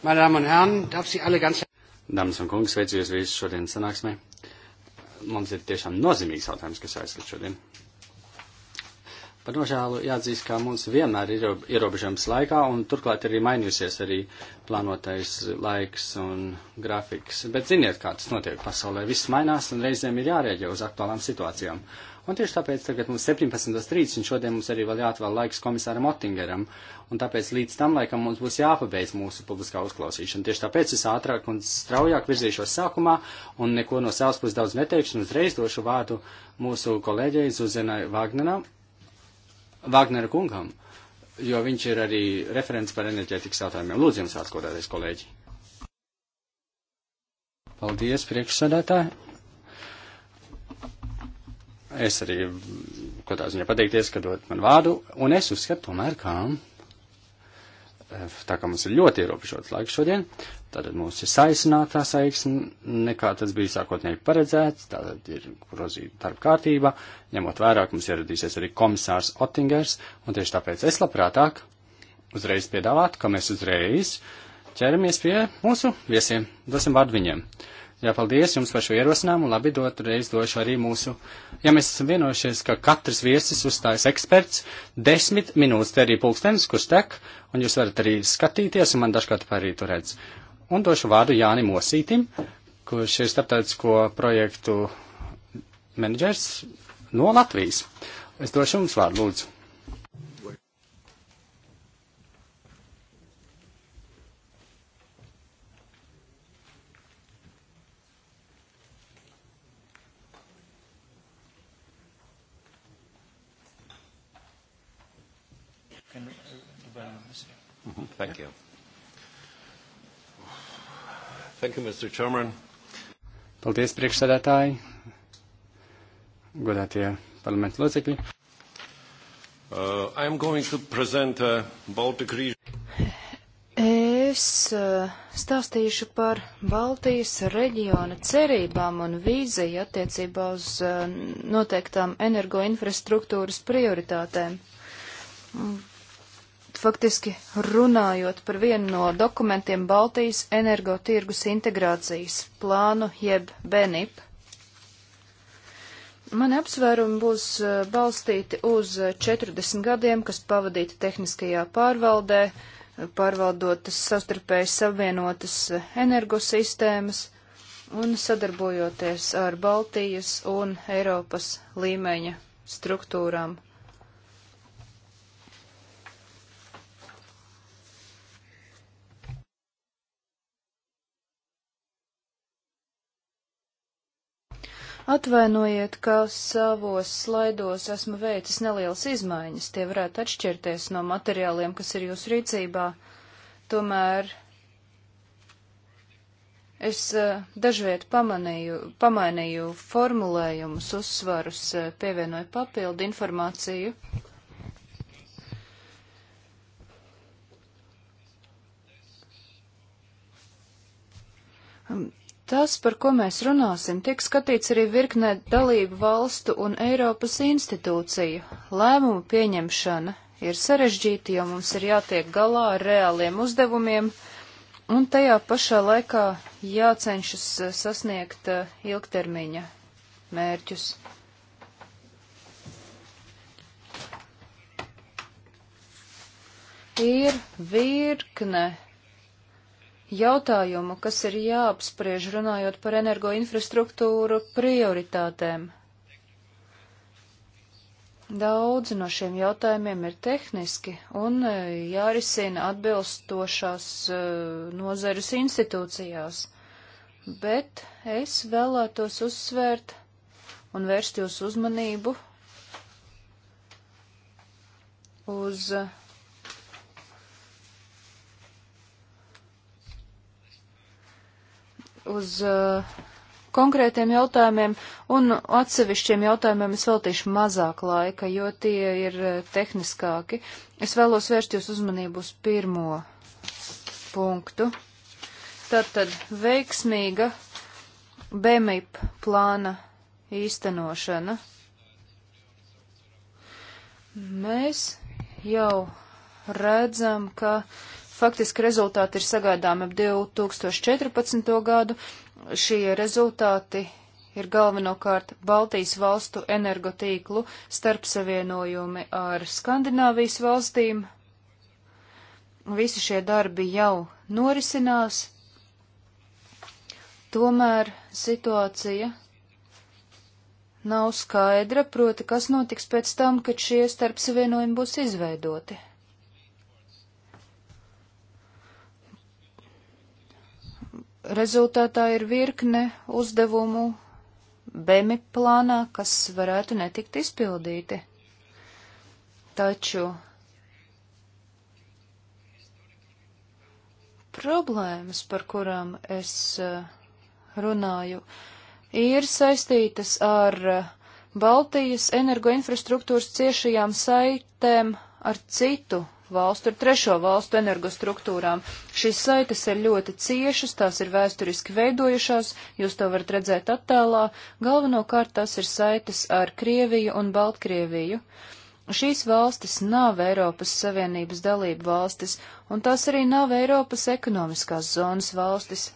Meine Damen und Herren, darf Sie alle ganz. Dāmas un kungi, sveicu jūs visus šodien sanāksmē. Mums ir tiešām nozīmīgs jautājums, kas aizskat šodien. Par nožēlu jāatzīst, ka mums vienmēr ir ierobežams laikā, un turklāt arī mainījusies arī plānotais laiks un grafiks. Bet ziniet, kā tas notiek pasaulē. Viss mainās, un reizēm ir jārēģē uz aktuālām situācijām. Un tieši tāpēc tagad mums 17.30, un šodien mums arī vēl jāatvēl laiks komisāram Ottingeram, un tāpēc līdz tam laikam mums būs jāpabeidz mūsu publiskā uzklausīšana. Tieši tāpēc es ātrāk un straujāk virzīšos sākumā, un neko no savas puses daudz neteikšu, un uzreiz došu vārdu mūsu kolēģei Zuzenai Vagnenam Vāgnera kungam, jo viņš ir arī referents par enerģētikas jautājumiem. Lūdzu, jums atskatieties, kolēģi. Paldies, priekšsēdētāji. Es arī, ko tā ziņā pateikties, ka dod man vārdu, un es uzskatu tomēr, ka. Kā tā kā mums ir ļoti ierobežots laiks šodien, tad mums ir saisinātā saiksne, nekā tas bija sākotnēji paredzēts, tātad ir grozīta darba kārtība, ņemot vērā, ka mums ieradīsies arī komisārs Otingers, un tieši tāpēc es labprātāk uzreiz piedāvātu, ka mēs uzreiz ķeramies pie mūsu viesiem, dosim vārdu viņiem. Uh, Jā, paldies jums par šo ierosinājumu. Labi, dot reiz došu arī mūsu. Ja mēs esam vienojušies, ka katrs viesis uzstājas eksperts, desmit minūtes te arī pulkstenis, kurš tek, un jūs varat arī skatīties, un man dažkārt arī tur redz. Un došu vārdu Jānim Osītim, kurš ir starptautisko projektu menedžers no Latvijas. Es došu jums vārdu, lūdzu. Mm-hmm. Thank you. Thank you, Mr. Chairman. Paldies, priekšsēdētāji, godātie parlamentu locekļi. Uh, uh es uh, stāstīšu par Baltijas reģiona cerībām un vīziju attiecībā uz uh, noteiktām energoinfrastruktūras prioritātēm. Mm faktiski runājot par vienu no dokumentiem Baltijas energotirgus integrācijas plānu jeb BENIP. Mani apsvērumi būs eh, balstīti uz 40 eh, gadiem, kas pavadīti tehniskajā pārvaldē, eh, pārvaldot savstarpēji savienotas energosistēmas un sadarbojoties ar Baltijas un Eiropas līmeņa struktūrām. Atvainojiet, ka savos slaidos esmu veicis nelielas izmaiņas, tie varētu atšķirties no materiāliem, kas ir jūsu rīcībā. Tomēr es eh, dažviet pamanīju, pamainīju formulējumus, uzsvarus, eh, pievienoju papildu informāciju. Um, Tas, par ko mēs runāsim, tiek skatīts arī virknē dalību valstu un Eiropas institūciju. Lēmumu pieņemšana ir sarežģīta, jo mums ir jātiek galā ar reāliem uzdevumiem, un tajā pašā laikā jācenšas eh, sasniegt eh, ilgtermiņa mērķus. Ir virkne jautājumu, kas ir jāapspriež runājot par energoinfrastruktūru prioritātēm. Daudzi no šiem jautājumiem ir tehniski un e, jārisina atbilstošās e, nozares institūcijās, bet es vēlētos uzsvērt un vērst jūsu uzmanību uz uh, uz uh, konkrētiem jautājumiem un atsevišķiem jautājumiem es veltīšu mazāk laika, jo tie ir uh, tehniskāki. Es vēlos vērst jūs uzmanību uz pirmo punktu. Tātad veiksmīga BMIP plāna īstenošana. Mēs jau redzam, ka uh, Faktiski rezultāti ir sagaidāmi ap 2014. gadu. Šie rezultāti ir galvenokārt Baltijas valstu energotīklu starpsavienojumi ar Skandināvijas valstīm. Visi šie darbi jau norisinās, tomēr situācija nav skaidra, proti, kas notiks pēc tam, kad šie starpsavienojumi būs izveidoti. rezultātā ir virkne uzdevumu BEMI plānā, kas varētu netikt izpildīti. Taču problēmas, par kurām es eh, runāju, ir saistītas ar eh, Baltijas energoinfrastruktūras ciešajām saitēm ar citu valstu ar trešo valstu energostruktūrām. Šīs saites ir ļoti ciešas, tās ir vēsturiski veidojušās, jūs to varat redzēt attēlā, galvenokārt tās ir saites ar Krieviju un Baltkrieviju. Šīs valstis nav Eiropas Savienības dalība valstis, un tās arī nav Eiropas ekonomiskās zonas valstis.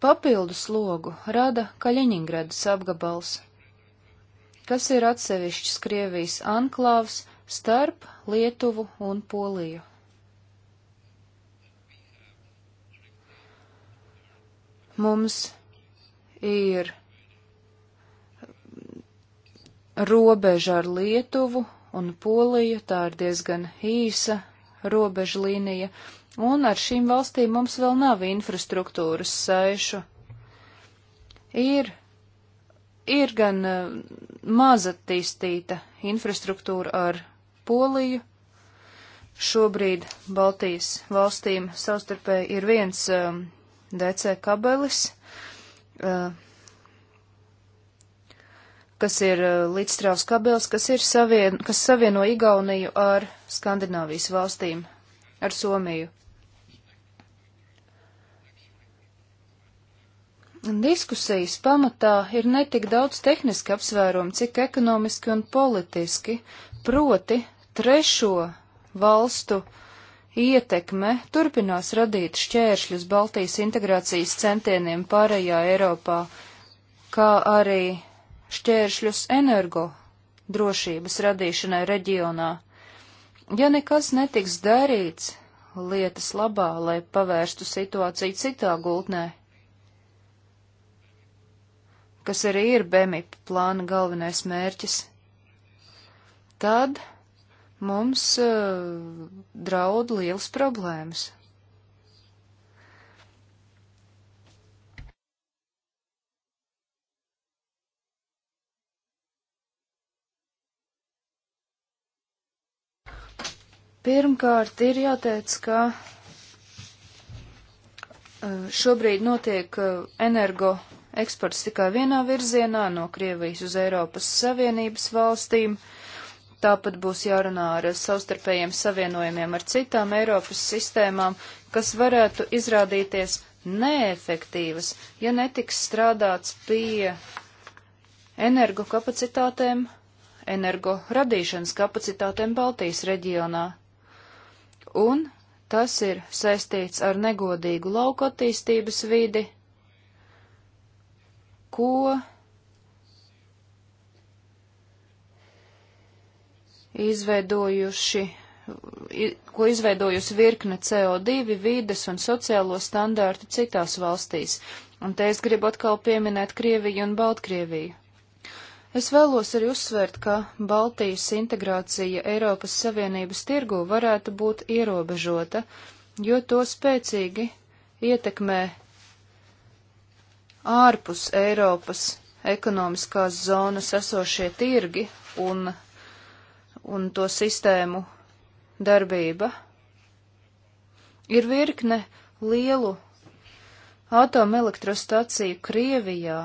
Papildu slogu rada Kaļiņingradas apgabals, kas ir atsevišķs Krievijas anklāvs, starp Lietuvu un Poliju. Mums ir robeža ar Lietuvu un Poliju, tā ir diezgan īsa robeža līnija, un ar šīm valstīm mums vēl nav infrastruktūras saišu. Ir, ir gan eh, maz attīstīta infrastruktūra ar Poliju. Šobrīd Baltijas valstīm savstarpēji ir viens um, DC kabelis, uh, kas ir uh, līdzstrāvs kabelis, kas, ir savien, kas savieno Igauniju ar Skandināvijas valstīm, ar Somiju. Diskusijas pamatā ir netik daudz tehniski apsvērumi, cik ekonomiski un politiski, proti trešo valstu ietekme turpinās radīt šķēršļus Baltijas integrācijas centieniem pārējā Eiropā, kā arī šķēršļus energo drošības radīšanai reģionā. Ja nekas netiks darīts lietas labā, lai pavērstu situāciju citā gultnē, kas arī ir BEMIP plāna galvenais mērķis, tad mums uh, draud liels problēmas. Pirmkārt, ir jāteic, ka eh, šobrīd notiek eh, energo eksports tikai vienā virzienā no Krievijas uz Eiropas Savienības valstīm. Uh, Tāpat būs jārunā ar savstarpējiem savienojumiem ar citām Eiropas sistēmām, kas varētu izrādīties neefektīvas, ja netiks strādāts pie energo kapacitātēm, energo radīšanas kapacitātēm Baltijas reģionā. Un tas ir saistīts ar negodīgu lauku attīstības vidi, ko izveidojuši, ko izveidojusi virkne CO2, vides un sociālo standārtu citās valstīs, un te es gribu atkal pieminēt Krieviju un Baltkrieviju. Es vēlos arī uzsvērt, ka Baltijas integrācija Eiropas Savienības tirgu varētu būt ierobežota, jo to spēcīgi ietekmē ārpus Eiropas ekonomiskās zonas esošie tirgi un un to sistēmu darbība. Ir virkne lielu atomelektrostaciju Krievijā,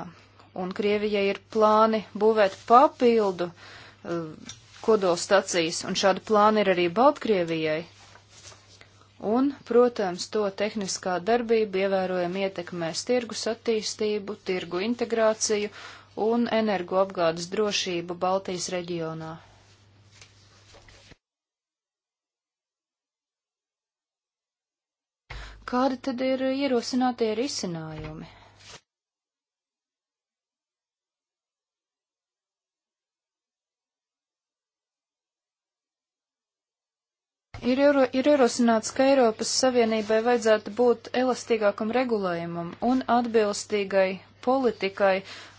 un Krievijai ir plāni būvēt papildu eh, kodolstacijas, un šādi plāni ir arī Baltkrievijai. Un, protams, to tehniskā darbība ievērojami ietekmēs tirgus attīstību, tirgu integrāciju un energoapgādes drošību Baltijas reģionā. Kādi tad ir ierosinātie risinājumi? Ir, iero, ir ierosināts, ka Eiropas Savienībai vajadzētu būt elastīgākam regulējumam un atbilstīgai politikai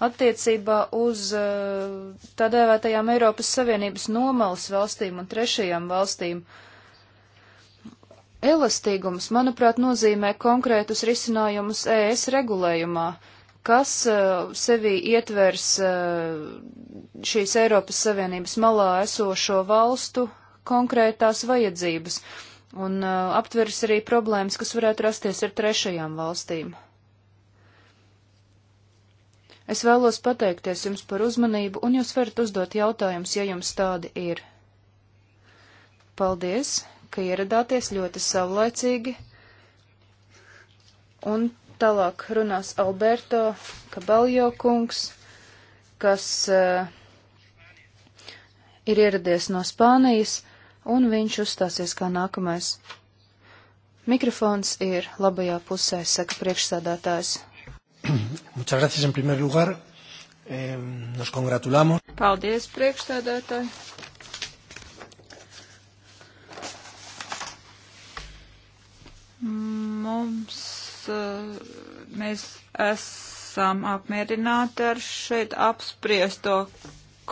attiecībā uz eh, tā dēvētajām Eiropas Savienības nomalas valstīm un trešajām valstīm. Uh, Elastīgums, manuprāt, nozīmē konkrētus risinājumus ES regulējumā, kas uh, sevī ietvers uh, šīs Eiropas Savienības malā esošo valstu konkrētās vajadzības un uh, aptvers arī problēmas, kas varētu rasties ar trešajām valstīm. Es vēlos pateikties jums par uzmanību, un jūs varat uzdot jautājumus, ja jums tādi ir. Paldies! ka ieradāties ļoti savlaicīgi. Un tālāk runās Alberto Kabaljo kungs, kas uh, ir ieradies no Spānijas, un viņš uzstāsies kā nākamais. Mikrofons ir labajā pusē, saka priekšsādātājs. Muchas gracias en primer lugar. Eh, nos congratulamos. Paldies, priekšsēdētāji. Mums, eh, mēs esam apmierināti ar šeit apspriesto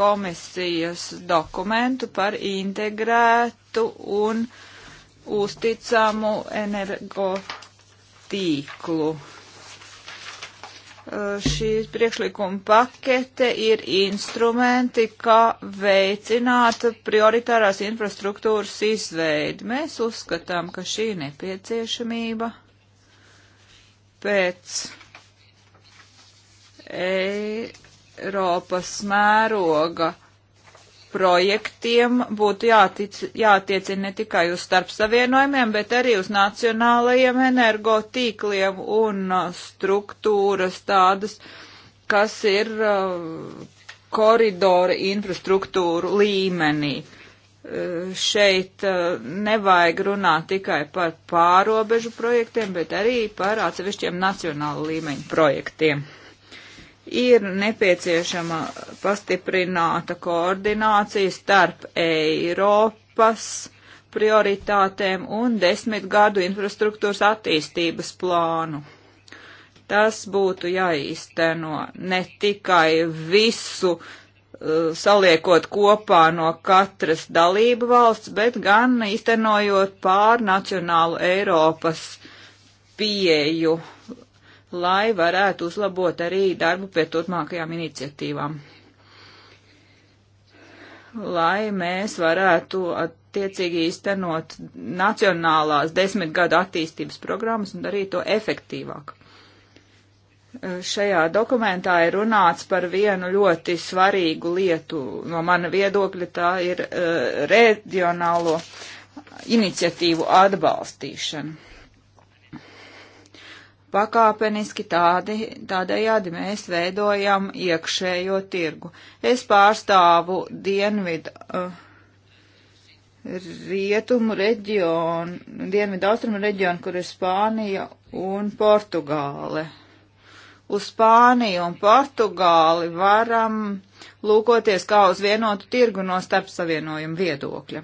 komisijas dokumentu par integrētu un uzticamu energotīklu. Eh, šī priekšlikuma pakete ir instrumenti, kā veicināt prioritārās infrastruktūras izveidi. Mēs uzskatām, ka šī nepieciešamība pēc Eiropas mēroga projektiem būtu jātic, jātiecina ne tikai uz starpsavienojumiem, bet arī uz nacionālajiem energotīkliem un uh, struktūras tādas, kas ir uh, koridora infrastruktūru līmenī. Uh, šeit nevajag runāt tikai par pārobežu projektiem, bet arī par atsevišķiem nacionālu līmeņu projektiem ir nepieciešama pastiprināta koordinācija starp Eiropas prioritātēm un desmitgadu infrastruktūras attīstības plānu. Tas būtu jāīsteno ne tikai visu uh, saliekot kopā no katras dalību valsts, bet gan īstenojot pārnacionālu Eiropas pieju uh, lai varētu uzlabot arī darbu pie turpmākajām iniciatīvām. Lai mēs varētu attiecīgi īstenot nacionālās desmitgada attīstības programmas un darīt to efektīvāk. Šajā dokumentā ir runāts par vienu ļoti svarīgu lietu, no mana viedokļa tā ir uh, reģionālo iniciatīvu atbalstīšana Pakāpeniski tādi, tādējādi mēs veidojam iekšējo tirgu. Es pārstāvu dienvidu. Uh, rietumu reģionu, dienvidu austrumu reģionu, kur ir Spānija un Portugāle. Uz Spāniju un Portugāli varam lūkoties kā uz vienotu tirgu no starpsavienojuma viedokļa.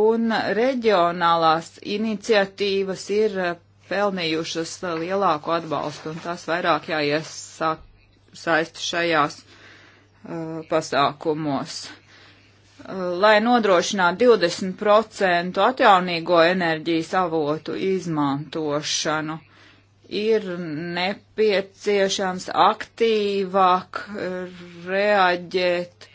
Un reģionālās iniciatīvas ir uh, pelnījušas uh, lielāku atbalstu, un tās vairāk jāiesaist šajās uh, pasākumos. Uh, lai nodrošinātu 20% atjaunīgo enerģijas avotu izmantošanu, ir nepieciešams aktīvāk reaģēt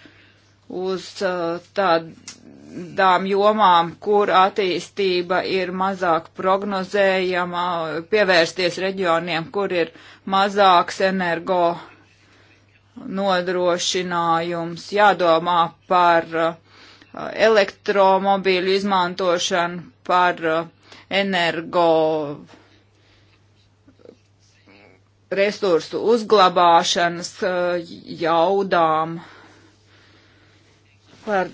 uz uh, tādu tādām jomām, kur attīstība ir mazāk prognozējama, pievērsties reģioniem, kur ir mazāks energo nodrošinājums, jādomā par uh, elektromobīļu izmantošanu, par uh, energo resursu uzglabāšanas uh, jaudām, par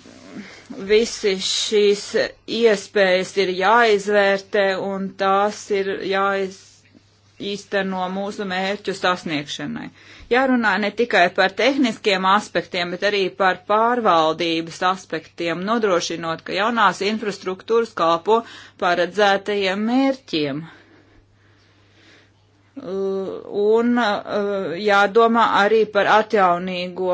visi šīs iespējas ir jāizvērtē un tās ir jāizteno mūsu mērķu sasniegšanai. Jārunā ne tikai par tehniskiem aspektiem, bet arī par pārvaldības aspektiem, nodrošinot, ka jaunās infrastruktūras kalpo paredzētajiem mērķiem. Un uh, jādomā arī par atjaunīgo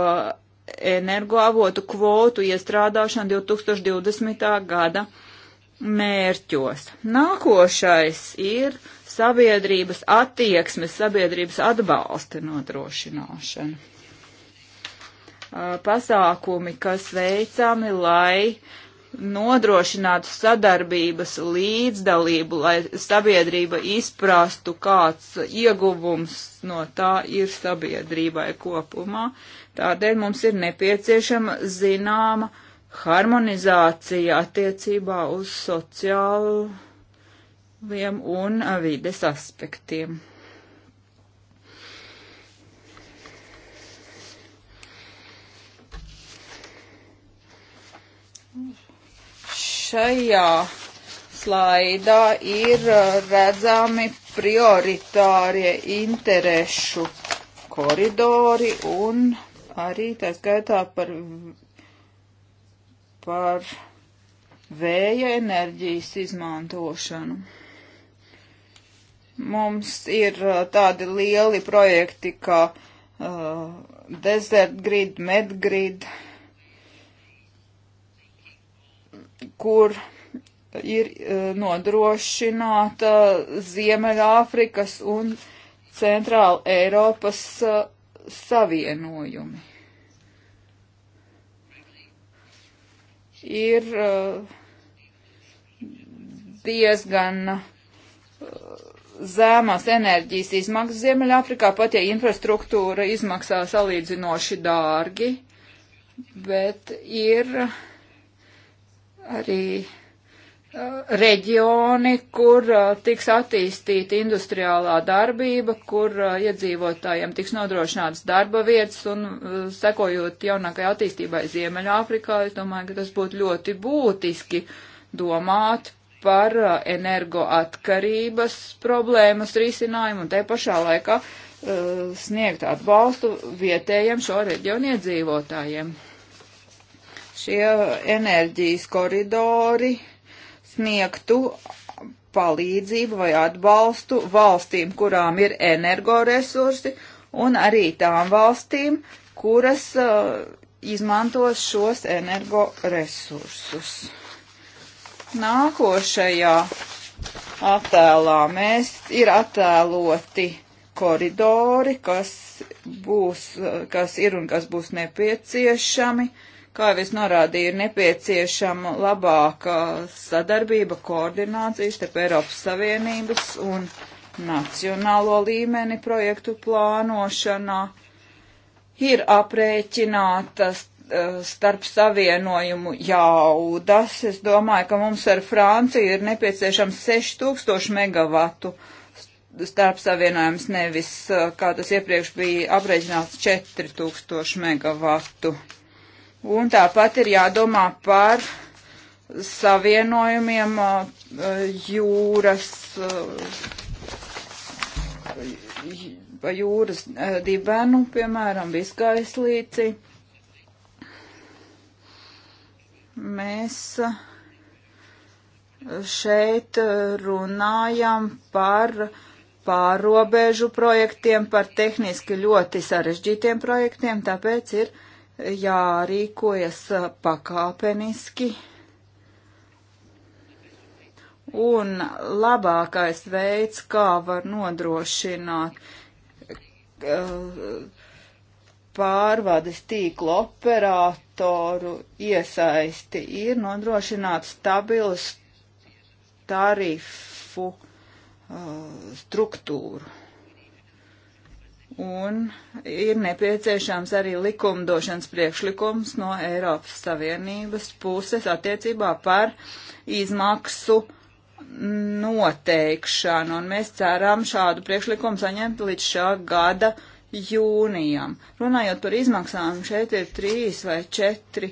energoavotu kvotu iestrādāšanu 2020. gada mērķos. Nākošais ir sabiedrības attieksmes, sabiedrības atbalsta nodrošināšana. Pasākumi, kas veicami, lai nodrošinātu sadarbības līdzdalību, lai sabiedrība izprastu, kāds ieguvums no tā ir sabiedrībai kopumā. Tādēļ mums ir nepieciešama zināma harmonizācija attiecībā uz sociāliem un vides aspektiem. Šajā slaidā ir redzami prioritārie interešu koridori un arī tā skaitā par, par vēja enerģijas izmantošanu. Mums ir uh, tādi lieli projekti kā uh, Desert Grid, Medgrid, kur ir uh, nodrošināta Ziemeļāfrikas un Centrāla Eiropas uh, savienojumi. Ir uh, diezgan uh, zēmās enerģijas izmaksas Ziemeļāfrikā, pat ja infrastruktūra izmaksā salīdzinoši dārgi, bet ir arī reģioni, kur uh, tiks attīstīta industriālā darbība, kur uh, iedzīvotājiem tiks nodrošināts darba vietas un uh, sekojot jaunākajai attīstībai Ziemeļāfrikā, es domāju, ka tas būtu ļoti būtiski domāt par energoatkarības problēmas risinājumu un te pašā laikā uh, sniegt atbalstu vietējiem šo reģionu iedzīvotājiem. Šie enerģijas koridori sniegtu palīdzību vai atbalstu valstīm, kurām ir energoresursi, un arī tām valstīm, kuras uh, izmantos šos energoresursus. Nākošajā attēlā mēs ir attēloti koridori, kas būs, kas ir un kas būs nepieciešami. Uh, Kā jau es norādīju, ir nepieciešama labāka sadarbība, koordinācija starp Eiropas Savienības un nacionālo līmeni projektu plānošanā. Ir aprēķinātas eh, starp savienojumu jaudas. Es domāju, ka mums ar Franciju ir nepieciešams 6000 megavatu starp savienojums, nevis, eh, kā tas iepriekš bija aprēķināts, 4000 megavatu. Un tāpat ir jādomā par savienojumiem uh, jūras, pa uh, jūras uh, dibenu, piemēram, viskais līci. Mēs šeit runājam par pārobežu projektiem, par tehniski ļoti sarežģītiem projektiem, tāpēc ir jārīkojas pakāpeniski. Un labākais veids, kā var nodrošināt pārvades tīklu operatoru iesaisti, ir nodrošināt stabilus tarifu uh, struktūru un ir nepieciešams arī likumdošanas priekšlikums no Eiropas Savienības puses attiecībā par izmaksu noteikšanu, un mēs ceram šādu priekšlikumu saņemt līdz šā gada jūnijam. Runājot par izmaksām, šeit ir trīs vai četri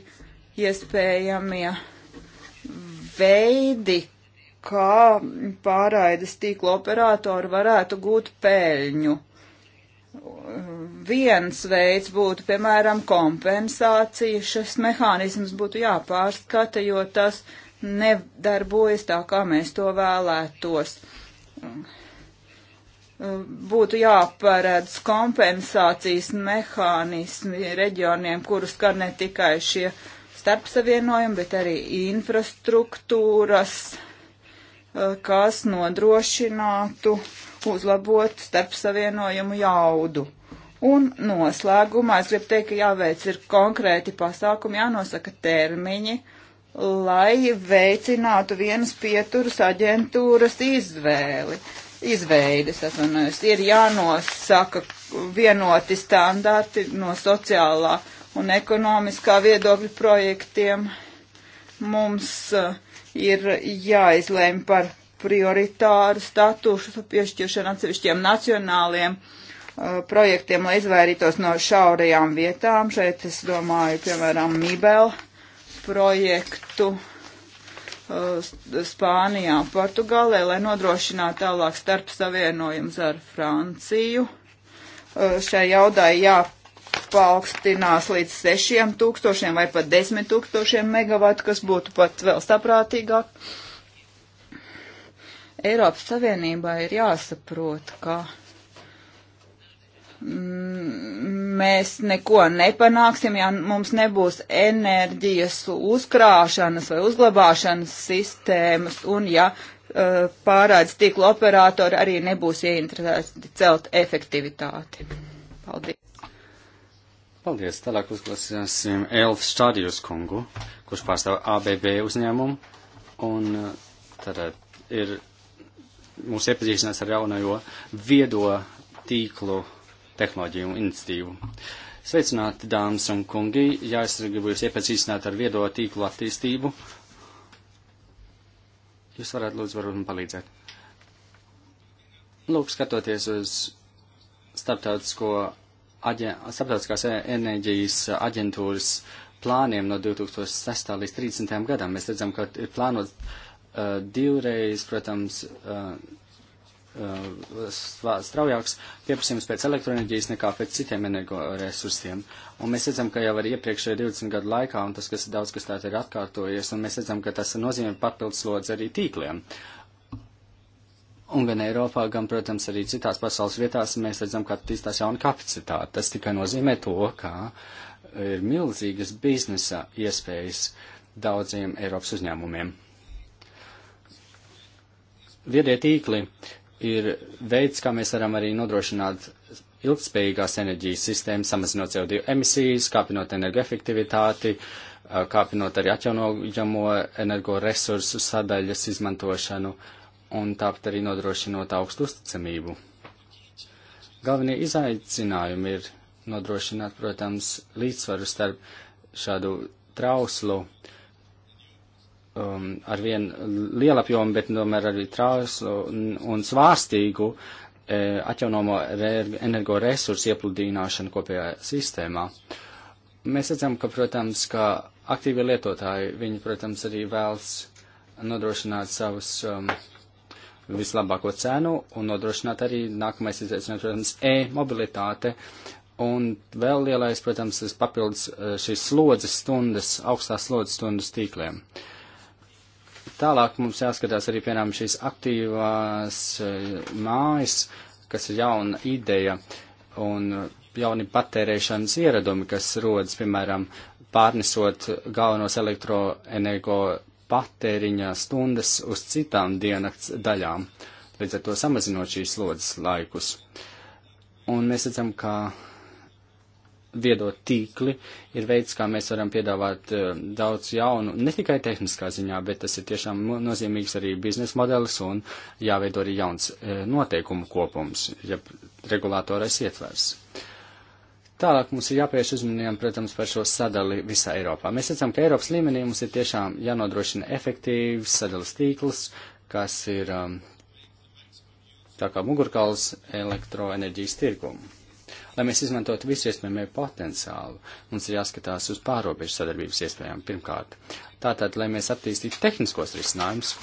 iespējamie veidi, kā pārraides tīkla operatori varētu gūt peļņu Viens veids būtu, piemēram, kompensācija. Šis mehānisms būtu jāpārskata, jo tas nedarbojas tā, kā mēs to vēlētos. Būtu jāparedz kompensācijas mehānismi reģioniem, kurus skar ne tikai šie starpsavienojumi, bet arī infrastruktūras, kas nodrošinātu uh, uzlabot starp savienojumu jaudu. Un noslēgumā es gribu teikt, ka jāveic ir konkrēti pasākumi, jānosaka termiņi, lai veicinātu vienas pieturas aģentūras izvēli. Izveides, atvainojos, ir jānosaka vienoti standarti no sociālā un ekonomiskā viedokļa projektiem. Mums uh, ir jāizlēma par prioritāru statusu piešķiršanu atsevišķiem nacionāliem uh, projektiem, lai izvairītos no šaurajām vietām. Šeit es domāju, piemēram, Mibel projektu uh, Spānijā, Portugālē, lai nodrošinātu tālāk starp savienojums ar Franciju. Uh, šai jaudai jāpārādās paaugstinās līdz 6000 vai pat 10 tūkstošiem megavatu, kas būtu pat vēl saprātīgāk. Eiropas Savienībā ir jāsaprot, ka mēs neko nepanāksim, ja mums nebūs enerģijas uzkrāšanas vai uzglabāšanas sistēmas un ja uh, pārādes tīklu operatori arī nebūs ieinteresēti celt efektivitāti. Paldies. Paldies. Tālāk uzklausīsim Elfu Stādījus kungu, kurš pārstāv ABB uzņēmumu un e, tad e, ir mūs iepazīstinās ar jaunajo viedo tīklu tehnoloģiju un institīvu. Sveicināti, dāmas un kungi! Jā, es gribu jūs iepazīstināt ar viedo tīklu attīstību. Jūs varat lūdzu varbūt man palīdzēt. Lūk, skatoties uz starptautisko aģen, starptautiskās enerģijas aģentūras plāniem no 2006. līdz 30. gadam, mēs redzam, ka ir plānots uh, divreiz, protams, uh, uh straujāks pieprasījums pēc elektroenerģijas nekā pēc citiem energoresursiem. Un mēs redzam, ka jau arī iepriekšējā 20 gadu laikā, un tas, kas daudz kas tātad ir atkārtojies, un mēs redzam, ka tas nozīmē papildus lodz arī tīkliem. Un gan Eiropā, gan, protams, arī citās pasaules vietās mēs redzam, ka attīstās jauna kapacitāte. Tas tikai nozīmē to, ka ir milzīgas biznesa iespējas daudziem Eiropas uzņēmumiem viedie tīkli ir veids, kā mēs varam arī nodrošināt ilgspējīgās enerģijas sistēmu, samazinot CO2 emisijas, kāpinot energoefektivitāti, kāpinot arī atjaunojamo energoresursu sadaļas izmantošanu un tāpat arī nodrošinot augstu uzticamību. Galvenie izaicinājumi ir nodrošināt, protams, līdzsvaru starp šādu trauslu uh, um, ar vien lielapjomu, bet tomēr arī trāslu un, un svārstīgu e, atjaunomo energoresursu iepludināšanu kopējā sistēmā. Mēs redzam, ka, protams, ka aktīvie lietotāji, viņi, protams, arī vēlas nodrošināt savus um, vislabāko cenu un nodrošināt arī nākamais izaicinājums, protams, e-mobilitāte. Un vēl lielais, protams, ir papildus e, šīs slodzes stundas, augstās slodzes stundas tīkliem. Uh, Tālāk mums jāskatās arī, piemēram, šīs aktīvās eh, mājas, kas ir jauna ideja un jauni patērēšanas ieradumi, kas rodas, piemēram, pārnesot galvenos elektroenergo patēriņa stundas uz citām dienas daļām, līdz ar to samazinot šīs slodzes laikus. Un mēs redzam, ka viedot tīkli ir veids, kā mēs varam piedāvāt eh, daudz jaunu, ne tikai tehniskā ziņā, bet tas ir tiešām nozīmīgs arī biznesa modelis un jāveido arī jauns eh, noteikumu kopums, ja regulātorais ietvers. Tālāk mums ir jāpievērš uzmanību, protams, par šo sadali visā Eiropā. Mēs redzam, ka Eiropas līmenī mums ir tiešām jānodrošina efektīvs sadalas tīkls, kas ir um, tā kā mugurkauls elektroenerģijas tirgumu. Lai mēs izmantotu visu iespējamo potenciālu, mums ir jāskatās uz pārobežu sadarbības iespējām pirmkārt. Tātad, lai mēs attīstītu tehniskos risinājumus,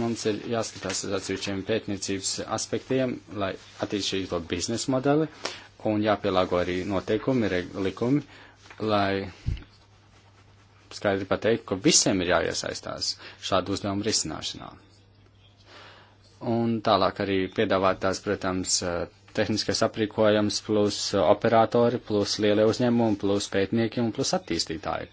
mums ir jāskatās uz atsevišķiem pētniecības aspektiem, lai attīstītu to biznesa modeli un jāpielāgo arī noteikumi, likumi, lai skaidri pateikt, ka visiem ir jāiesaistās šādu uzdevumu risināšanā. Un tālāk arī piedāvāt tās, protams, tehniskais aprīkojums, plus uh, operatori, plus lielie uzņēmumi, plus pētnieki un plus attīstītāji.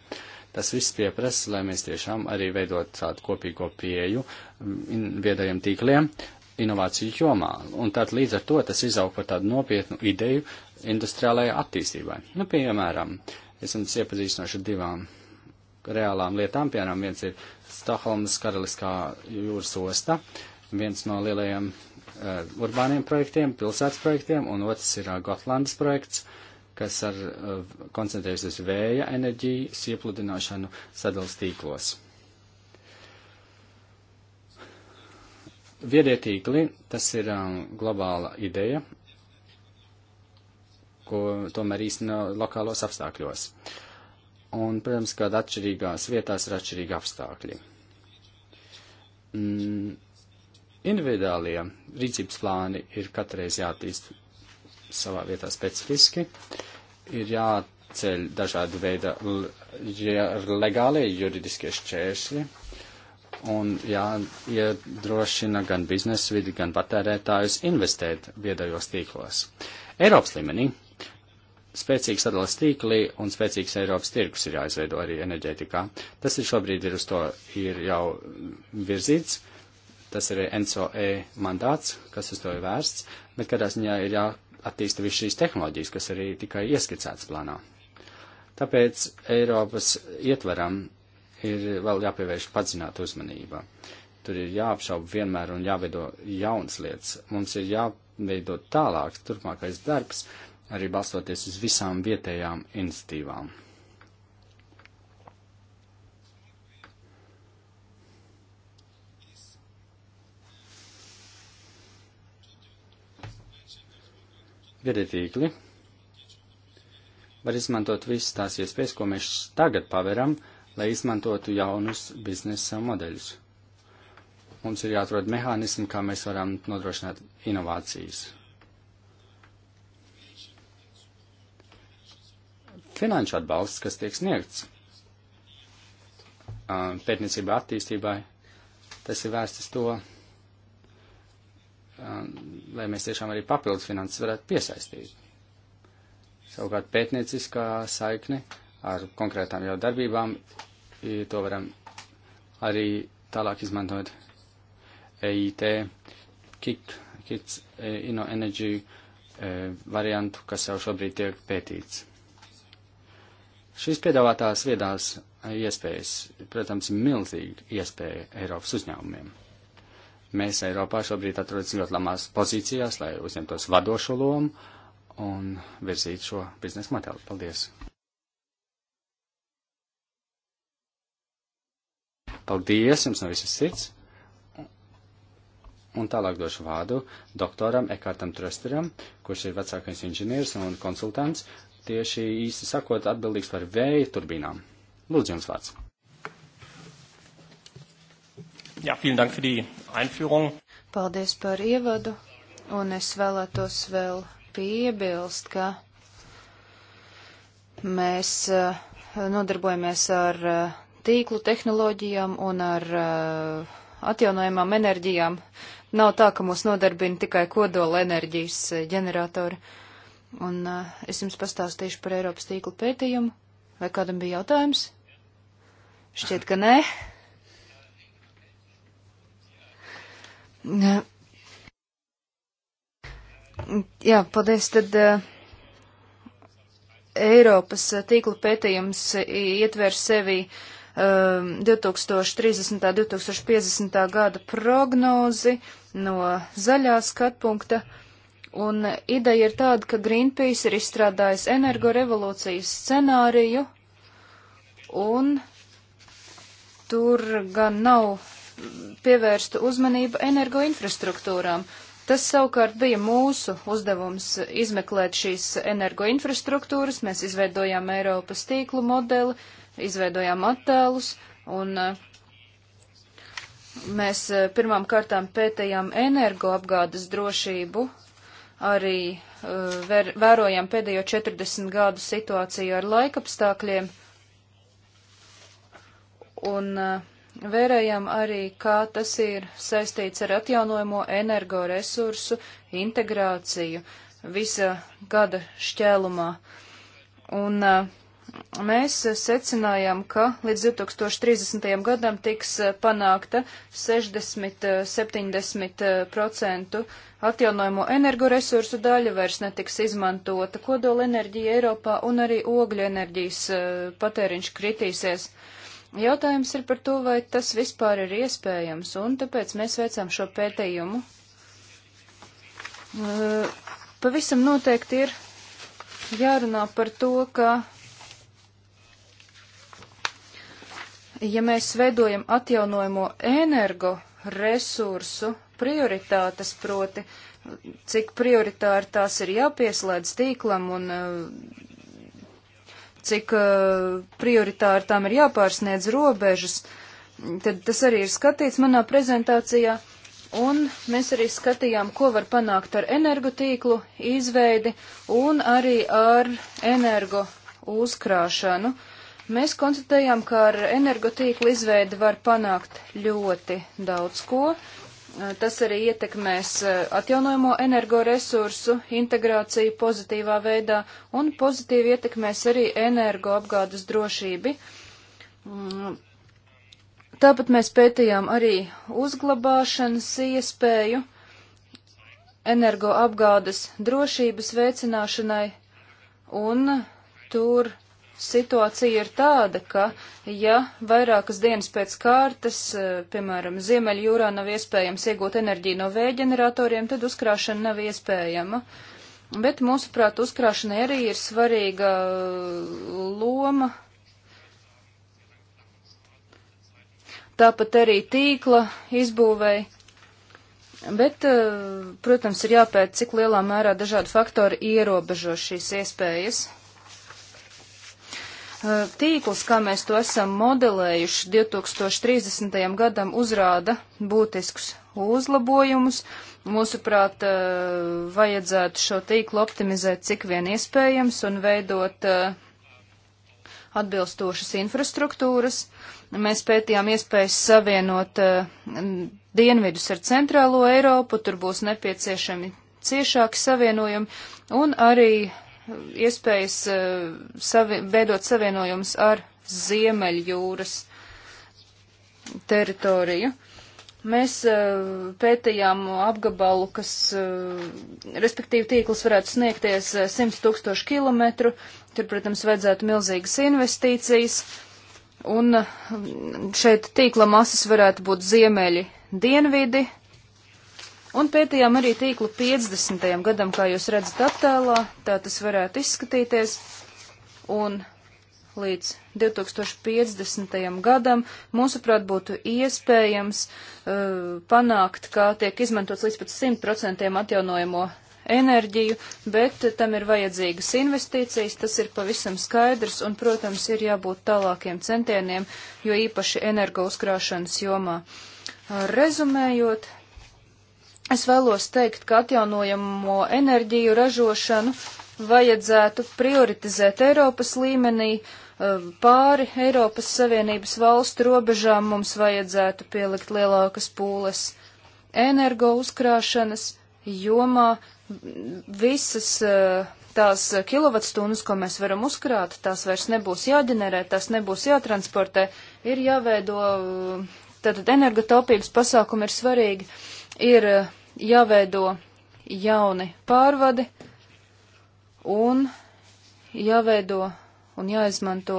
Tas viss pieprasa, lai mēs tiešām arī veidot tādu kopīgo pieju um, viedajiem tīkliem inovāciju jomā. Un tad līdz ar to tas izaug par tādu nopietnu ideju industriālajai attīstībai. Nu, piemēram, esam iepazīstināšu divām reālām lietām. Piemēram, viens ir Stokholmas karaliskā jūras osta, viens no lielajiem uh, urbāniem projektiem, pilsētas projektiem, un otrs ir uh, Gotlandas projekts, kas ar, uh, koncentrējas uz vēja enerģijas iepludināšanu sadalas tīklos. Viedie tīkli, tas ir um, globāla ideja, ko tomēr īsteno lokālos apstākļos. Un, protams, kad atšķirīgās vietās ir atšķirīgi apstākļi. Mm, Individuālie rīcības plāni ir katreiz jātīst savā vietā specifiski, ir jāceļ dažādu veidu legālie juridiskie šķēršļi un jāiedrošina gan biznesa vidi, gan patērētājus investēt viedajos tīklos. Eiropas līmenī spēcīgs sadalas tīkli un spēcīgs Eiropas tirgus ir jāizveido arī enerģētikā. Tas ir šobrīd ir uz to ir jau virzīts Tas ir NCOE mandāts, kas uz to ir vērsts, bet kādā ziņā ir jāattīsta viss šīs tehnoloģijas, kas arī tikai ieskicēts plānā. Tāpēc Eiropas ietveram ir vēl jāpievērš padzināta uzmanība. Tur ir jāapšauba vienmēr un jāveido jaunas lietas. Mums ir jāveido tālāks turpmākais darbs, arī balstoties uz visām vietējām institīvām. Viedi tīkli var izmantot visas tās iespējas, ko mēs tagad paveram, lai izmantotu jaunus biznesa modeļus. Mums ir jāatrod mehānismi, kā mēs varam nodrošināt inovācijas. Finanšu atbalsts, kas tiek sniegts pētniecībai, attīstībai, tas ir vērsts to, lai mēs tiešām arī papildus finanses varētu piesaistīt. Savukārt pētnieciskā saikne ar konkrētām jau darbībām, to varam arī tālāk izmantot EIT, KIK, KITS, e, Inno Energy e, variantu, kas jau šobrīd tiek pētīts. Šīs piedāvātās viedās iespējas, protams, ir milzīga iespēja Eiropas uzņēmumiem. Mēs Eiropā šobrīd atrodas ļoti labās pozīcijās, lai uzņemtos vadošo lomu un virzītu šo biznesa modeli. Paldies! Paldies jums no visas sirds! Un tālāk došu vārdu doktoram Ekārtam Trusteram, kurš ir vecākais inženieris un konsultants, tieši īsti sakot atbildīgs par vēja turbīnām. Lūdzu jums vārds! Jā, vielen dank für die Einführung. Paldies par ievadu, un es vēlētos vēl piebilst, ka mēs eh, nodarbojamies ar eh, tīklu tehnoloģijām un ar eh, atjaunojamām enerģijām. Nav tā, ka mūs nodarbina tikai kodola enerģijas ģeneratori. Un es jums pastāstīšu par Eiropas tīklu pētījumu. Vai kādam bija jautājums? Šķiet, ka nē. Jā, paldies. Tad eh, Eiropas eh, tīkla pētījums eh, ietver sevi 2030. un 2050. gada prognozi no zaļā skatpunkta. Un ideja ir tāda, ka Greenpeace ir izstrādājis energorevolūcijas scenāriju, un tur gan nav pievērstu uzmanību energoinfrastruktūrām. Tas savukārt bija mūsu uzdevums izmeklēt šīs energoinfrastruktūras. Mēs izveidojām Eiropas tīklu modeli, izveidojām attēlus un uh, mēs uh, pirmām kārtām pētējām energoapgādes drošību, arī uh, vēr, vērojām pēdējo 40 gadu situāciju ar laikapstākļiem. Un uh, Vērējām arī, kā tas ir saistīts ar atjaunojamo energoresursu integrāciju visa gada šķēlumā. Un uh, mēs secinājām, ka līdz 2030. gadam tiks uh, panākta 60-70% uh, uh, atjaunojamo energoresursu daļa vairs netiks izmantota kodolenerģija Eiropā un arī ogļu enerģijas patēriņš kritīsies. Uh, Jautājums ir par to, vai tas vispār ir iespējams, un tāpēc mēs veicām šo pētījumu. Pavisam noteikti ir jārunā par to, ka ja mēs veidojam atjaunojamo energo resursu prioritātes, proti, cik prioritāri tās ir jāpieslēdz tīklam un uh, cik uh, prioritāri tām ir jāpārsniedz robežas, tad tas arī ir skatīts manā prezentācijā. Un mēs arī skatījām, ko var panākt ar energotīklu izveidi un arī ar energo uzkrāšanu. Mēs konstatējām, ka ar energotīklu izveidi var panākt ļoti daudz ko. Uh, Eh, tas arī ietekmēs eh, atjaunojamo energoresursu integrāciju pozitīvā veidā un pozitīvi ietekmēs arī energoapgādes drošību. Mm. Tāpat mēs pētījām arī uzglabāšanas iespēju energoapgādes drošības veicināšanai, un tur situācija ir tāda, ka, ja vairākas dienas pēc kārtas, eh, piemēram, Ziemeļjūrā nav iespējams iegūt enerģiju no vējģeneratoriem, tad uzkrāšana nav iespējama. Bet, mūsuprāt, uzkrāšanai arī ir svarīga eh, loma. Tāpat arī tīkla izbūvēja Bet, eh, protams, ir jāpēta, cik lielā mērā dažādi faktori ierobežo šīs iespējas. Eh, tīkls, kā mēs to esam modelējuši 2030. gadam, uzrāda būtiskus uzlabojumus. Mūsuprāt, eh, vajadzētu šo tīklu optimizēt cik vien iespējams un veidot eh, atbilstošas infrastruktūras. Mēs pētījām iespējas savienot dienvidus ar centrālo Eiropu, tur būs nepieciešami ciešāki savienojumi un arī iespējas eh, savi, veidot savienojumus ar Ziemeļjūras teritoriju. Mēs eh, pētījām apgabalu, kas, eh, respektīvi, tīkls varētu sniegties 100 tūkstošu kilometru. Tur, protams, vajadzētu milzīgas investīcijas. Un šeit tīkla masas varētu būt ziemeļi, dienvidi, Un pētījām arī tīklu 50. gadam, kā jūs redzat attēlā, tā tas varētu izskatīties. Un līdz 2050. gadam, mūsuprāt, būtu iespējams uh, panākt, kā tiek izmantots līdz pat 100% atjaunojamo enerģiju, bet tam ir vajadzīgas investīcijas, tas ir pavisam skaidrs, un, protams, ir jābūt tālākiem centieniem, jo īpaši energouzkrāšanas jomā. Rezumējot, Es vēlos teikt, ka atjaunojamo enerģiju ražošanu vajadzētu prioritizēt Eiropas līmenī, eh, pāri Eiropas Savienības valstu robežām mums vajadzētu pielikt lielākas pūles energo uzkrāšanas jomā. Visas eh, tās kilovatstundas, ko mēs varam uzkrāt, tās vairs nebūs jāģenerē, tās nebūs jātransportē, ir jāveido, eh, tātad energotaupības pasākumi ir svarīgi, ir jāveido jauni pārvadi un jāveido un jāizmanto,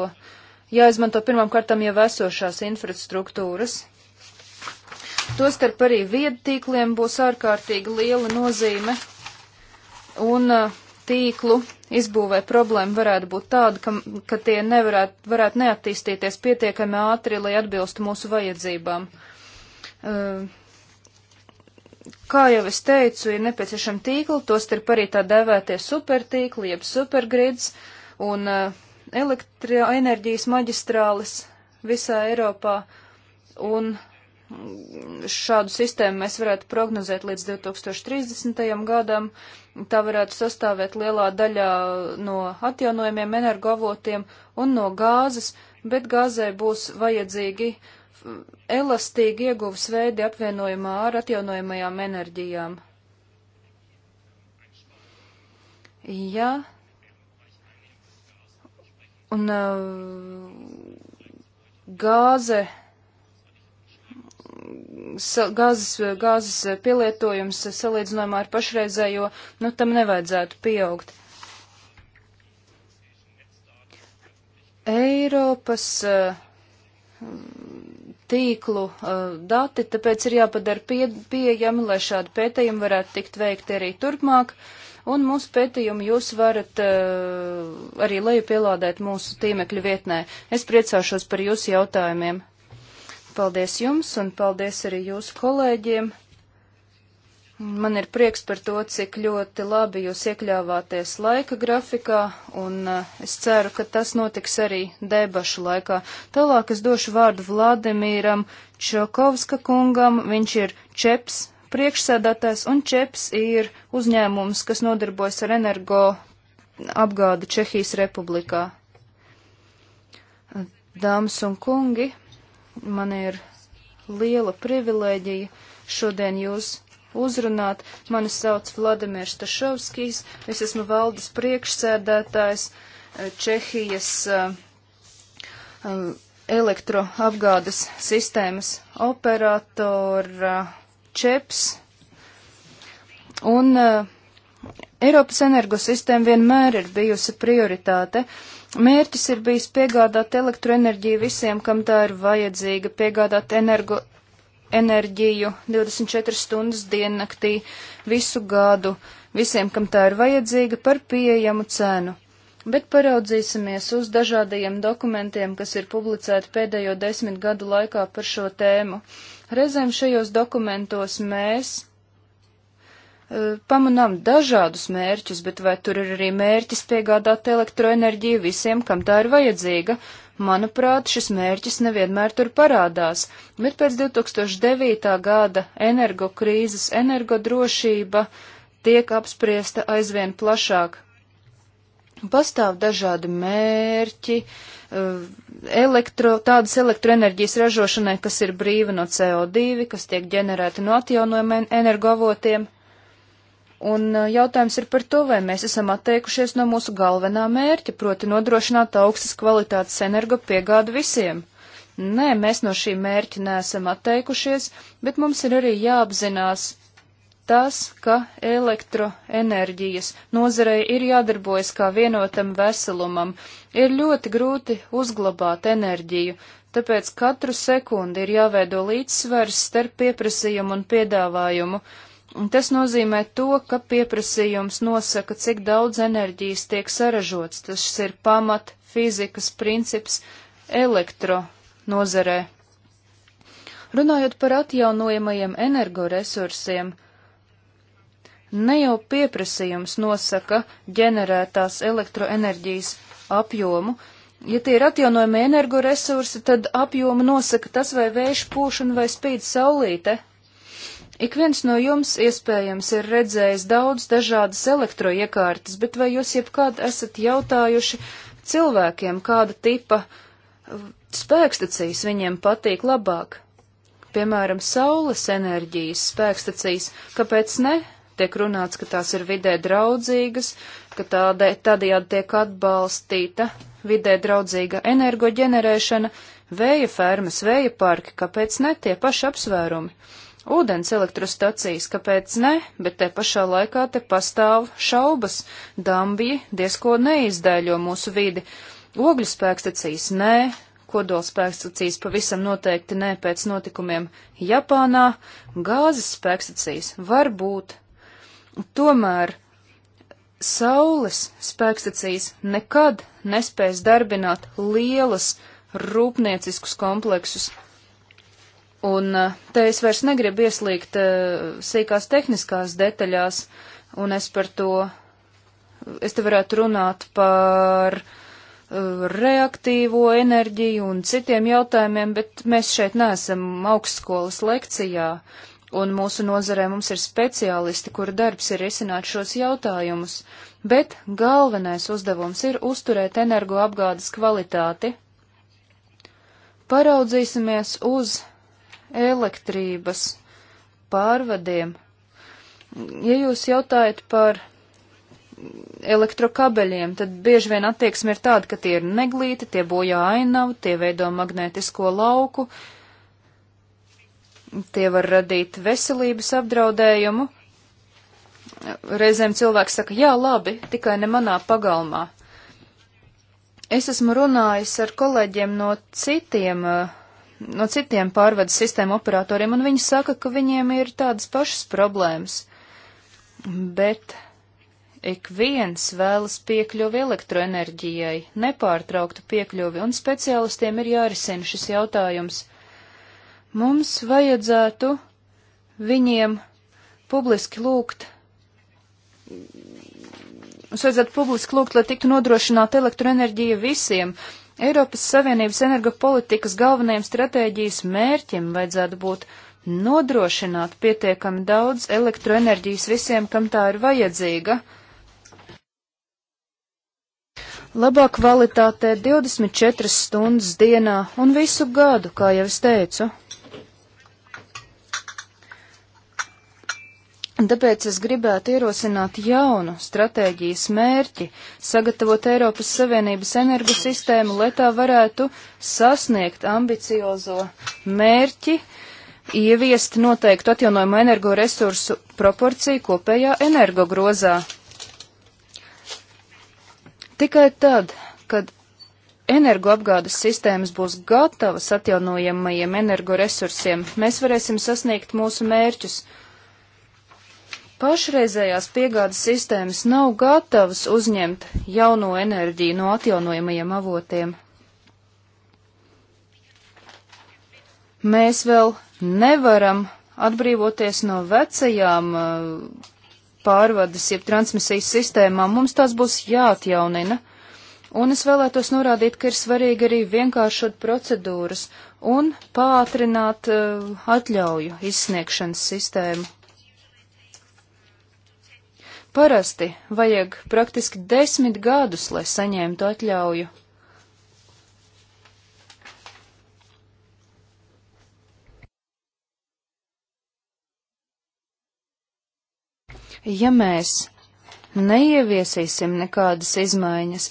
jāizmanto pirmām kārtām jau esošās infrastruktūras. Tostarp arī viedtīkliem būs ārkārtīgi liela nozīme, un uh, tīklu izbūvē problēma varētu būt tāda, ka, ka tie nevarētu, varētu neattīstīties pietiekami ātri, lai atbilstu mūsu vajadzībām. Uh, kā jau es teicu, ir nepieciešama tīkla, tostarp arī tā dēvētie supertīkli, jeb supergrids un eh, elektroenerģijas maģistrāles visā Eiropā. Un mm, šādu sistēmu mēs varētu prognozēt līdz 2030. gadam. Tā varētu sastāvēt lielā daļā no atjaunojumiem energoavotiem un no gāzes, bet gāzē būs vajadzīgi uh, elastīgi ieguvas veidi apvienojumā ar atjaunojamajām enerģijām. Jā. Un uh, gāze, sa, gāzes, gāzes pielietojums salīdzinājumā ar pašreizējo, nu tam nevajadzētu pieaugt. Eiropas uh, tīklu uh, dati, tāpēc ir jāpadara pie, pieejami, lai šādi pētījumi varētu tikt veikti arī turpmāk. Un mūsu pētījumu jūs varat uh, arī leju pielādēt mūsu tīmekļu vietnē. Es priecāšos par jūsu jautājumiem. Paldies jums un paldies arī jūsu kolēģiem. Man ir prieks par to, cik ļoti labi jūs iekļāvāties laika grafikā, un eh, es ceru, ka tas notiks arī debašu laikā. Tālāk es došu vārdu Vladimīram Čokovska kungam. Viņš ir Čeps priekšsēdētājs, un Čeps ir uzņēmums, kas nodarbojas ar energo apgādi Čehijas republikā. Dāmas un kungi, man ir liela privilēģija šodien jūs uzrunāt. Mani sauc Vladimirs Tašovskijs, es esmu valdes priekšsēdētājs eh, Čehijas eh, elektroapgādes sistēmas operatora ČEPS. Un eh, Eiropas energosistēma vienmēr ir bijusi prioritāte. Mērķis ir bijis piegādāt elektroenerģiju visiem, kam tā ir vajadzīga, piegādāt energo enerģiju 24 stundas diennaktī visu gadu visiem, kam tā ir vajadzīga, par pieejamu cenu. Bet paraudzīsimies uz dažādajiem dokumentiem, kas ir publicēti pēdējo desmit gadu laikā par šo tēmu. Reizēm šajos dokumentos mēs uh, pamanām dažādus mērķus, bet vai tur ir arī mērķis piegādāt elektroenerģiju visiem, kam tā ir vajadzīga, Manuprāt, šis mērķis nevienmēr tur parādās, bet pēc 2009. gada energokrīzes energodrošība tiek apspriesta aizvien plašāk. Pastāv dažādi mērķi, eh, elektro, tādas elektroenerģijas ražošanai, kas ir brīva no CO2, kas tiek ģenerēta no atjaunojumiem energoavotiem. Un uh, jautājums ir par to, vai mēs esam atteikušies no mūsu galvenā mērķa, proti nodrošināt augstas kvalitātes energopiegādu visiem. Nē, mēs no šī mērķa neesam atteikušies, bet mums ir arī jāapzinās tas, ka elektroenerģijas nozarei ir jādarbojas kā vienotam veselumam. Ir ļoti grūti uzglabāt enerģiju, tāpēc katru sekundi ir jāveido līdzsvers starp pieprasījumu un piedāvājumu. Tas nozīmē to, ka pieprasījums nosaka, cik daudz enerģijas tiek saražots. Tas ir pamat fizikas princips elektro nozarē. Runājot par atjaunojamajiem energoresursiem, ne jau pieprasījums nosaka ģenerētās elektroenerģijas apjomu. Ja tie ir atjaunojami energoresursi, tad apjomu nosaka tas, vai vējš pūšana vai spīd saulīte, Ik viens no jums iespējams ir redzējis daudz dažādas elektroiekārtas, bet vai jūs jebkad esat jautājuši cilvēkiem, kāda tipa uh, spēkstacijas viņiem patīk labāk? Piemēram, saules enerģijas spēkstacijas, kāpēc ne? Tiek runāts, ka tās ir vidē draudzīgas, ka tādē, tādējādi tiek atbalstīta vidē draudzīga energoģenerēšana, vēja fermas, vēja parki, kāpēc ne tie paši apsvērumi? ūdens elektrostacijas, kāpēc ne, bet te pašā laikā te pastāv šaubas. Dambija diezko neizdēļo mūsu vidi. Ogļu spēkstacijas nē, kodolspēkstacijas pavisam noteikti nē pēc notikumiem Japānā, gāzes spēkstacijas var būt. Tomēr saules spēkstacijas nekad nespēs darbināt lielas rūpnieciskus kompleksus Un eh, te es vairs negribu ieslīgt eh, sīkās tehniskās detaļās, un es par to, es te varētu runāt par eh, reaktīvo enerģiju un citiem jautājumiem, bet mēs šeit neesam augstskolas lekcijā, un mūsu nozarē mums ir speciālisti, kuru darbs ir risināt šos jautājumus, bet galvenais uzdevums ir uzturēt energoapgādes kvalitāti. Paraudzīsimies uz elektrības pārvadiem. Ja jūs jautājat par elektrokabeļiem, tad bieži vien attieksme ir tāda, ka tie ir neglīti, tie bojā ainavu, tie veido magnētisko lauku, tie var radīt veselības apdraudējumu. Reizēm cilvēks saka, jā, labi, tikai ne manā pagalmā. Es esmu runājis ar kolēģiem no citiem uh, no citiem pārvades sistēmu operatoriem, un viņi saka, ka viņiem ir tādas pašas problēmas. Bet ik viens vēlas piekļuvi elektroenerģijai, nepārtrauktu piekļuvi, un speciālistiem ir jārisina šis jautājums. Mums vajadzētu viņiem publiski lūgt, mums vajadzētu publiski lūgt, lai tiktu nodrošināta elektroenerģija visiem, Eiropas Savienības energopolitikas galvenajiem stratēģijas mērķim vajadzētu būt nodrošināt pietiekami daudz elektroenerģijas visiem, kam tā ir vajadzīga. Labā kvalitātē 24 stundas dienā un visu gadu, kā jau es teicu. Un tāpēc es gribētu ierosināt jaunu stratēģijas mērķi, sagatavot Eiropas Savienības energosistēmu, lai tā varētu sasniegt ambiciozo mērķi, ieviest noteiktu atjaunojumu energoresursu proporciju kopējā energogrozā. Tikai tad, kad energoapgādes sistēmas būs gatavas atjaunojamajiem energoresursiem, mēs varēsim sasniegt mūsu mērķus Pašreizējās piegādes sistēmas nav gatavas uzņemt jauno enerģiju no atjaunojamajiem avotiem. Mēs vēl nevaram atbrīvoties no vecajām uh, pārvades, jeb transmisijas sistēmām, mums tās būs jāatjaunina. Un es vēlētos norādīt, ka ir svarīgi arī vienkāršot procedūras un pātrināt uh, atļauju izsniegšanas sistēmu. Parasti vajag praktiski desmit gadus, lai saņemtu atļauju. Ja mēs neieviesīsim nekādas izmaiņas,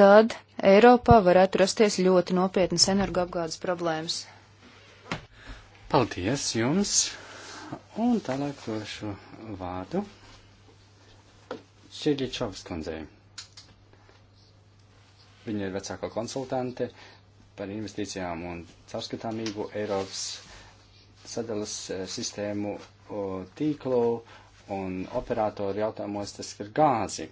tad Eiropā varētu rasties ļoti nopietnas energoapgādes problēmas. Paldies jums! Un tālāk došu vārdu Šķirģičovs kundzei. Viņa ir vecākā konsultante par investīcijām un caurskatāmību Eiropas sadalas eh, sistēmu tīklu un operatoru jautājumos, tas ir gāzi.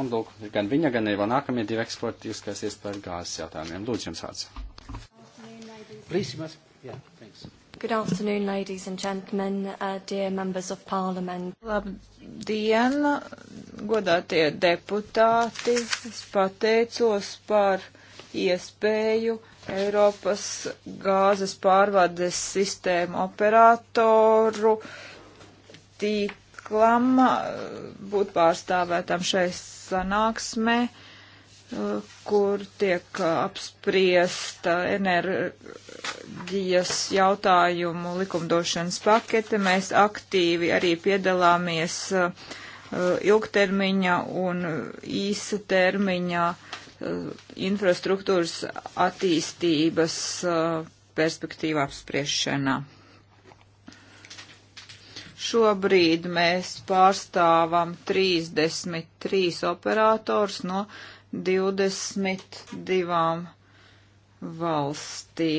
Un lūk, gan viņa, gan vēl nākamie divi eksporti izskaities par gāzes jautājumiem. Lūdzu, jums vārds. Prīsimas, jā. Yeah. Good afternoon, ladies and gentlemen, uh, dear members of parliament. Labdien, godātie deputāti, es pateicos par iespēju Eiropas gāzes pārvades sistēmu operatoru tīklam uh, būt pārstāvētam šai sanāksmē. Uh, kur tiek apspriesta enerģijas jautājumu likumdošanas pakete. Mēs aktīvi arī piedalāmies uh, ilgtermiņa un īsa termiņa uh, infrastruktūras attīstības uh, perspektīva apspriešanā. Šobrīd mēs pārstāvam 33 operators no 20 22 valstī.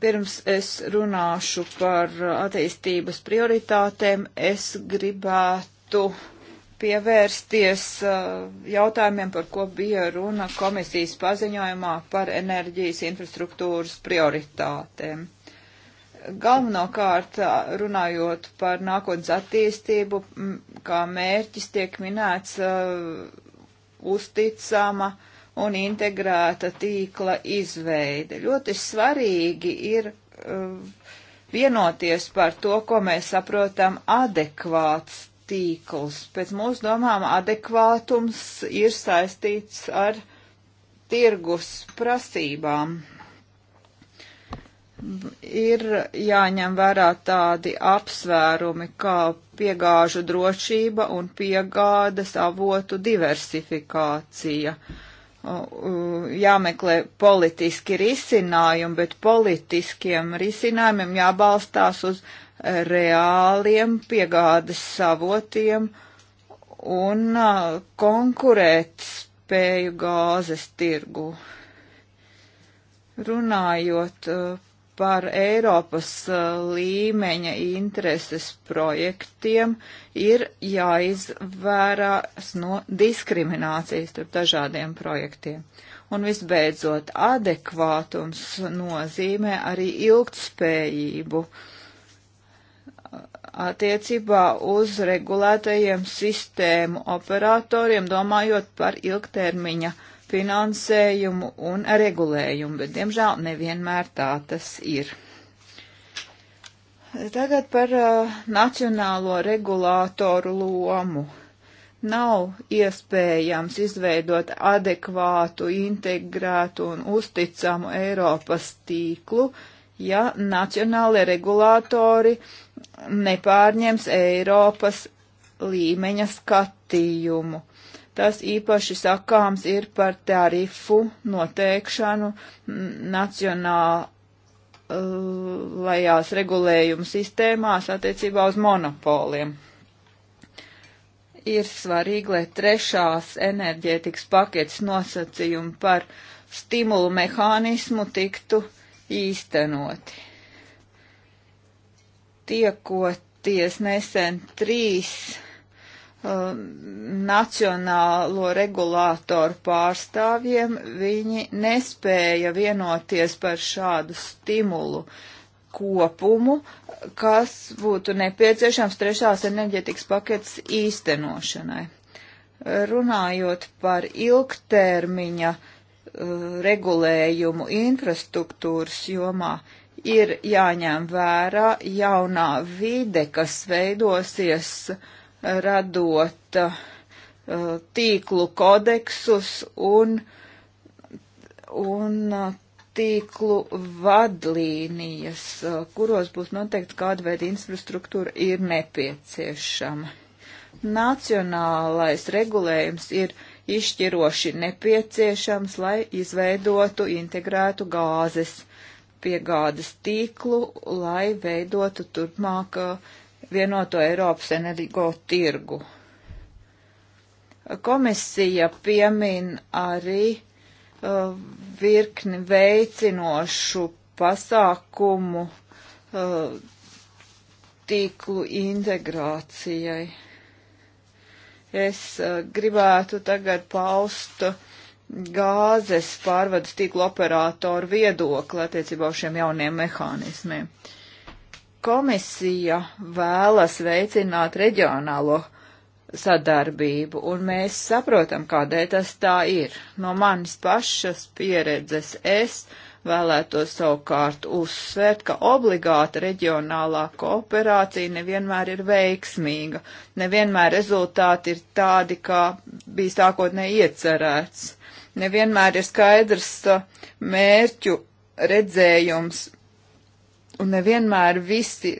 Pirms es runāšu par attīstības prioritātēm, es gribētu pievērsties uh, jautājumiem, par ko bija runa komisijas paziņojumā par enerģijas infrastruktūras prioritātēm. Galvenokārt runājot par nākotnes attīstību, kā mērķis tiek minēts uh, uzticama un integrēta tīkla izveide. Ļoti svarīgi ir uh, vienoties par to, ko mēs saprotam adekvāts tīkls. Pēc mūsu domām adekvātums ir saistīts ar tirgus prasībām ir jāņem vērā tādi apsvērumi kā piegāžu drošība un piegādes avotu diversifikācija. Jāmeklē politiski risinājumi, bet politiskiem risinājumiem jābalstās uz reāliem piegādes savotiem un konkurēt spēju gāzes tirgu. Runājot uh, par Eiropas uh, līmeņa intereses projektiem ir jāizvērās no diskriminācijas starp dažādiem projektiem. Un visbeidzot, adekvātums nozīmē arī ilgtspējību uh, attiecībā uz regulētajiem sistēmu operatoriem, domājot par ilgtermiņa uh, finansējumu un regulējumu, bet diemžēl nevienmēr tā tas ir. Tagad par uh, nacionālo regulātoru lomu. Nav iespējams izveidot adekvātu, integrētu un uzticamu Eiropas tīklu, ja nacionālie regulātori nepārņems Eiropas līmeņa skatījumu. Tas īpaši sakāms ir par tarifu noteikšanu nacionālajās regulējumu sistēmās attiecībā uz monopoliem. Ir svarīgi, lai trešās enerģētikas paketes nosacījumi par stimulu mehānismu tiktu īstenoti. Tiekoties nesen trīs Um, nacionālo regulātoru pārstāvjiem, viņi nespēja vienoties par šādu stimulu kopumu, kas būtu nepieciešams trešās enerģetikas paketes īstenošanai. Runājot par ilgtermiņa uh, regulējumu infrastruktūras jomā, ir jāņem vērā jaunā vide, kas veidosies uh, radot uh, tīklu kodeksus un, un uh, tīklu vadlīnijas, uh, kuros būs noteikti kāda veida infrastruktūra ir nepieciešama. Nacionālais regulējums ir izšķiroši nepieciešams, lai izveidotu integrētu gāzes piegādes tīklu, lai veidotu turpmāk uh, vienoto Eiropas energo tirgu. Komisija piemin arī uh, virkni veicinošu pasākumu uh, tīklu integrācijai. Es uh, gribētu tagad paust gāzes pārvades tīklu operātoru viedokli attiecībā uz šiem jauniem mehānismiem. Uh, Komisija vēlas veicināt reģionālo sadarbību, un mēs saprotam, kādēļ tas tā ir. No manis pašas pieredzes es vēlētos savukārt uzsvērt, ka obligāta reģionālā kooperācija nevienmēr ir veiksmīga, nevienmēr rezultāti ir tādi, kā bija sākotnē iecerēts, nevienmēr ir skaidrs mērķu redzējums un nevienmēr visi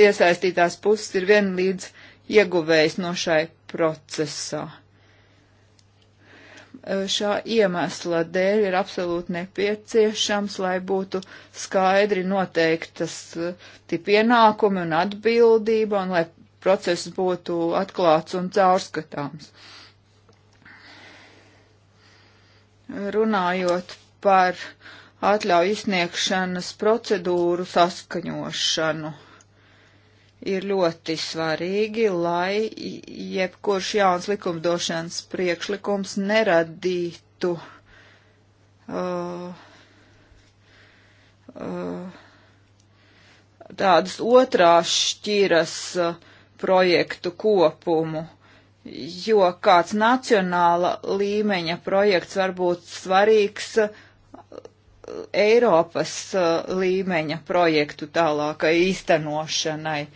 iesaistītās puses ir vienlīdz ieguvējis no šai procesā. Šā iemesla dēļ ir absolūti nepieciešams, lai būtu skaidri noteiktas tie pienākumi un atbildība, un lai process būtu atklāts un caurskatāms. Runājot par uh, atļauju izsniegšanas procedūru saskaņošanu. Ir ļoti svarīgi, lai jebkurš jauns likumdošanas priekšlikums neradītu uh, uh, tādas otrās šķiras uh, projektu kopumu jo kāds nacionāla līmeņa projekts var būt svarīgs uh, Eiropas uh, līmeņa projektu tālākai īstenošanai.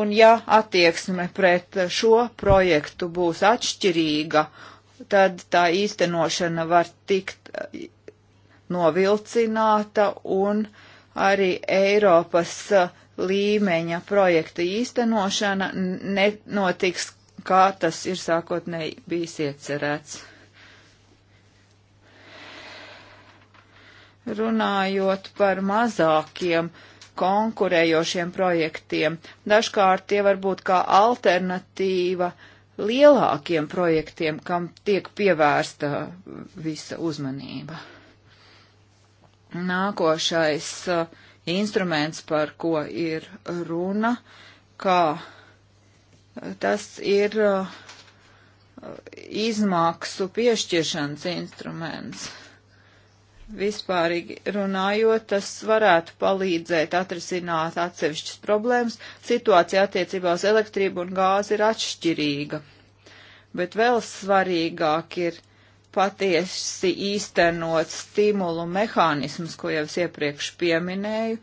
Un ja attieksme pret šo projektu būs atšķirīga, tad tā īstenošana var tikt uh, novilcināta un arī Eiropas uh, līmeņa projekta īstenošana nenotiks, kā tas ir sākotnēji bijis iecerēts. Runājot par mazākiem konkurējošiem projektiem, dažkārt tie var būt kā alternatīva lielākiem projektiem, kam tiek pievērsta visa uzmanība. Nākošais uh, instruments, par ko ir runa, kā uh, tas ir uh, izmaksu piešķiršanas instruments vispārīgi runājot, tas varētu palīdzēt atrisināt atsevišķas problēmas. Situācija attiecībā uz elektrību un gāzi ir atšķirīga. Bet vēl svarīgāk ir patiesi īstenot stimulu mehānismus, ko jau es iepriekš pieminēju,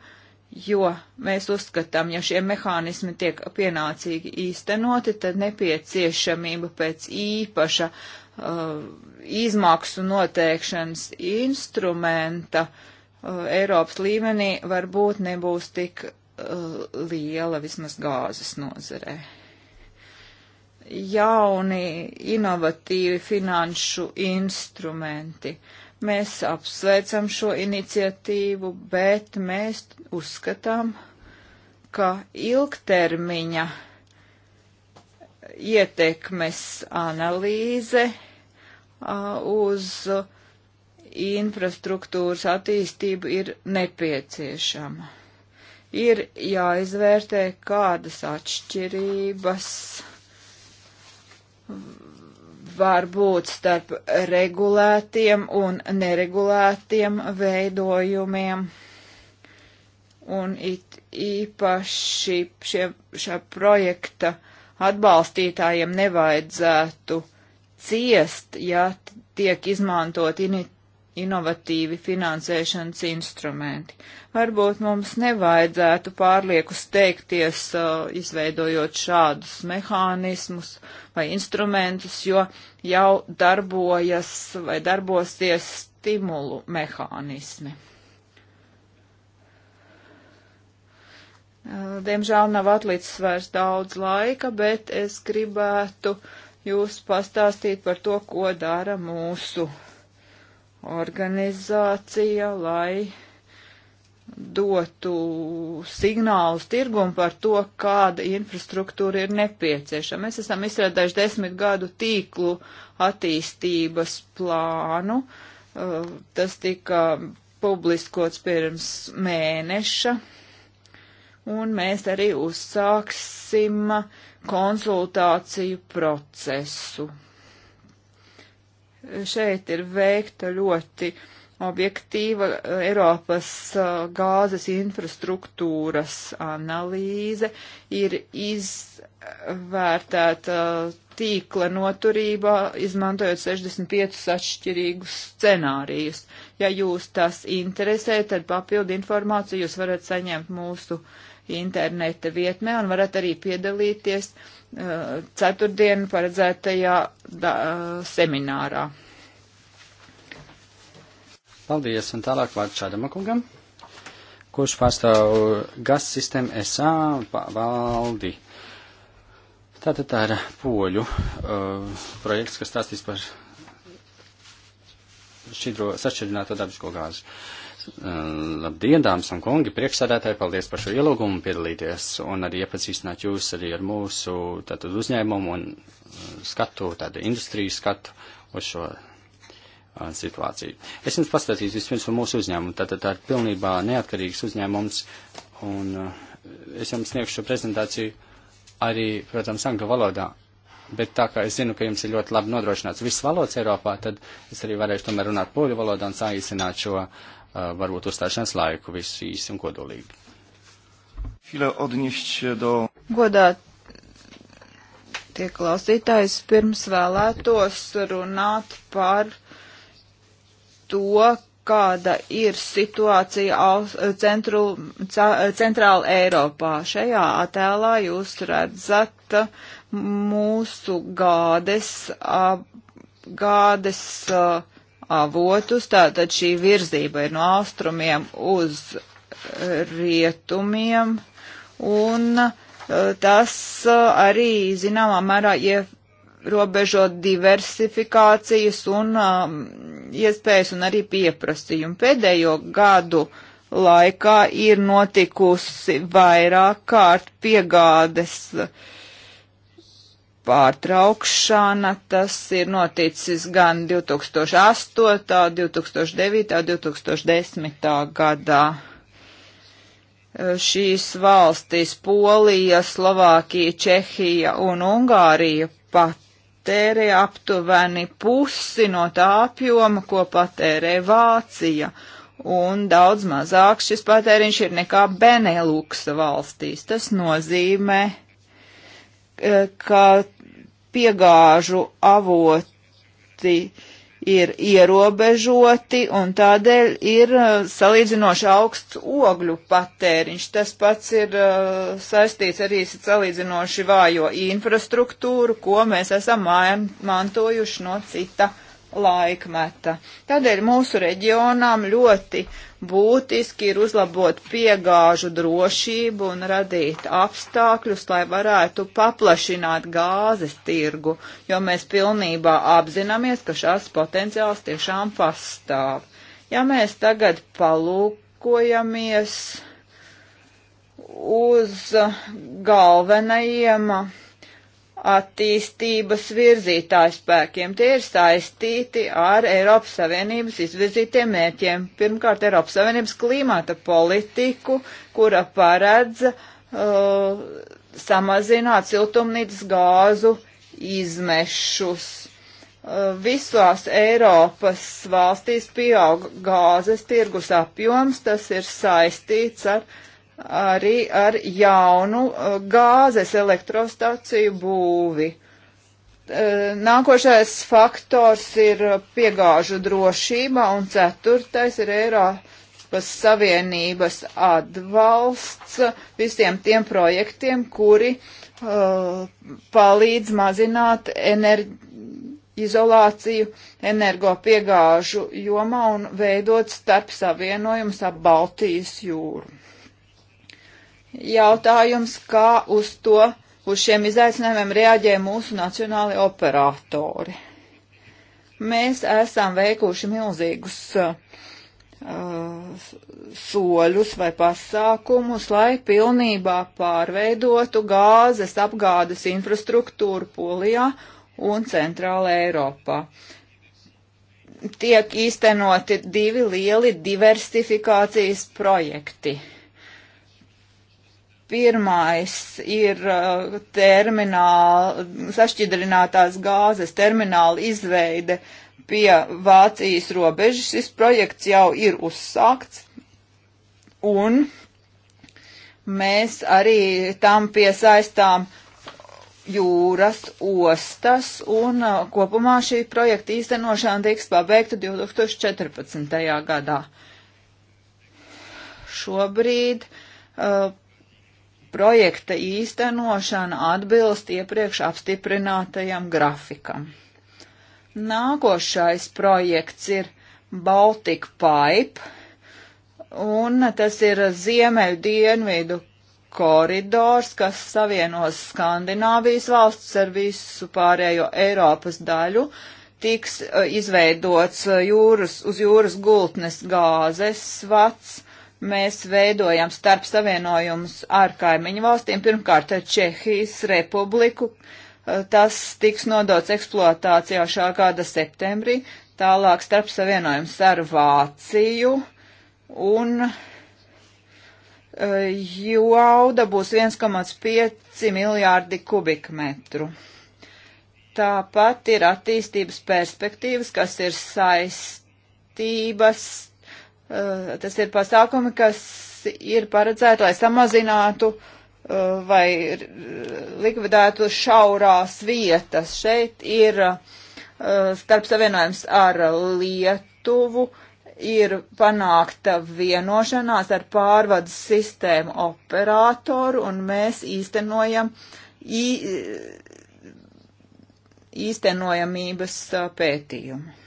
jo mēs uzskatām, ja šie mehānismi tiek pienācīgi īstenoti, tad nepieciešamība pēc īpaša uh, uh, izmaksu noteikšanas instrumenta uh, Eiropas līmenī varbūt nebūs tik uh, liela vismaz gāzes nozarē. Jauni inovatīvi finanšu instrumenti. Mēs apsveicam šo iniciatīvu, bet mēs uzskatām, ka ilgtermiņa uh, ietekmes analīze uz infrastruktūras attīstību ir nepieciešama. Ir jāizvērtē, kādas atšķirības var būt starp regulētiem un neregulētiem veidojumiem. Un it īpaši šie, šā projekta uh, atbalstītājiem nevajadzētu ciest, ja tiek izmantot in inovatīvi finansēšanas instrumenti. Varbūt mums nevajadzētu pārlieku steigties, uh, izveidojot šādus mehānismus vai instrumentus, jo jau darbojas vai darbosies stimulu mehānismi. Eh, diemžēl nav atlicis vairs daudz laika, bet es gribētu jūs pastāstīt par to, ko dara mūsu organizācija, lai dotu signālus tirgumu par to, kāda infrastruktūra ir nepieciešama. Mēs esam izstrādājuši desmit gadu tīklu attīstības plānu. Eh, tas tika publiskots pirms mēneša un mēs arī uzsāksim konsultāciju procesu. Šeit ir veikta ļoti objektīva Eiropas uh, gāzes infrastruktūras analīze, ir izvērtēta tīkla noturībā, izmantojot 65 atšķirīgus scenārijus. Ja jūs tas interesē, tad papildu informāciju jūs varat saņemt mūsu uh, interneta vietnē un varat arī piedalīties uh, ceturtdienu paredzētajā da, uh, seminārā. Paldies, un tālāk vārds šādam kungam, kurš pārstāv GAS sistēmu SA valdi. Tātad tā ir poļu uh, projekts, kas stāstīs par šķidro sašķidrināto dabisko gāzi. Uh, Eh, labdien, dāmas un kungi, priekšsādātāji, paldies par šo ielūgumu piedalīties un arī iepazīstināt jūs arī ar mūsu tātad, uzņēmumu un eh, skatu, tādu industriju skatu uz šo a, eh, situāciju. Es jums pastāstīšu vispirms par mūsu uzņēmumu. Tātad tā ir pilnībā neatkarīgs uzņēmums un a, es jums sniegšu šo prezentāciju arī, protams, angļu valodā. Bet tā kā es zinu, ka jums ir ļoti labi nodrošināts viss valodas Eiropā, tad es arī varēšu tomēr runāt poļu valodā un saīsināt šo uh, Eh, varbūt uzstāšanās laiku visu īsi un kodolīgi. Godā tie klausītājs pirms vēlētos runāt par to, kāda ir situācija centru, centrāla Eiropā. Šajā attēlā jūs redzat mūsu gādes, gādes uh, avotus. Tātad šī virzība ir no austrumiem uz eh, rietumiem, un eh, tas eh, arī zināmā mērā ierobežot diversifikācijas un um, iespējas un arī pieprasījumu. Pēdējo gadu laikā ir notikusi vairāk kārt piegādes uh, pārtraukšana. Tas ir noticis gan 2008, 2009, 2010. gadā. Šīs valstis - Polija, Slovākija, Čehija un Ungārija - patērē aptuveni pusi no tā apjoma, ko patērē Vācija un daudz mazāk šis patēriņš ir nekā Beneluksa valstīs. Tas nozīmē, Eh, ka piegāžu avoti ir ierobežoti un tādēļ ir eh, salīdzinoši augsts ogļu patēriņš. Tas pats ir uh, saistīts arī ar salīdzinoši vājo infrastruktūru, ko mēs esam mantojuši no cita laikmeta. Tādēļ mūsu reģionām ļoti būtiski ir uzlabot piegāžu drošību un radīt apstākļus, lai varētu paplašināt gāzes tirgu, jo mēs pilnībā apzināmies, ka šāds potenciāls tiešām pastāv. Ja mēs tagad palūkojamies uz galvenajiem attīstības virzītāju spēkiem. Tie ir saistīti ar Eiropas Savienības izvirzītiem mērķiem. Pirmkārt, Eiropas Savienības klimata politiku, kura paredz uh, samazināt siltumnīcas gāzu izmešus. Uh, visās Eiropas valstīs pieaug gāzes tirgus apjoms, tas ir saistīts ar uh, arī ar jaunu uh, gāzes elektrostaciju būvi. Uh, nākošais faktors ir piegāžu drošība un ceturtais ir Eiropas Savienības atbalsts visiem tiem projektiem, kuri uh, palīdz mazināt enerģiju izolāciju energopiegāžu jomā un veidot starp savienojumus ap Baltijas jūru jautājums, kā uz to, uz šiem izaicinājumiem reaģē mūsu nacionāli operatori. Mēs esam veikuši milzīgus uh, soļus vai pasākumus, lai pilnībā pārveidotu gāzes apgādes infrastruktūru Polijā un Centrāla Eiropā. Tiek īstenoti divi lieli diversifikācijas projekti. Pirmais ir uh, termināla, sašķidrinātās gāzes termināla izveide pie Vācijas robežas. Šis projekts jau ir uzsākts un mēs arī tam piesaistām jūras ostas un uh, kopumā šī projekta īstenošana tiks pabeigta 2014. gadā. Šobrīd uh, projekta īstenošana atbilst iepriekš apstiprinātajam grafikam. Nākošais projekts ir Baltic Pipe, un tas ir ziemeļu dienvidu koridors, kas savienos Skandināvijas valsts ar visu pārējo Eiropas daļu, tiks uh, izveidots uh, jūras, uz jūras gultnes gāzes vats, mēs veidojam starp savienojumus ar kaimiņu valstīm, pirmkārt ar Čehijas republiku, eh, tas tiks nodots eksploatācijā šā gada septembrī, tālāk starp savienojums ar Vāciju un eh, jauda būs 1,5 miljārdi kubikmetru. Tāpat ir attīstības perspektīvas, kas ir saistības Eh, tas ir pasākumi, kas ir paredzēti, lai samazinātu eh, vai likvidētu šaurās vietas. Šeit ir eh, starp savienojums ar Lietuvu, ir panākta vienošanās ar pārvades sistēmu operatoru, un mēs īstenojam īstenojamības pētījumu.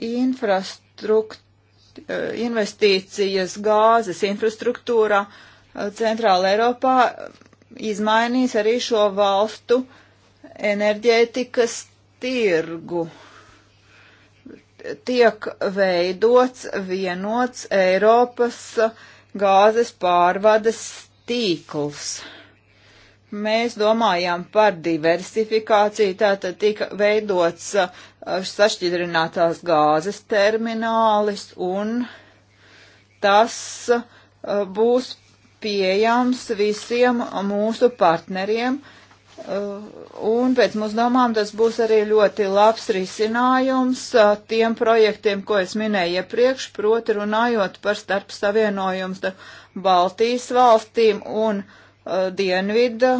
Eh, investīcijas gāzes infrastruktūrā eh, Centrāla Eiropā eh, izmainīs arī šo valstu enerģētikas tirgu. Tiek veidots vienots Eiropas gāzes pārvades tīkls. Mēs domājām par diversifikāciju, tātad tika veidots Eh, sašķidrinātās gāzes terminālis un tas eh, būs pieejams visiem mūsu partneriem. Eh, un pēc mūsu domām tas būs arī ļoti labs risinājums tiem projektiem, ko es minēju iepriekš, proti runājot par starp savienojumu starp Baltijas valstīm un Dienvida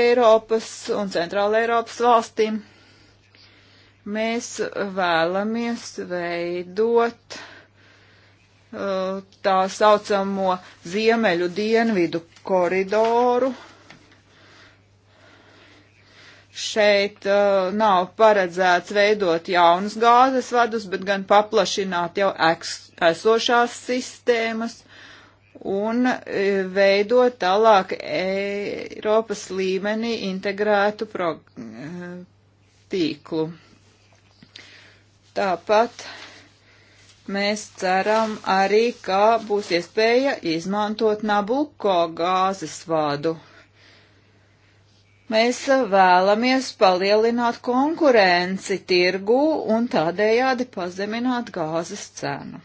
Eiropas un Centrāla Eiropas valstīm. Mēs vēlamies veidot uh, tā saucamo ziemeļu dienvidu koridoru. Šeit uh, nav paredzēts veidot jaunus gāzes vadus, bet gan paplašināt jau esošās sistēmas un uh, veidot tālāk Eiropas līmenī integrētu uh, tīklu. Tāpat mēs ceram arī, ka būs iespēja izmantot Nabuko gāzes vādu. Mēs vēlamies palielināt konkurenci tirgu un tādējādi pazemināt gāzes cenu.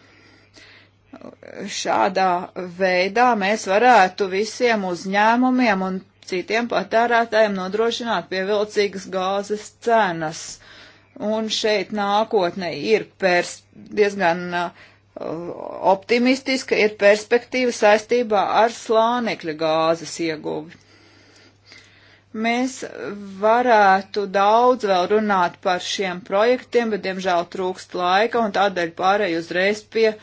Šādā veidā mēs varētu visiem uzņēmumiem un citiem patērētājiem nodrošināt pievilcīgas gāzes cenas. Uh, un šeit nākotne ir pers diezgan uh, optimistiska, ir perspektīva saistībā ar slānekļa gāzes ieguvi. Mēs varētu daudz vēl runāt par šiem projektiem, bet diemžēl trūkst laika un tādēļ pārēju uzreiz pie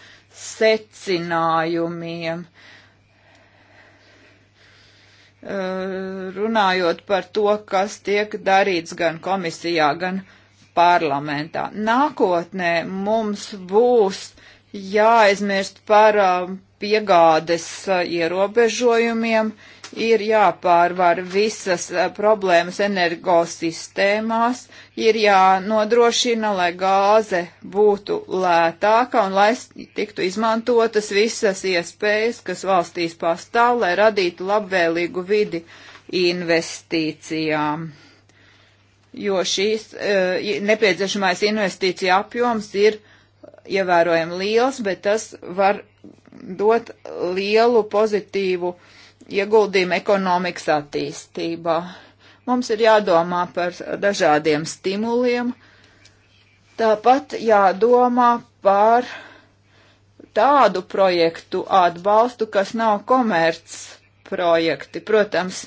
secinājumiem. Uh, runājot par to, kas tiek darīts gan komisijā, gan uh, parlamentā. Nākotnē mums būs jāaizmirst par um, piegādes uh, ierobežojumiem, ir jāpārvar visas uh, problēmas energosistēmās, ir jānodrošina, lai gāze būtu lētāka un lai tiktu izmantotas visas iespējas, kas valstīs pastāv, lai radītu labvēlīgu vidi investīcijām jo šīs eh, nepieciešamais investīcija apjoms ir ievērojami liels, bet tas var dot lielu pozitīvu ieguldījumu ekonomikas attīstībā. Mums ir jādomā par dažādiem stimuliem, tāpat jādomā par tādu projektu atbalstu, kas nav komerc projekti. Protams,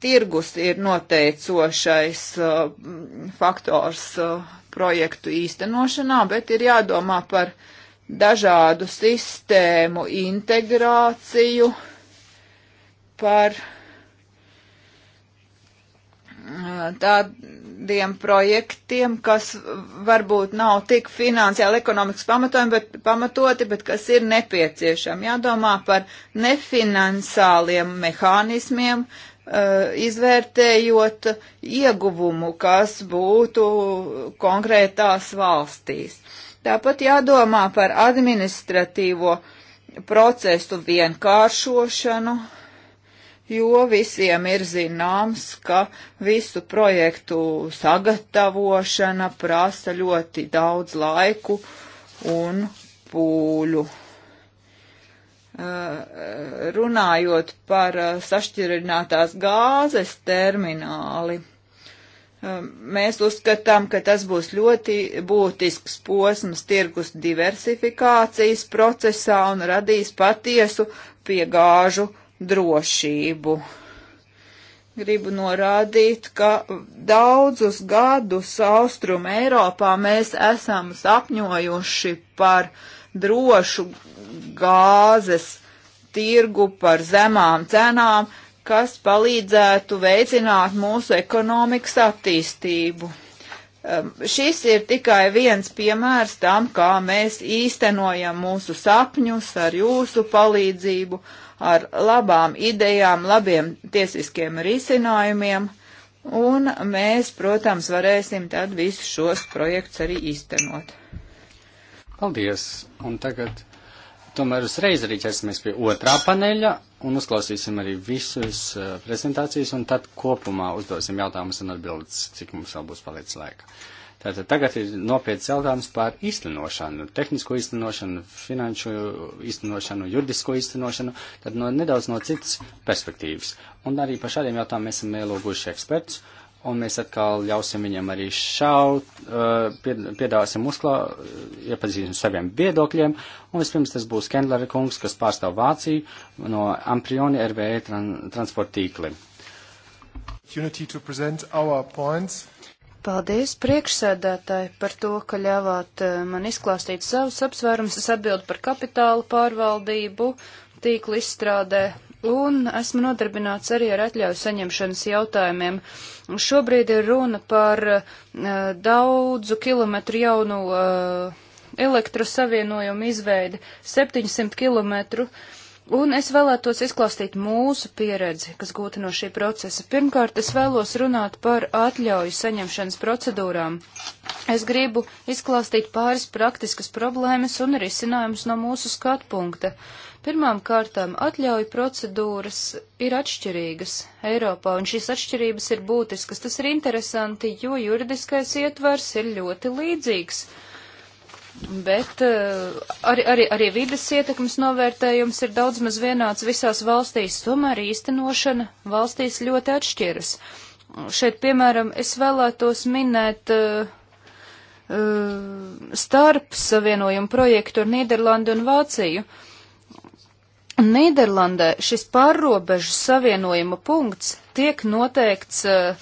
tirgus ir noteicošais uh, faktors uh, projektu īstenošanā, bet ir jādomā par dažādu sistēmu integrāciju, par uh, tādiem projektiem, kas varbūt nav tik finansiāli ekonomikas pamatojumi, bet pamatoti, bet kas ir nepieciešami. Jādomā par nefinansāliem mehānismiem, uh, Uh, izvērtējot ieguvumu, kas būtu konkrētās valstīs. Tāpat jādomā par administratīvo procesu vienkāršošanu, jo visiem ir zināms, ka visu projektu sagatavošana prasa ļoti daudz laiku un pūļu. Eh, runājot par eh, sašķirinātās gāzes termināli. Eh, mēs uzskatām, ka tas būs ļoti būtisks posms tirgus diversifikācijas procesā un radīs patiesu piegāžu drošību. Gribu norādīt, ka daudzus gadus Austrum Eiropā mēs esam sapņojuši par uh, drošu gāzes tirgu par zemām cenām, kas palīdzētu veicināt mūsu ekonomikas attīstību. Um, šis ir tikai viens piemērs tam, kā mēs īstenojam mūsu sapņus ar jūsu palīdzību, ar labām idejām, labiem tiesiskiem risinājumiem, un mēs, protams, varēsim tad visus šos projektus arī īstenot. Paldies! Un tagad tomēr uzreiz arī ķersimies pie otrā paneļa un uzklausīsim arī visus uh, eh, prezentācijas un tad kopumā uzdosim jautājumus un atbildes, cik mums vēl būs palicis laika. Tātad tagad ir nopietns jautājums par īstenošanu, tehnisko īstenošanu, finanšu īstenošanu, juridisko īstenošanu, tad no, nedaudz no citas perspektīvas. Un arī par šādiem jautājumiem esam ielūguši eksperts. Uh, un mēs atkal ļausim viņam arī šaut, piedāvāsim uzklā, iepazīstināsim saviem viedokļiem, un vispirms tas būs Kendlera kungs, kas pārstāv Vāciju no Amprioni RVE tran transporta tīkli. Paldies priekšsēdētāji par to, ka ļāvāt man izklāstīt savus apsvērumus. Es atbildu par kapitālu pārvaldību, tīklu izstrādē, un esmu nodarbināts arī ar atļauju saņemšanas jautājumiem. Uh, Šobrīd ir runa par eh, daudzu kilometru jaunu eh, elektrosavienojumu izveidi, 700 kilometru. Un es vēlētos izklāstīt mūsu pieredzi, kas gūta no šī procesa. Pirmkārt, es vēlos runāt par atļauju saņemšanas procedūrām. Es gribu izklāstīt pāris praktiskas problēmas un risinājumus no mūsu skatpunkta. punkta. Pirmām kārtām atļauju procedūras ir atšķirīgas Eiropā, un šīs atšķirības ir būtiskas. Tas ir interesanti, jo juridiskais ietvars ir ļoti līdzīgs. Bet eh, arī, arī, arī vides ietekmes novērtējums ir daudz maz vienāds visās valstīs, tomēr īstenošana valstīs ļoti atšķiras. Šeit, piemēram, es vēlētos minēt uh, eh, uh, eh, starp savienojumu projektu ar Nīderlandi un Vāciju. Uh, Nīderlandē šis pārrobežu savienojuma punkts tiek noteikts eh,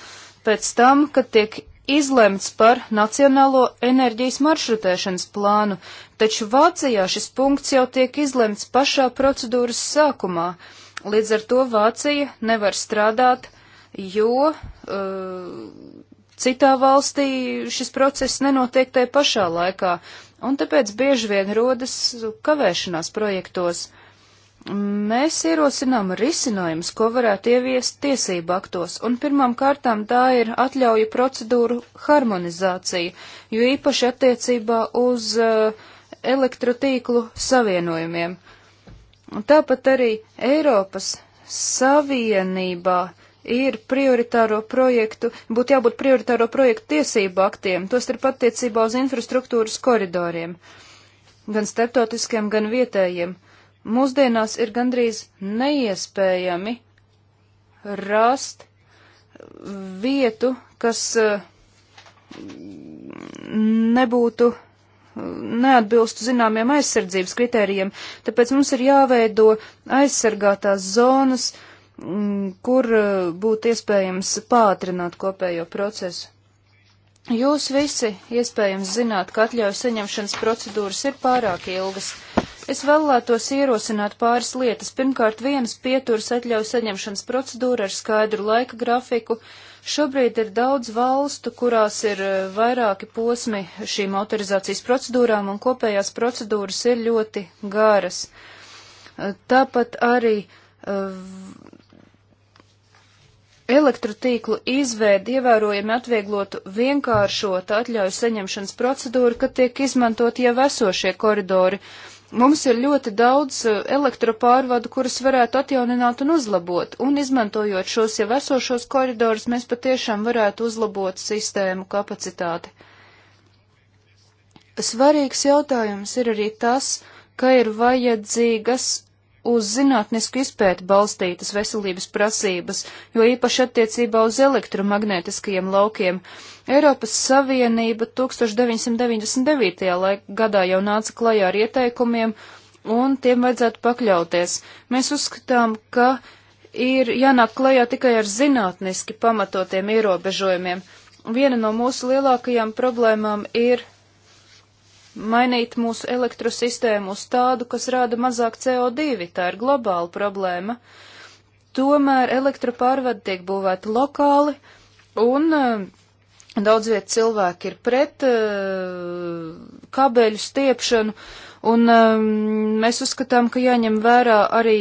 pēc tam, kad tiek izlemts par Nacionālo enerģijas maršrutēšanas plānu, taču Vācijā šis punkts jau tiek izlemts pašā procedūras sākumā. Līdz ar to Vācija nevar strādāt, jo uh, citā valstī šis process nenotiek tajā pašā laikā, un tāpēc bieži vien rodas kavēšanās projektos. Uh, Mēs ierosinām risinājumus, ko varētu ieviest tiesību aktos, un pirmām kārtām tā ir atļauju procedūru harmonizācija, jo īpaši attiecībā uz uh, elektrotīklu savienojumiem. Un tāpat arī Eiropas Savienībā ir prioritāro projektu, būtu jābūt prioritāro projektu tiesību aktiem, tostarp attiecībā uz infrastruktūras koridoriem, gan starptautiskiem, gan vietējiem. Uh, Mūsdienās ir gandrīz neiespējami rast vietu, kas eh, nebūtu eh, neatbilstu zināmiem aizsardzības kritērijiem, tāpēc mums ir jāveido aizsargātās zonas, mm, kur eh, būtu iespējams pātrināt kopējo procesu. Jūs visi iespējams zināt, ka atļauju saņemšanas procedūras ir pārāk ilgas. Es vēlētos ierosināt pāris lietas. Pirmkārt, vienas pieturas atļauju saņemšanas procedūra ar skaidru laika grafiku. Šobrīd ir daudz valstu, kurās ir eh, vairāki posmi šīm autorizācijas procedūrām, un kopējās procedūras ir ļoti garas. Eh, tāpat arī eh, elektrotīklu izveidi ievērojami atvieglotu vienkāršotu atļauju saņemšanas procedūru, kad tiek izmantot jau esošie koridori. Uh, Mums ir ļoti daudz eh, elektropārvadu, kuras varētu atjaunināt un uzlabot, un izmantojot šos jau esošos koridorus, mēs patiešām varētu uzlabot sistēmu kapacitāti. Svarīgs jautājums ir arī tas, ka ir vajadzīgas uz zinātnisku izpēti balstītas veselības prasības, jo īpaši attiecībā uz elektromagnētiskajiem laukiem. Eiropas Savienība 1999. gadā jau nāca klajā ar ieteikumiem, un tiem vajadzētu pakļauties. Mēs uzskatām, ka ir jānāk klajā tikai ar zinātniski pamatotiem ierobežojumiem. Viena no mūsu lielākajām problēmām ir mainīt mūsu elektrosistēmu uz tādu, kas rada mazāk CO2, tā ir globāla problēma. Tomēr elektropārvadi tiek būvēti lokāli, un eh, daudz viet cilvēki ir pret eh, kabeļu stiepšanu, un eh, mēs uzskatām, ka jāņem vērā arī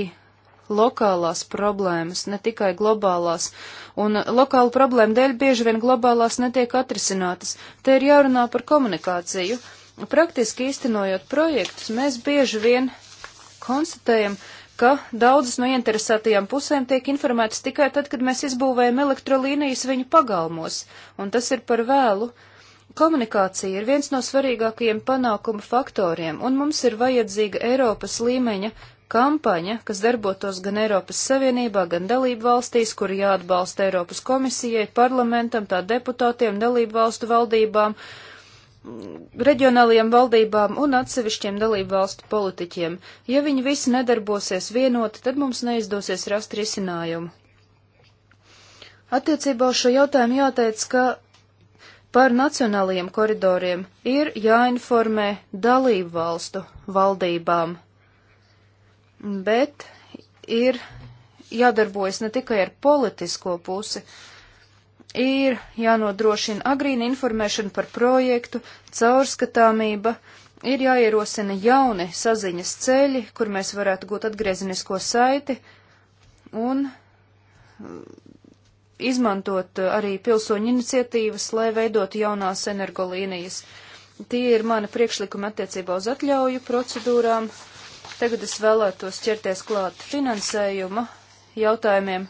lokālās problēmas, ne tikai globālās, un lokāla problēma dēļ bieži vien globālās netiek atrisinātas. Te ir jārunā par komunikāciju. Uh, praktiski īstenojot projektus, mēs bieži vien konstatējam, ka daudzas no interesētajām pusēm tiek informētas tikai tad, kad mēs izbūvējam elektrolīnijas viņu pagalmos, un tas ir par vēlu. Komunikācija ir viens no svarīgākajiem panākuma faktoriem, un mums ir vajadzīga Eiropas līmeņa kampaņa, kas darbotos gan Eiropas Savienībā, gan dalību valstīs, kur jāatbalsta Eiropas komisijai, parlamentam, tā deputātiem, dalību valstu valdībām reģionālajām valdībām un atsevišķiem dalību valstu politiķiem. Ja viņi visi nedarbosies vienoti, tad mums neizdosies rast risinājumu. Attiecībā uz šo jautājumu jāteic, ka par nacionālajiem koridoriem ir jāinformē dalību valstu valdībām, bet ir jādarbojas ne tikai ar politisko pusi, uh, ir jānodrošina agrīna informēšana par projektu, caurskatāmība, ir jāierosina jauni saziņas ceļi, kur mēs varētu gūt atgriezinisko saiti un uh, izmantot uh, arī pilsoņu iniciatīvas, lai veidotu jaunās energolīnijas. Tie ir mani priekšlikumi attiecībā uz atļauju procedūrām. Tagad es vēlētos ķerties klāt finansējuma jautājumiem.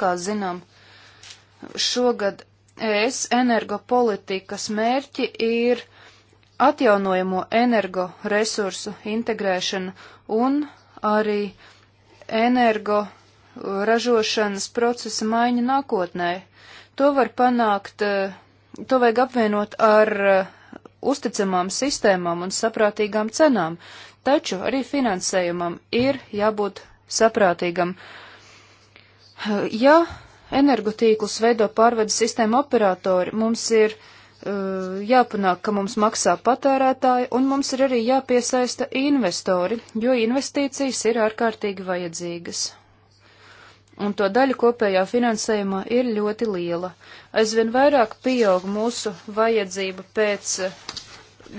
Kā zinām, šogad ES energopolitikas mērķi ir atjaunojamo energoresursu integrēšana un arī energo ražošanas procesa maiņa nākotnē. To var panākt, eh, to vajag apvienot ar eh, uzticamām sistēmām un saprātīgām cenām, taču arī finansējumam ir jābūt saprātīgam. Uh, Ja energotīklus veido pārvedes sistēma operatori, mums ir uh, jāpanāk, ka mums maksā patērētāji, un mums ir arī jāpiesaista investori, jo investīcijas ir ārkārtīgi vajadzīgas. Un to daļa kopējā finansējumā ir ļoti liela. Aizvien vairāk pieaug mūsu vajadzība pēc uh,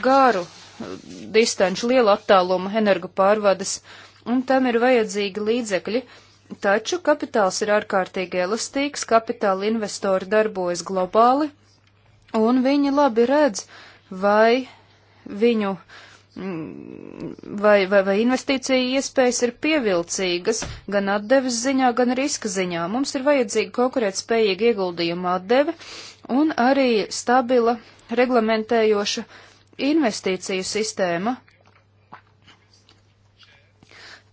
garu uh, distanču liela attāluma energo pārvades, un tam ir vajadzīgi līdzekļi, uh, Taču kapitāls ir ārkārtīgi elastīgs, kapitāla investori darbojas globāli, un viņi labi redz, vai viņu mm, vai, vai, vai investīcija iespējas ir pievilcīgas gan atdeves ziņā, gan riska ziņā. Mums ir vajadzīga konkurētspējīga ieguldījuma atdeve un arī stabila reglamentējoša investīciju sistēma.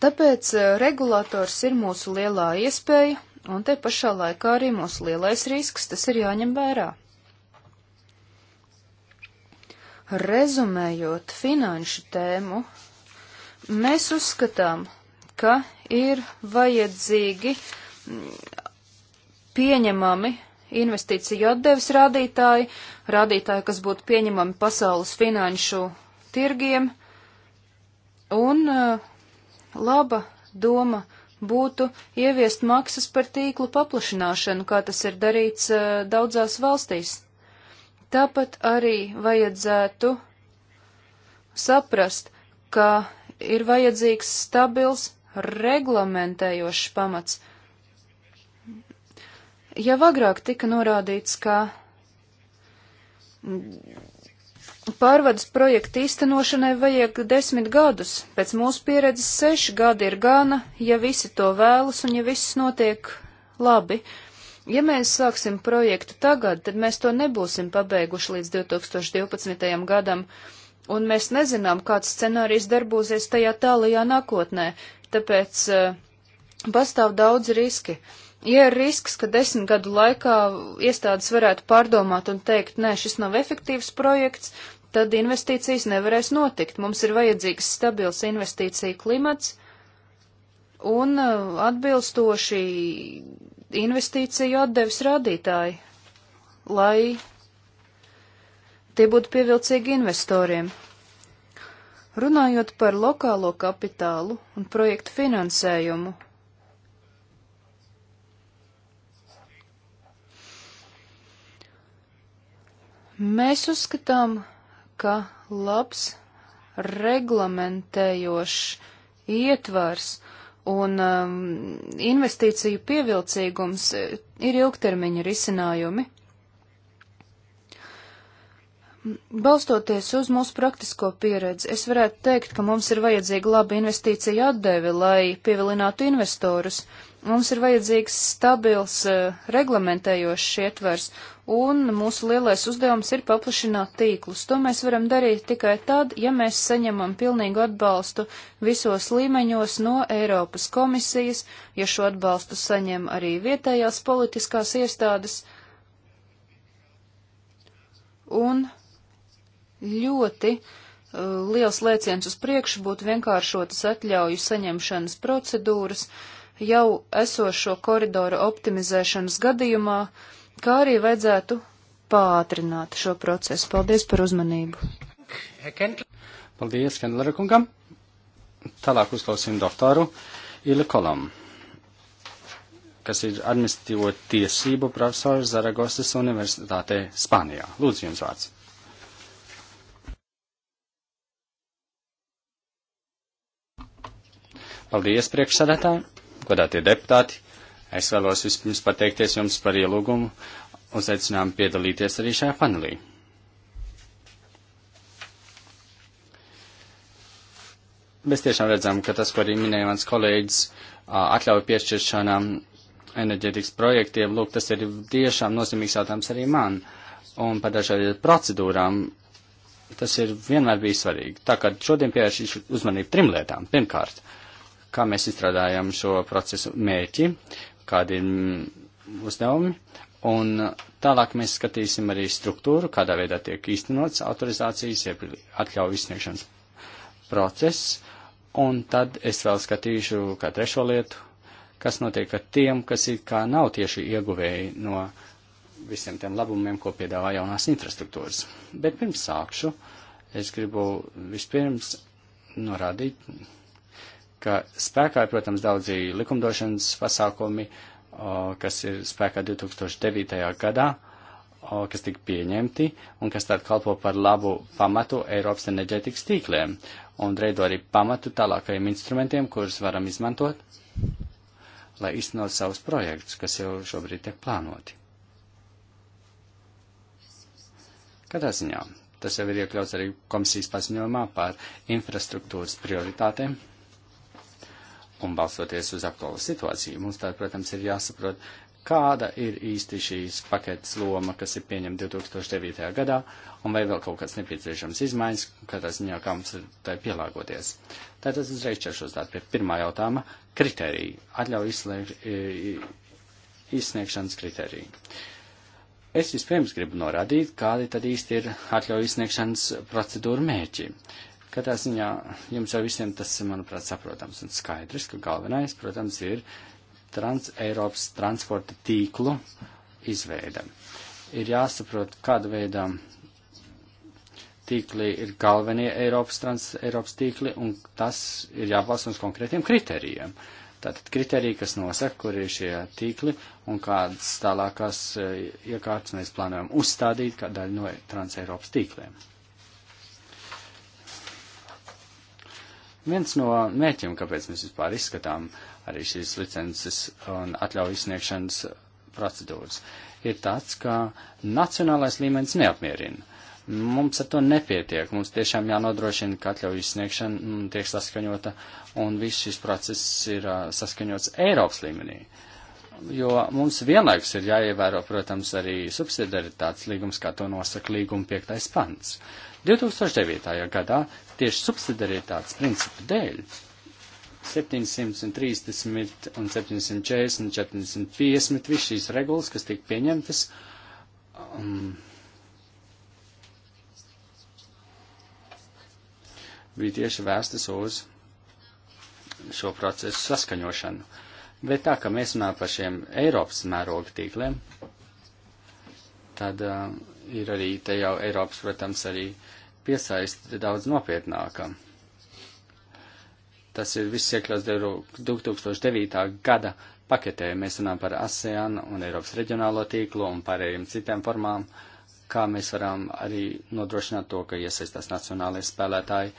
Tāpēc eh, regulators ir mūsu lielā iespēja, un te pašā laikā arī mūsu lielais risks, tas ir jāņem vērā. Rezumējot finanšu tēmu, mēs uzskatām, ka ir vajadzīgi mm, pieņemami investīciju atdevis rādītāji, rādītāji, kas būtu pieņemami pasaules finanšu tirgiem, un uh, Laba doma būtu ieviest maksas par tīklu paplašināšanu, kā tas ir darīts uh, daudzās valstīs. Tāpat arī vajadzētu saprast, ka ir vajadzīgs stabils reglamentējošs pamats. Jau agrāk tika norādīts, ka Pārvades projekta īstenošanai vajag desmit gadus. Pēc mūsu pieredzes seši gadi ir gana, ja visi to vēlas un ja viss notiek labi. Ja mēs sāksim projektu tagad, tad mēs to nebūsim pabeiguši līdz 2012. gadam, un mēs nezinām, kāds scenārijs darbosies tajā tālajā nākotnē, tāpēc uh, pastāv daudz riski. Ja ir risks, ka desmit gadu laikā iestādes varētu pārdomāt un teikt, nē, šis nav efektīvs projekts, tad investīcijas nevarēs notikt. Mums ir vajadzīgs stabils investīcija klimats un uh, atbilstoši investīciju atdevis rādītāji, lai tie būtu pievilcīgi investoriem. Runājot par lokālo kapitālu un projektu finansējumu, Mēs uzskatām, ka labs reglamentējošs ietvars un um, investīciju pievilcīgums eh, ir ilgtermiņa risinājumi. Balstoties uz mūsu praktisko pieredzi, es varētu teikt, ka mums ir vajadzīga laba investīcija atdeve, lai pievilinātu investorus. Uh, Mums ir vajadzīgs stabils uh, reglamentējošs ietvers, un mūsu lielais uzdevums ir paplašināt tīklus. To mēs varam darīt tikai tad, ja mēs saņemam pilnīgu atbalstu visos līmeņos no Eiropas komisijas, ja šo atbalstu saņem arī vietējās politiskās iestādes. Un ļoti uh, liels lēciens uz priekšu būtu vienkāršotas atļauju saņemšanas procedūras, uh, jau esošo koridoru optimizēšanas gadījumā, kā arī vajadzētu pātrināt šo procesu. Paldies par uzmanību. Paldies, Kendlera kungam. Tālāk uzklausīsim doktoru Ilu Kolam, kas ir administratīvo tiesību profesors Zaragostas Universitātē Spānijā. Lūdzu, jums vārds. Paldies, priekšsēdētāji! godātie deputāti, es vēlos vispirms pateikties jums par ielūgumu uz aicinājumu piedalīties arī šajā panelī. Mēs tiešām redzam, ka tas, ko arī minēja mans kolēģis, atļauj piešķiršanām enerģētikas projektiem, lūk, tas ir tiešām nozīmīgs jautājums arī man. Un par dažādiem procedūrām tas ir vienmēr bijis svarīgi. Tā kā šodien pievēršīšu uzmanību trim lietām. Pirmkārt, uh, kā mēs izstrādājam šo procesu mērķi, kādi ir uzdevumi, un tālāk mēs skatīsim arī struktūru, kādā veidā tiek īstenots autorizācijas, jeb atļauju izsniegšanas process, un tad es vēl skatīšu kā trešo lietu, kas notiek ar tiem, kas it kā nav tieši ieguvēji no visiem tiem labumiem, ko piedāvā jaunās infrastruktūras. Bet pirms sākšu, es gribu vispirms norādīt ka spēkā, protams, daudzi likumdošanas pasākumi, kas ir spēkā 2009. gadā, kas tika pieņemti un kas tad kalpo par labu pamatu Eiropas enerģētikas tīkliem un reido arī pamatu tālākajiem instrumentiem, kurus varam izmantot, lai iznot savus projektus, kas jau šobrīd tiek plānoti. Katrā ziņā tas jau ir iekļauts arī komisijas paziņojumā par infrastruktūras prioritātēm un balstoties uz aktuālo situāciju. Mums tā, protams, ir jāsaprot, kāda ir īsti šīs paketes loma, kas ir pieņemta 2009. gadā, un vai vēl kaut kāds nepieciešams izmaiņas, kādā ziņā kā mums ir tai pielāgoties. Tātad uzreiz ķeršos tātad pie pirmā jautājuma - kritērija, atļauju izsniegšanas kritērija. Es vispirms gribu norādīt, kādi tad īsti ir atļauju izsniegšanas procedūra mērķi. Uh, Katrā ziņā jums jau visiem tas ir, manuprāt, saprotams un skaidrs, ka galvenais, protams, ir trans Eiropas transporta tīklu izveida. Ir jāsaprot, kāda veida tīkli ir galvenie Eiropas, trans, Eiropas tīkli, un tas ir jābalsta uz konkrētiem kritērijiem. Tātad kriteriji, kas nosaka, kur ir šie tīkli un kādas tālākās eh, iekārtas mēs plānojam uzstādīt kā daļu no Trans-Eiropas tīkliem. Viens no mērķiem, kāpēc mēs vispār izskatām arī šīs licences un atļauju izsniegšanas procedūras, ir tāds, ka nacionālais līmenis neapmierina. Mums ar to nepietiek. Mums tiešām jānodrošina, ka atļauju izsniegšana tiek saskaņota un viss šis process ir saskaņots Eiropas līmenī. Jo mums vienlaikus ir jāievēro, protams, arī subsidiaritātes līgums, kā to nosaka līguma piektais pants. Uh, 2009. gadā tieši subsidiarietātes principu dēļ 730 un 740 un 450 viss šīs regulas, kas tika pieņemtas, um, bija tieši vēstas uz šo procesu saskaņošanu. Bet tā, ka mēs runājam par šiem Eiropas mēroga tīkliem, tad uh, ir arī te jau Eiropas, protams, arī piesaisti daudz nopietnākam. Tas ir viss iekļauts 2009. gada paketē. Mēs runājam par ASEAN un Eiropas reģionālo tīklu un pārējiem citiem formām, kā mēs varam arī nodrošināt to, ka iesaistās nacionālajie spēlētāji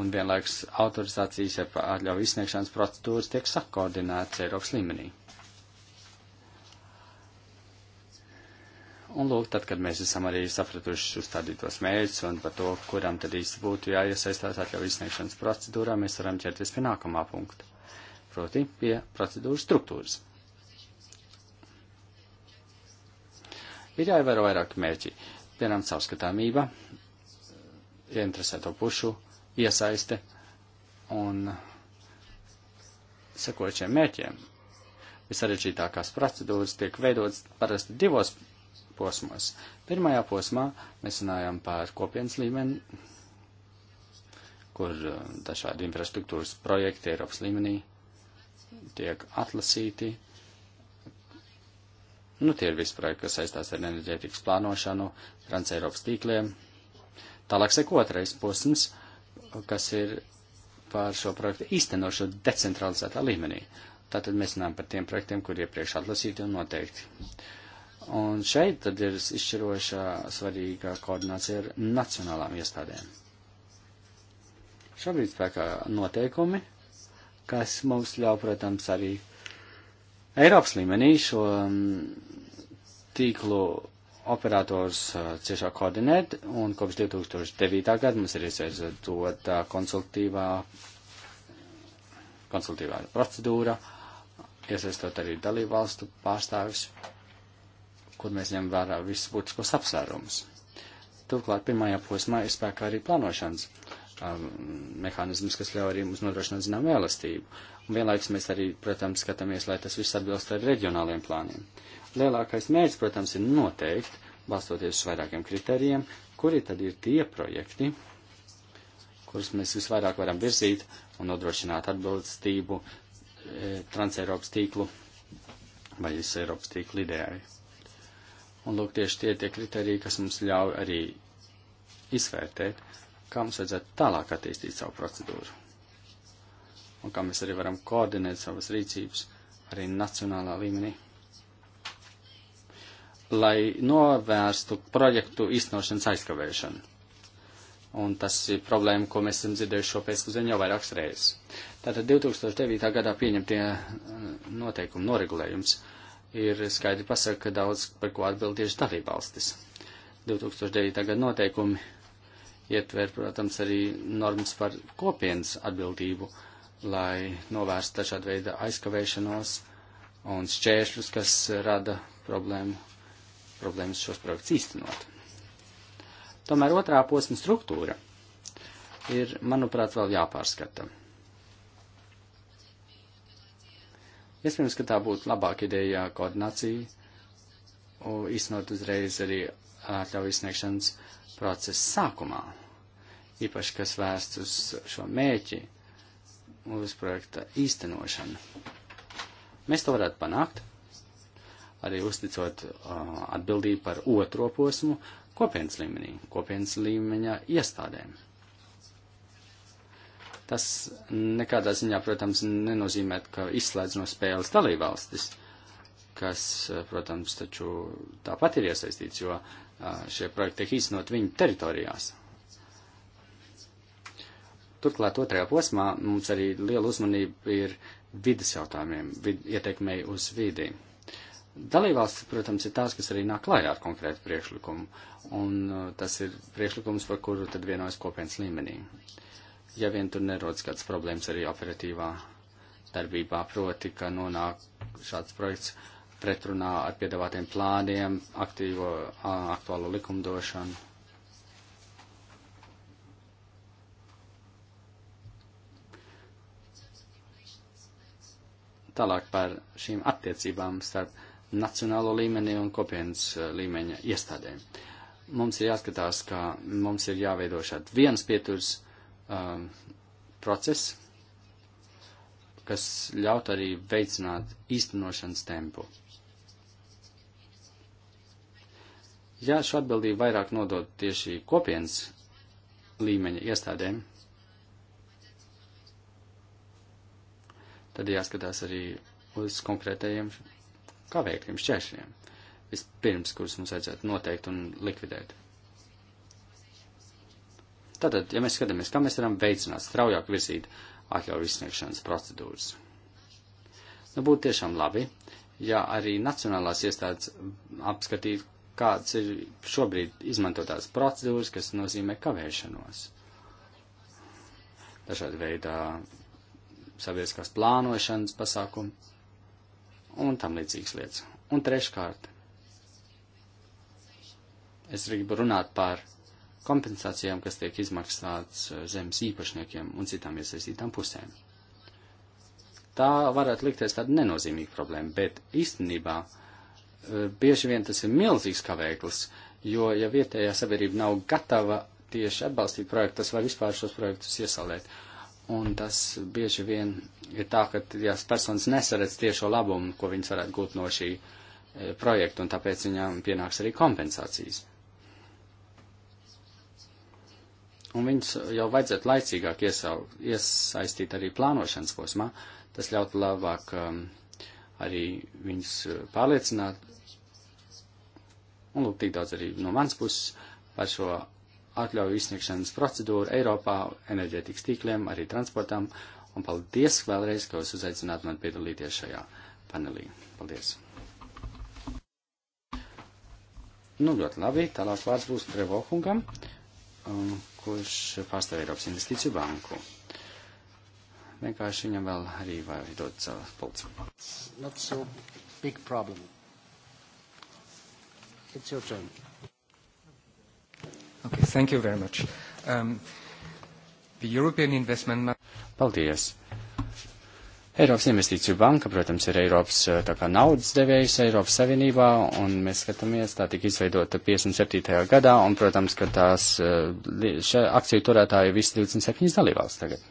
un vienlaiks autorizācijas ja atļauju izsniegšanas procedūras tiek sakoordinētas Eiropas līmenī. Un lūk, tad, kad mēs esam arī sapratuši uzstādītos mērķus un par to, kuram tad īsti būtu jāiesaistās atļauju izsniegšanas procedūrā, mēs varam ķerties pie nākamā punkta, proti pie procedūras struktūras. Ir jāievēro vairāki mērķi, piemēram, savskatāmība, ieinteresēto pušu iesaiste un sekojušiem mērķiem. Visarežģītākās procedūras tiek veidotas parasti divos posmos. Pirmajā posmā mēs runājam par kopienas līmeni, kur uh, dažādi infrastruktūras projekti Eiropas līmenī tiek atlasīti. Nu, tie ir visi projekti, kas saistās ar enerģētikas plānošanu, transeiropas tīkliem. Tālāk seko otrais posms, kas ir pār šo projektu īstenošu decentralizētā līmenī. Tātad mēs runājam par tiem projektiem, kur iepriekš atlasīti un noteikti. Un šeit tad ir izšķirošā svarīga koordinācija ar nacionālām iestādēm. Šobrīd spēkā noteikumi, kas mums ļauj, protams, arī Eiropas līmenī šo mm, tīklu operators ciešāk koordinēt, un kopš 2009. gada mums ir iesaistot konsultīvā, konsultīvā procedūra, iesaistot arī dalībvalstu pārstāvis kur mēs ņem vērā visus būtiskos apsvērumus. Turklāt pirmajā posmā ir spēkā arī plānošanas um, mehānisms, kas ļauj arī mums nodrošināt zinām vēlastību. Un vienlaikus mēs arī, protams, skatāmies, lai tas viss atbilst ar reģionāliem plāniem. Lielākais mērķis, protams, ir noteikt, balstoties uz vairākiem kritērijiem, kuri tad ir tie projekti, kurus mēs visvairāk varam virzīt un nodrošināt atbilstību e, Transeiropas tīklu vai Eiropas tīklu idejai. Un lūk, tieši tie tie kriteriji, kas mums ļauj arī izvērtēt, kā mums vajadzētu tālāk attīstīt savu procedūru. Un kā mēs arī varam koordinēt savas rīcības arī nacionālā līmenī. Lai novērstu projektu īstenošanas aizkavēšanu. Un tas ir problēma, ko mēs esam dzirdējuši šo pēcpusdienu jau vairākas reizes. Tātad 2009. gadā pieņemtie eh, noteikumi, noregulējums ir skaidri pasaka, ka daudz par ko atbild tieši dalībvalstis. 2009. gada noteikumi ietver, protams, arī normas par kopienas atbildību, lai novērstu dažādu veidu aizkavēšanos un šķēršļus, kas rada problēmu, problēmas šos projekts īstenot. Tomēr otrā posma struktūra ir, manuprāt, vēl jāpārskata. Iespējams, ka tā būtu labāka ideja koordinācija, īstenot uzreiz arī atļauju izsniegšanas procesa sākumā, īpaši kas vērsts uz šo mēķi, uz projekta īstenošanu. Mēs to varētu panākt, arī uzticot uh, atbildību par otro posmu kopienas līmenī, kopienas līmeņa iestādēm. Tas nekādā ziņā, protams, nenozīmē, ka izslēdz no spēles dalībvalstis, kas, eh, protams, taču tāpat ir iesaistīts, jo eh, šie projekti tiek īstenot viņu teritorijās. Turklāt otrajā posmā mums arī liela uzmanība ir vidas jautājumiem, vid, ietekmei uz vidi. Dalībvalstis, protams, ir tās, kas arī nāk klājā ar konkrētu priekšlikumu, un eh, tas ir priekšlikums, par kuru tad vienojas kopienas līmenī. Uh, ja vien tur nerodas kāds problēmas arī operatīvā darbībā, proti, ka nonāk šāds projekts pretrunā ar piedāvātiem plāniem, aktīvo, aktuālo likumdošanu. Tālāk par šīm attiecībām starp nacionālo līmeni un kopienas līmeņa iestādēm. Mums ir jāskatās, ka mums ir jāveido šāds viens pieturs, uh, um, process, kas ļaut arī veicināt īstenošanas tempu. Ja šo atbildību vairāk nodot tieši kopienas līmeņa iestādēm, tad jāskatās arī uz konkrētajiem kavēkļiem, šķēršļiem, vispirms, kurus mums vajadzētu noteikt un likvidēt. Tātad, ja mēs skatāmies, kā mēs varam veicināt, straujāk virzīt atļauju izsniegšanas procedūras. Nu, būtu tiešām labi, ja arī nacionālās iestādes apskatītu, kāds ir šobrīd izmantotās procedūras, kas nozīmē kavēšanos. Dažādi veidā sabiedriskās plānošanas pasākumi un tam līdzīgas lietas. Un treškārt, es gribu runāt par kompensācijām, kas tiek izmaksāts eh, zemes īpašniekiem un citām iesaistītām pusēm. Tā varētu likties tāda nenozīmīga problēma, bet īstenībā eh, bieži vien tas ir milzīgs kavēklis, jo ja vietējā sabiedrība nav gatava tieši atbalstīt projektu, tas var vispār šos projektus iesaldēt. Un tas bieži vien ir tā, ka tās personas nesaredz tiešo labumu, ko viņas varētu gūt no šī eh, projekta, un tāpēc viņām pienāks arī kompensācijas. Un viņus jau vajadzētu laicīgāk iesau, iesaistīt arī plānošanas posmā. Tas ļautu labāk um, arī viņus uh, pārliecināt. Un lūk, tik daudz arī no mans puses par šo atļauju izsniegšanas procedūru Eiropā, enerģētikas tīkliem, arī transportam. Un paldies vēlreiz, ka jūs uzaicināt man piedalīties šajā panelī. Paldies! Nu, ļoti labi. Tālāk vārds būs Trevohungam um, kurš pārstāv Eiropas investīciju banku. Vienkārši viņam vēl arī vajag dot savas pulcas. Not so big problem. It's your turn. Okay, thank you very much. Um, the European Investment... Paldies. Uh, Eiropas investīciju banka, protams, ir Eiropas eh, tā kā naudas devējs Eiropas Savienībā, un mēs skatāmies, tā tika izveidota 57. gadā, un, protams, ka tās eh, akciju turētāji ir visi 27 dalībvalsts tagad.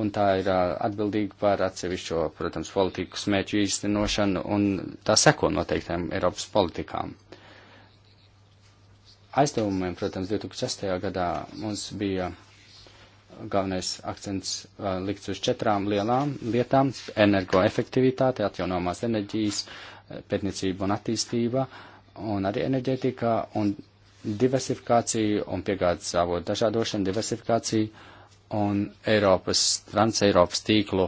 Un tā ir eh, atbildīga par atsevišķo, protams, politiku smēķu īstenošanu, un tā seko noteiktām Eiropas politikām aizdevumiem, protams, 2006. gadā mums bija galvenais akcents uh, likts uz četrām lielām lietām - energoefektivitāte, atjaunojumās enerģijas, uh, pētniecība un attīstība, un arī enerģētika un diversifikācija un piegādes avotu dažādošana, diversifikācija un Eiropas, transeiropas tīklu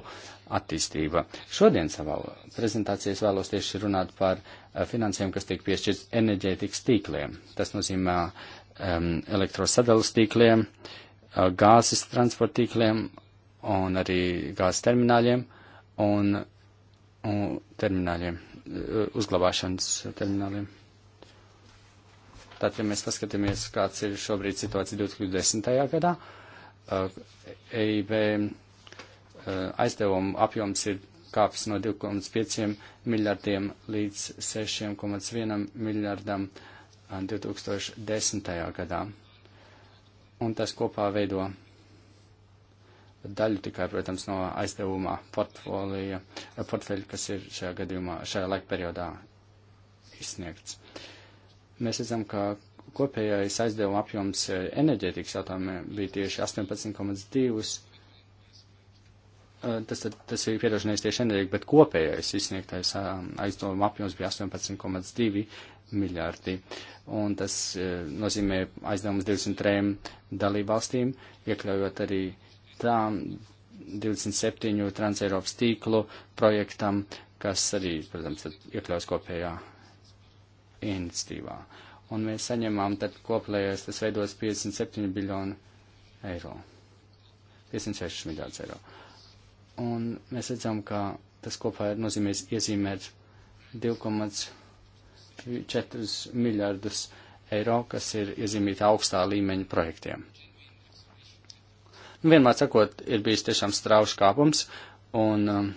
attīstība. Šodien savā prezentācijā es vēlos tieši runāt par uh, finansēm, kas tiek piešķirts enerģētikas tīkliem. Tas nozīmē um, elektrosadalus tīkliem, uh, Uh, gāzes transportīkliem un arī gāzes termināļiem un, un termināļiem, uh, uzglabāšanas termināļiem. Tātad, ja mēs paskatāmies, kāds ir šobrīd situācija 2010. gadā, uh, EIB aizdevumu apjoms ir kāpis no 2,5 miljardiem līdz 6,1 miljardam 2010. gadā un tas kopā veido daļu tikai, protams, no aizdevumā portfolija, portfeļa, kas ir šajā gadījumā, šajā laika periodā izsniegts. Mēs redzam, ka kopējais aizdevuma apjoms eh, enerģētikas jautājumiem bija tieši 18,2. Eh, tas, tas ir pierošanais tieši enerģija, bet kopējais izsniegtais eh, aizdevuma apjoms bija 18,2 miljardi. Un tas e, nozīmē aizdevumus 23 dalībvalstīm, iekļaujot arī tām 27 Transeiropas tīklu projektam, kas arī, protams, iekļaus kopējā iniciatīvā. Un mēs saņemām tad koplējais, tas veidos 57 biljonu eiro. 56 miljārdus eiro. Un mēs redzam, ka tas kopā ir nozīmēs iezīmēt 2,5 4 miljardus eiro, kas ir iezīmīti augstā līmeņa projektiem. Nu, vienmēr sakot, ir bijis tiešām strauši kāpums, un um,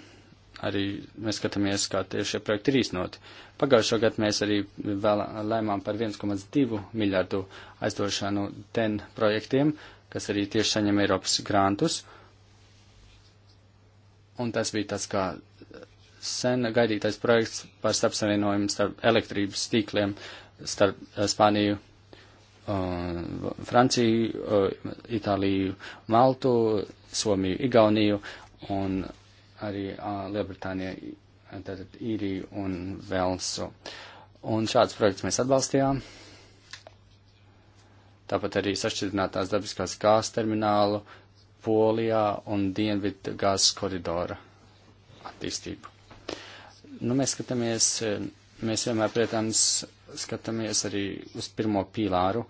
arī mēs skatāmies, kā tieši šie projekti ir īstenoti. Pagājušo gadu mēs arī vēl lēmām par 1,2 miljardu aizdošanu TEN projektiem, kas arī tieši saņem Eiropas grantus. Un tas bija tas, kā sen gaidītais projekts par starpsavienojumu starp elektrības tīkliem starp eh, Spāniju, eh, Franciju, eh, Itāliju, Maltu, Somiju, Igauniju un arī Lielbritāniju, tātad Īriju un Velsu. Un šāds projekts mēs atbalstījām. Tāpat arī sašķidrinātās dabiskās gāzes terminālu Polijā un Dienvidu gāzes koridora attīstību. Nu, mēs skatāmies, mēs vienmēr, protams, skatāmies arī uz pirmo pīlāru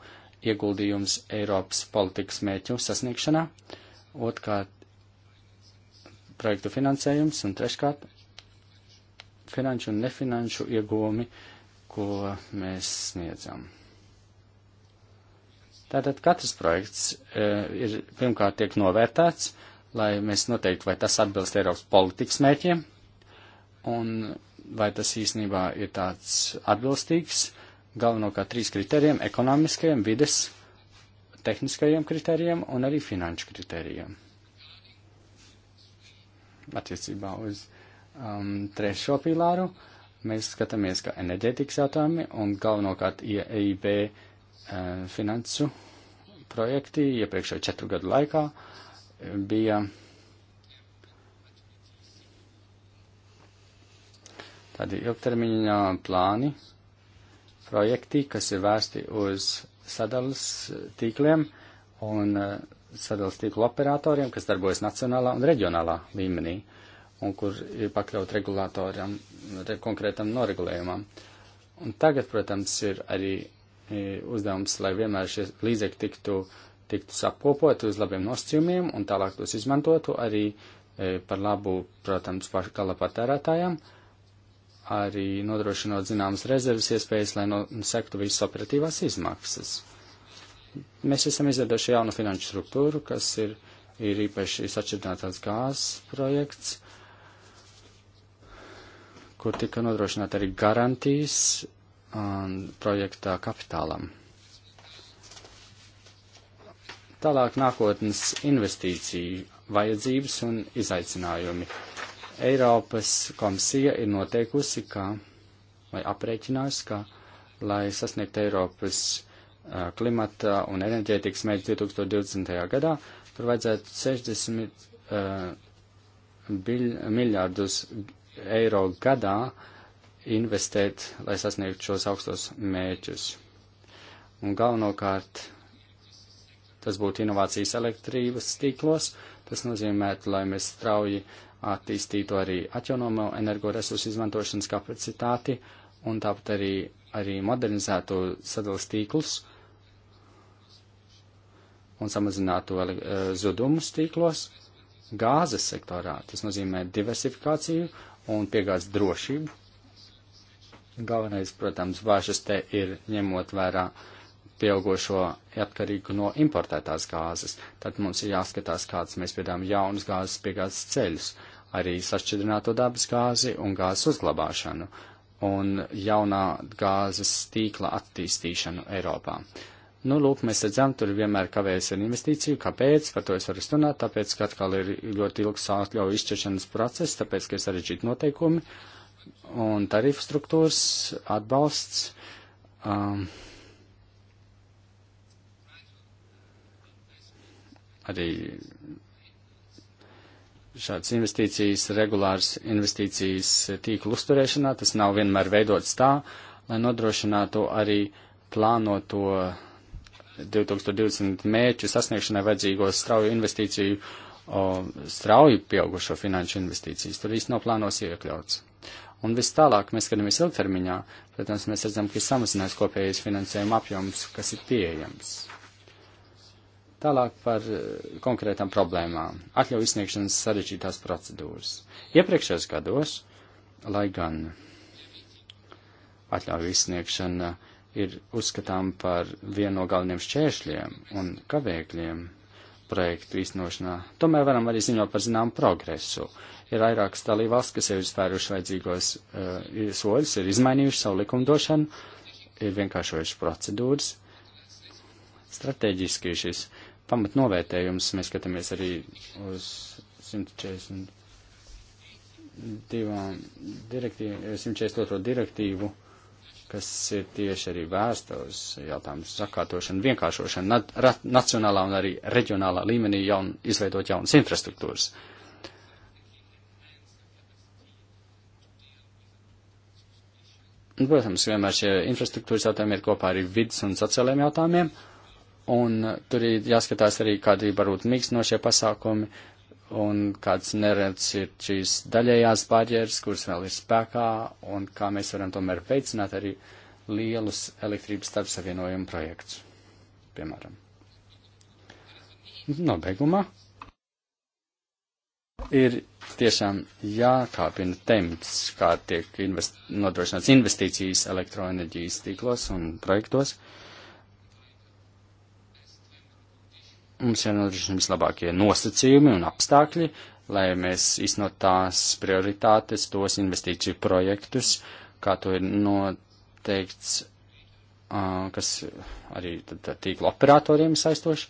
ieguldījums Eiropas politikas mēķu sasniegšanā, otrkārt projektu finansējums un treškārt finanšu un nefinanšu ieguvumi, ko mēs sniedzam. Tātad katrs projekts e, ir pirmkārt tiek novērtēts, lai mēs noteiktu, vai tas atbilst Eiropas politikas mērķiem, un vai tas īstenībā ir tāds atbilstīgs galvenokārt trīs kritērijiem - ekonomiskajiem, vides, tehniskajiem kritērijiem un arī finanšu kritērijiem. Attiecībā uz um, trešo pīlāru mēs skatāmies, ka enerģētikas jautājumi un galvenokārt IEIB e, uh, finansu projekti iepriekšējo četru gadu laikā uh, bija tādi ilgtermiņā plāni, projekti, kas ir vērsti uz sadalas tīkliem un eh, sadalas tīklu operatoriem, kas darbojas nacionālā un reģionālā līmenī un kur ir pakļaut regulātoram, konkrētam noregulējumam. Un tagad, protams, ir arī e, uzdevums, lai vienmēr šie līdzekļi tiktu, tiktu sapkopot uz labiem nosacījumiem un tālāk tos izmantotu arī e, par labu, protams, gala patērētājiem. Uh, arī nodrošinot zināmas rezerves iespējas, lai no, sektu visas operatīvās izmaksas. Mēs esam izveidojuši jaunu finanšu struktūru, kas ir, ir īpaši sašķidrinātās gāzes projekts, kur tika nodrošināt arī garantijas um, projektā kapitālam. Tālāk nākotnes investīciju vajadzības un izaicinājumi Eiropas komisija ir noteikusi, ka, vai aprēķinājusi, ka, lai sasniegtu Eiropas uh, klimata un enerģētikas mērķi 2020. gadā, tur vajadzētu 60 uh, biļ, miljārdus eiro gadā investēt, lai sasniegtu šos augstos mērķus. Un galvenokārt tas būtu inovācijas elektrības tīklos, tas nozīmētu, lai mēs strauji uh, attīstītu arī atjaunomo energoresursu izmantošanas kapacitāti un tāpat arī, arī modernizētu sadalas tīklus un samazinātu uh, zudumus tīklos. Gāzes sektorā tas nozīmē diversifikāciju un piegādes drošību. Galvenais, protams, bāžas te ir ņemot vērā uh, pieaugušo atkarīgu no importētās gāzes. Tad mums ir jāskatās, kāds mēs piedām jaunas gāzes piegādes ceļus, arī sašķidrināto dabas gāzi un gāzes uzglabāšanu un jaunā gāzes tīkla attīstīšanu Eiropā. Nu, lūk, mēs redzam, tur vienmēr kavējas ar investīciju. Kāpēc? Par to es varu stunāt, tāpēc, ka atkal ir ļoti ilgs atļauju izšķiršanas process, tāpēc, ka ir sarežģīti noteikumi un tarifu struktūras atbalsts. Um, arī šādas investīcijas, regulāras investīcijas tīklu uzturēšanā. Tas nav vienmēr veidots tā, lai nodrošinātu arī plānoto 2020 mērķu sasniegšanai vajadzīgos strauju investīciju, o, strauju pieaugušo finanšu investīcijas. Tur īsti nav plānos iekļauts. Un vis tālāk mēs skatāmies ilgtermiņā, protams, mēs redzam, ka ir samazinās kopējais finansējuma apjoms, kas ir pieejams. Tālāk par eh, konkrētām problēmām. Atļauju izsniegšanas sarežģītās procedūras. Iepriekšējos gados, lai gan atļauju izsniegšana ir uzskatām par vienu no galveniem šķēršļiem un kavēkļiem projektu īstenošanā, tomēr varam arī ziņot par zināmu progresu. Ir vairākas dalībvalsts, kas ir izspēruši vajadzīgos uh, soļus, ir izmainījuši savu likumdošanu, ir vienkāršojuši procedūras. Strateģiski šis uh, pamatnovērtējums, mēs skatāmies arī uz 142 direktīvu, 142 direktīvu, kas ir tieši arī vērsta uz jautājumu sakārtošanu, vienkāršošanu na, ra, nacionālā un arī reģionālā līmenī jaun, izveidot jaunas infrastruktūras. Un, protams, vienmēr šie infrastruktūras jautājumi ir kopā arī vidas un sociālajiem jautājumiem. Uh, Un tur ir jāskatās arī, kādi varbūt mīkstinošie pasākumi un kāds neredz ir šīs daļējās barjeras, kuras vēl ir spēkā, un kā mēs varam tomēr veicināt arī lielus elektrības starpsavienojumu projektus, piemēram. Nobeigumā ir tiešām jākāpina temps, kā tiek invest nodrošināts investīcijas elektroenerģijas tīklos un projektos. Uh, Mums jānodrošina vislabākie nosacījumi un apstākļi, lai mēs iznot tās prioritātes, tos investīciju projektus, kā to ir noteikts, kas arī tīkla operatoriem saistoši.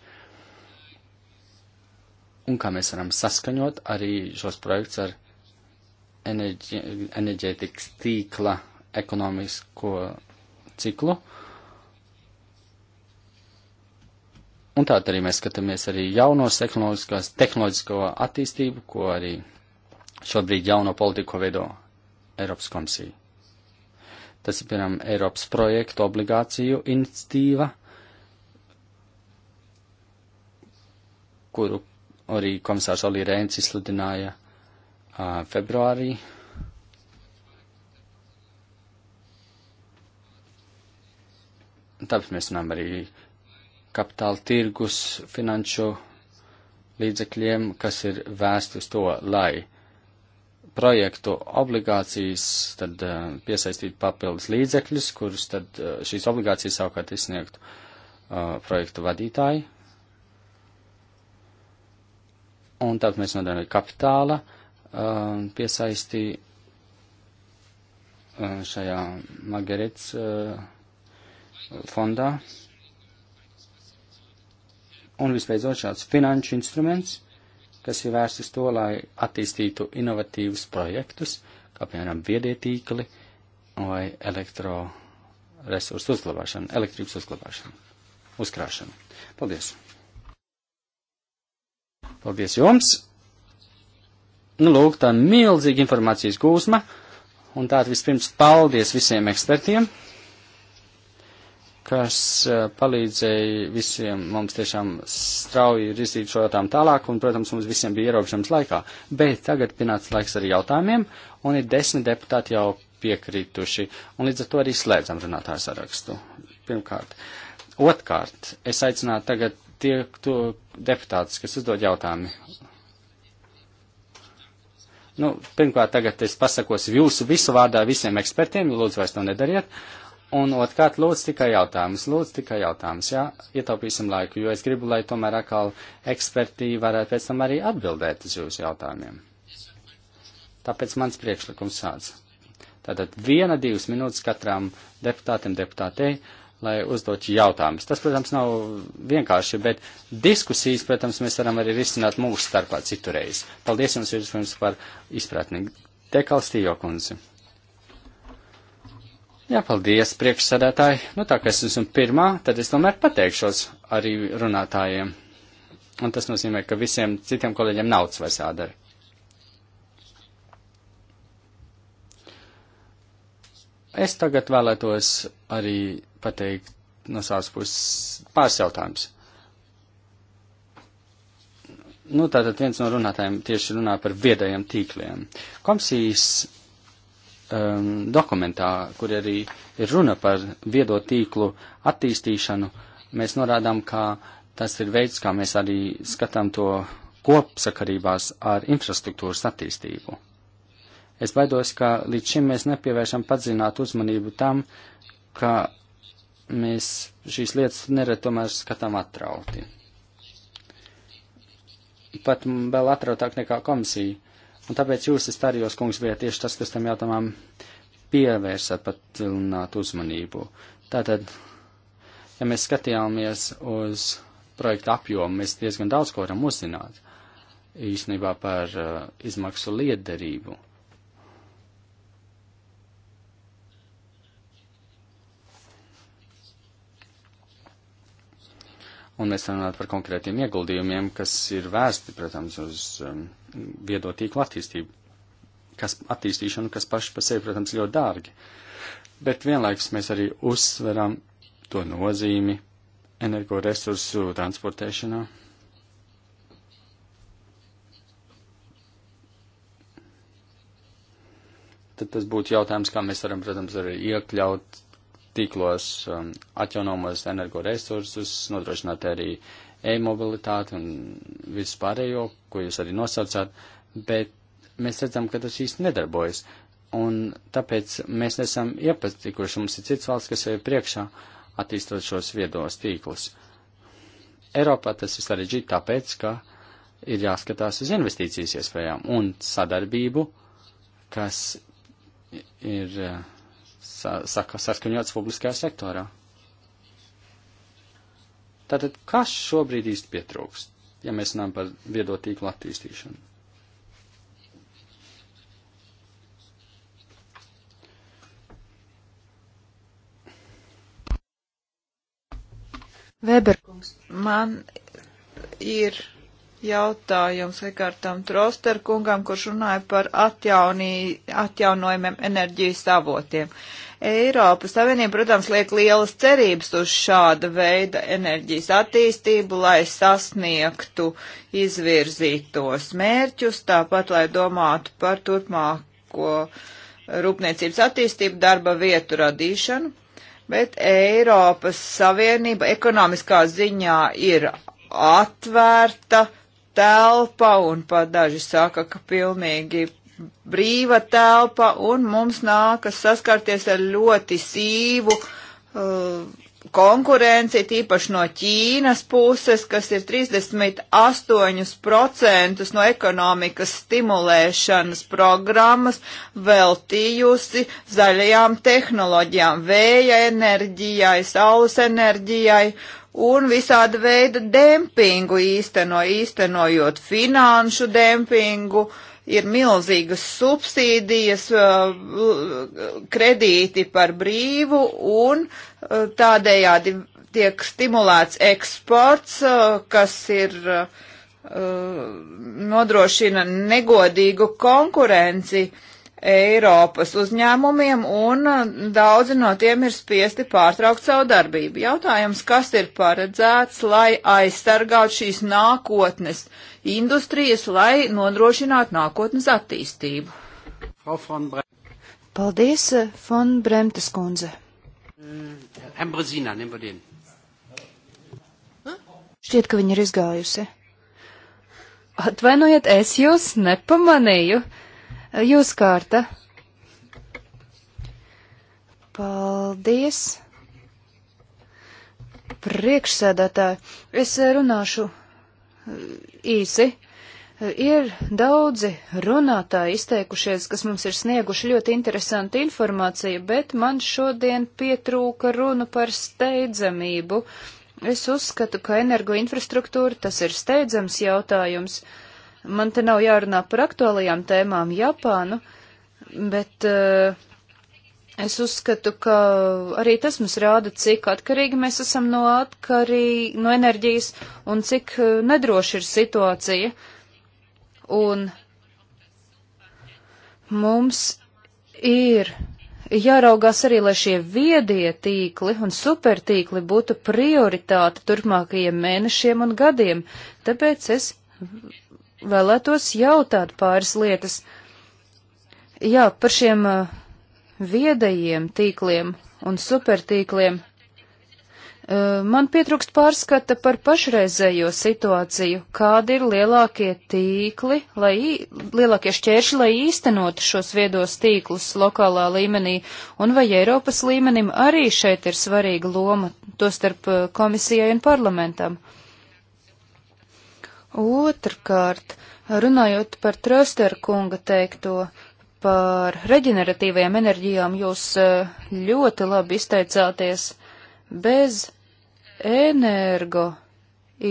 Un kā mēs varam saskaņot arī šos projekts ar enerģētikas tīkla ekonomisko ciklu. Uh, Un tādā arī mēs skatāmies arī jaunos tehnoloģiskās, tehnoloģisko attīstību, ko arī šobrīd jauno politiku veido Eiropas komisija. Tas ir, piemēram, Eiropas projektu obligāciju iniciatīva, kuru arī komisārs Olī Rēns izsludināja uh, februārī. Tāpēc mēs runājam arī kapitāla tirgus finanšu līdzekļiem, kas ir vēsti uz to, lai projektu obligācijas tad eh, piesaistītu papildus līdzekļus, kurus tad eh, šīs obligācijas savukārt izsniegtu uh, projektu vadītāji. Un tad mēs nodēļ kapitāla uh, piesaisti uh, šajā Magarits fondā. Un visbeidzot šāds finanšu instruments, kas ir vērsts uz to, lai attīstītu inovatīvus projektus, kā piemēram viedietīkli vai elektroresursu uzglabāšanu, elektrības uzglabāšanu, uzkrāšanu. Paldies! Paldies jums! Nu, lūk, tā milzīga informācijas gūsma, un tātad vispirms paldies visiem ekspertiem! kas eh, palīdzēja visiem mums tiešām strauji risināt šo jautājumu tālāk, un, protams, mums visiem bija ierobežams laikā. Bet tagad pienāca laiks ar jautājumiem, un ir desmit deputāti jau piekrituši, un līdz ar to arī slēdzam runātāju sarakstu. Pirmkārt. Otkārt, es aicinātu tagad tie deputātus, kas uzdod jautājumi. Nu, pirmkārt, tagad es pasakos jūsu visu vārdā visiem ekspertiem, lūdzu vairs to nedariet. Uh, Un otrkārt, lūdzu tikai jautājumus, lūdzu tikai jautājumus, jā, ietaupīsim laiku, jo es gribu, lai tomēr atkal eksperti varētu pēc tam arī atbildēt uz jūsu jautājumiem. Tāpēc mans priekšlikums sāds. Tātad viena, divas minūtes katram deputātam, deputātei, lai uzdot jautājumus. Tas, protams, nav vienkārši, bet diskusijas, protams, mēs varam arī risināt mūsu starpā citurreiz. Paldies jums, Jurģis, par izpratni. Dekalstījo kundzi. Jā, paldies, priekšsēdētāji. Nu, tā kā es esmu pirmā, tad es tomēr pateikšos arī runātājiem. Un tas nozīmē, ka visiem citiem kolēģiem naudas vairs jādara. Es tagad vēlētos arī pateikt no savas puses pāris jautājums. Nu, tātad viens no runātājiem tieši runā par viedajiem tīkliem. Komisijas um, dokumentā, kur arī ir runa par viedo tīklu attīstīšanu, mēs norādām, ka tas ir veids, kā mēs arī skatām to kopsakarībās ar infrastruktūras attīstību. Es baidos, ka līdz šim mēs nepievēršam padzinātu uzmanību tam, ka mēs šīs lietas neret tomēr skatām atrauti. Pat vēl atrautāk nekā komisija Un tāpēc jūs, es tarījos, kungs, bija tieši tas, kas tam jautājumam pievērsat patvilnāt uzmanību. Tātad, ja mēs skatījāmies uz projekta apjomu, mēs diezgan daudz ko varam uzzināt īstenībā par uh, izmaksu liederību. Un mēs runājam par konkrētiem ieguldījumiem, kas ir vērsti, protams, uz um, viedo tīklu attīstību, kas attīstīšanu, kas paši par sevi, protams, ļoti dārgi. Bet vienlaikus mēs arī uzsveram to nozīmi energoresursu transportēšanā. Tad tas būtu jautājums, kā mēs varam, protams, arī iekļaut tīklos um, atjaunamos energoresursus, nodrošināt arī uh, e-mobilitāti un visu pārējo, ko jūs arī nosaucāt, bet mēs redzam, ka tas īsti nedarbojas. Un tāpēc mēs nesam iepatikuši, mums ir cits valsts, kas ir priekšā attīstot šos viedos tīklus. Eiropā tas ir sarežģīti tāpēc, ka ir jāskatās uz investīcijas iespējām un sadarbību, kas ir eh, sa saka, saskaņots publiskajā sektorā. Tātad, kas šobrīd īsti pietrūkst, ja mēs runājam par viedotīklu attīstīšanu? Weberkungs, man ir jautājums Ekartam Trosterkungam, kurš runāja par atjaunī, atjaunojumiem enerģijas avotiem. Uh, Eiropas Savienība, protams, liek lielas cerības uz šāda veida enerģijas attīstību, lai sasniegtu izvirzītos mērķus, tāpat, lai domātu par turpmāko rūpniecības attīstību, darba vietu radīšanu, bet Eiropas Savienība ekonomiskā ziņā ir atvērta telpa un pat daži saka, ka pilnīgi brīva telpa, un mums nākas saskarties ar ļoti sīvu uh, konkurenci, tīpaši no Ķīnas puses, kas ir 38% no ekonomikas stimulēšanas programmas veltījusi zaļajām tehnoloģijām, vēja enerģijai, saules enerģijai un visāda veida dempingu īsteno, īstenojot finanšu dempingu, uh, ir milzīgas subsīdijas, uh, kredīti par brīvu un uh, tādējādi tiek stimulēts eksports, uh, kas ir nodrošina negodīgu konkurenci uh, Eiropas uzņēmumiem, un uh, daudzi no tiem ir spiesti pārtraukt savu darbību. Jautājums, kas ir paredzēts, lai aizsargātu šīs nākotnes industrijas, lai nodrošinātu nākotnes attīstību? Paldies, Fon uh, Bremtes kundze. Mm, Embrazina, nemadien. Šķiet, ka viņa ir izgājusi. Atvainojiet, es jūs nepamanīju. Uh, Jūs kārta. Paldies. Priekšsēdētāji, es runāšu uh, īsi. Ir daudzi runātāji izteikušies, kas mums ir snieguši ļoti interesantu informāciju, bet man šodien pietrūka runa par steidzamību. Es uzskatu, ka energoinfrastruktūra tas ir steidzams jautājums. Uh, Man te nav jārunā par aktuālajām tēmām Japānu, bet uh, es uzskatu, ka arī tas mums rāda, cik atkarīgi mēs esam no, atkarī, no enerģijas un cik uh, eh, nedroši ir situācija. Un mums ir jāraugās arī, lai šie viedie tīkli un supertīkli būtu prioritāte turpmākajiem mēnešiem un gadiem. Tāpēc es vēlētos jautāt pāris lietas. Jā, par šiem uh, viedajiem tīkliem un supertīkliem. Uh, man pietrūkst pārskata par pašreizējo situāciju, kādi ir lielākie tīkli, lai, lielākie šķēršļi, lai īstenotu šos viedos tīklus lokālā līmenī, un vai Eiropas līmenim arī šeit ir svarīga loma, tostarp uh, komisijai un parlamentam. Uh, Otrkārt, runājot par Tröster kunga teikto par reģeneratīvajām enerģijām, jūs eh, ļoti labi izteicāties bez energo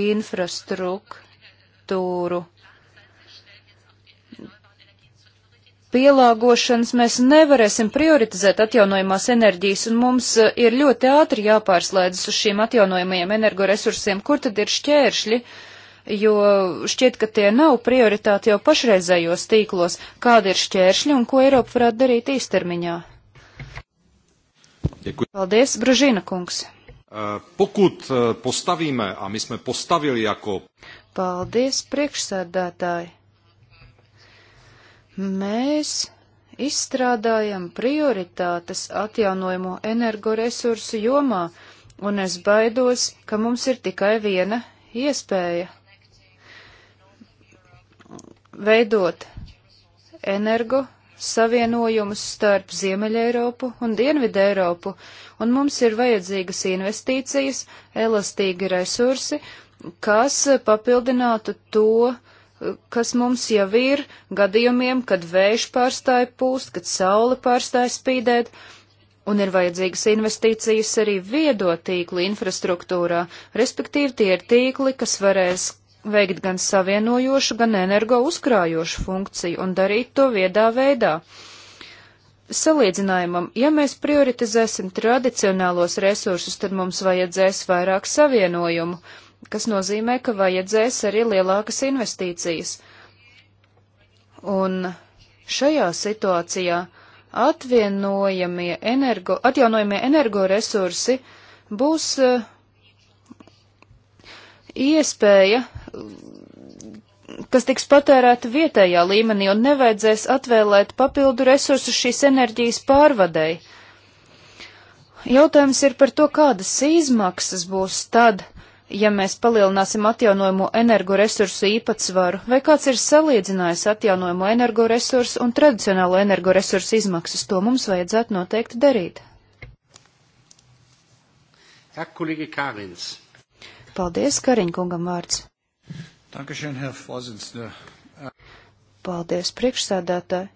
infrastruktūru. pielāgošanas mēs nevarēsim prioritizēt atjaunojumās enerģijas, un mums eh, ir ļoti ātri jāpārslēdzas uz šiem atjaunojumajiem energoresursiem. Kur tad ir šķēršļi? Uh, jo šķiet, ka tie nav prioritāti jau pašreizējos tīklos, kāda ir šķēršļa un ko Eiropa varētu darīt īstermiņā. Děkuji. Paldies, Bražina kungs. Eh, pokud eh, postavíme, a my jsme postavili jako. Paldies, priekšsēdētāji. Mēs izstrādājam prioritātes atjaunojamo energoresursu jomā, un es baidos, ka mums ir tikai viena iespēja veidot energo savienojumus starp Ziemeļeiropu un Dienvidu Eiropu, un mums ir vajadzīgas investīcijas, elastīgi resursi, kas papildinātu to, kas mums jau ir gadījumiem, kad vējš pārstāja pūst, kad saule pārstāja spīdēt, un ir vajadzīgas investīcijas arī viedo tīklu infrastruktūrā, respektīvi tie ir tīkli, kas varēs veikt gan savienojošu, gan energo uzkrājošu funkciju un darīt to viedā veidā. Salīdzinājumam, ja mēs prioritizēsim tradicionālos resursus, tad mums vajadzēs vairāk savienojumu, kas nozīmē, ka vajadzēs arī lielākas investīcijas. Un šajā situācijā atvienojamie energo, atjaunojamie energoresursi būs uh, iespēja kas tiks patērēta vietējā līmenī un nevajadzēs atvēlēt papildu resursus šīs enerģijas pārvadēji. Jautājums ir par to, kādas izmaksas būs tad, ja mēs palielināsim atjaunojumu energoresursu īpatsvaru, vai kāds ir salīdzinājis atjaunojumu energoresursu un tradicionālo energoresursu izmaksas, to mums vajadzētu noteikti darīt. Herr Kollege Kārins. Paldies, Kariņkungam vārds. Dankeschön, Herr Vorsitzende. Paldies, priekšsēdētāji.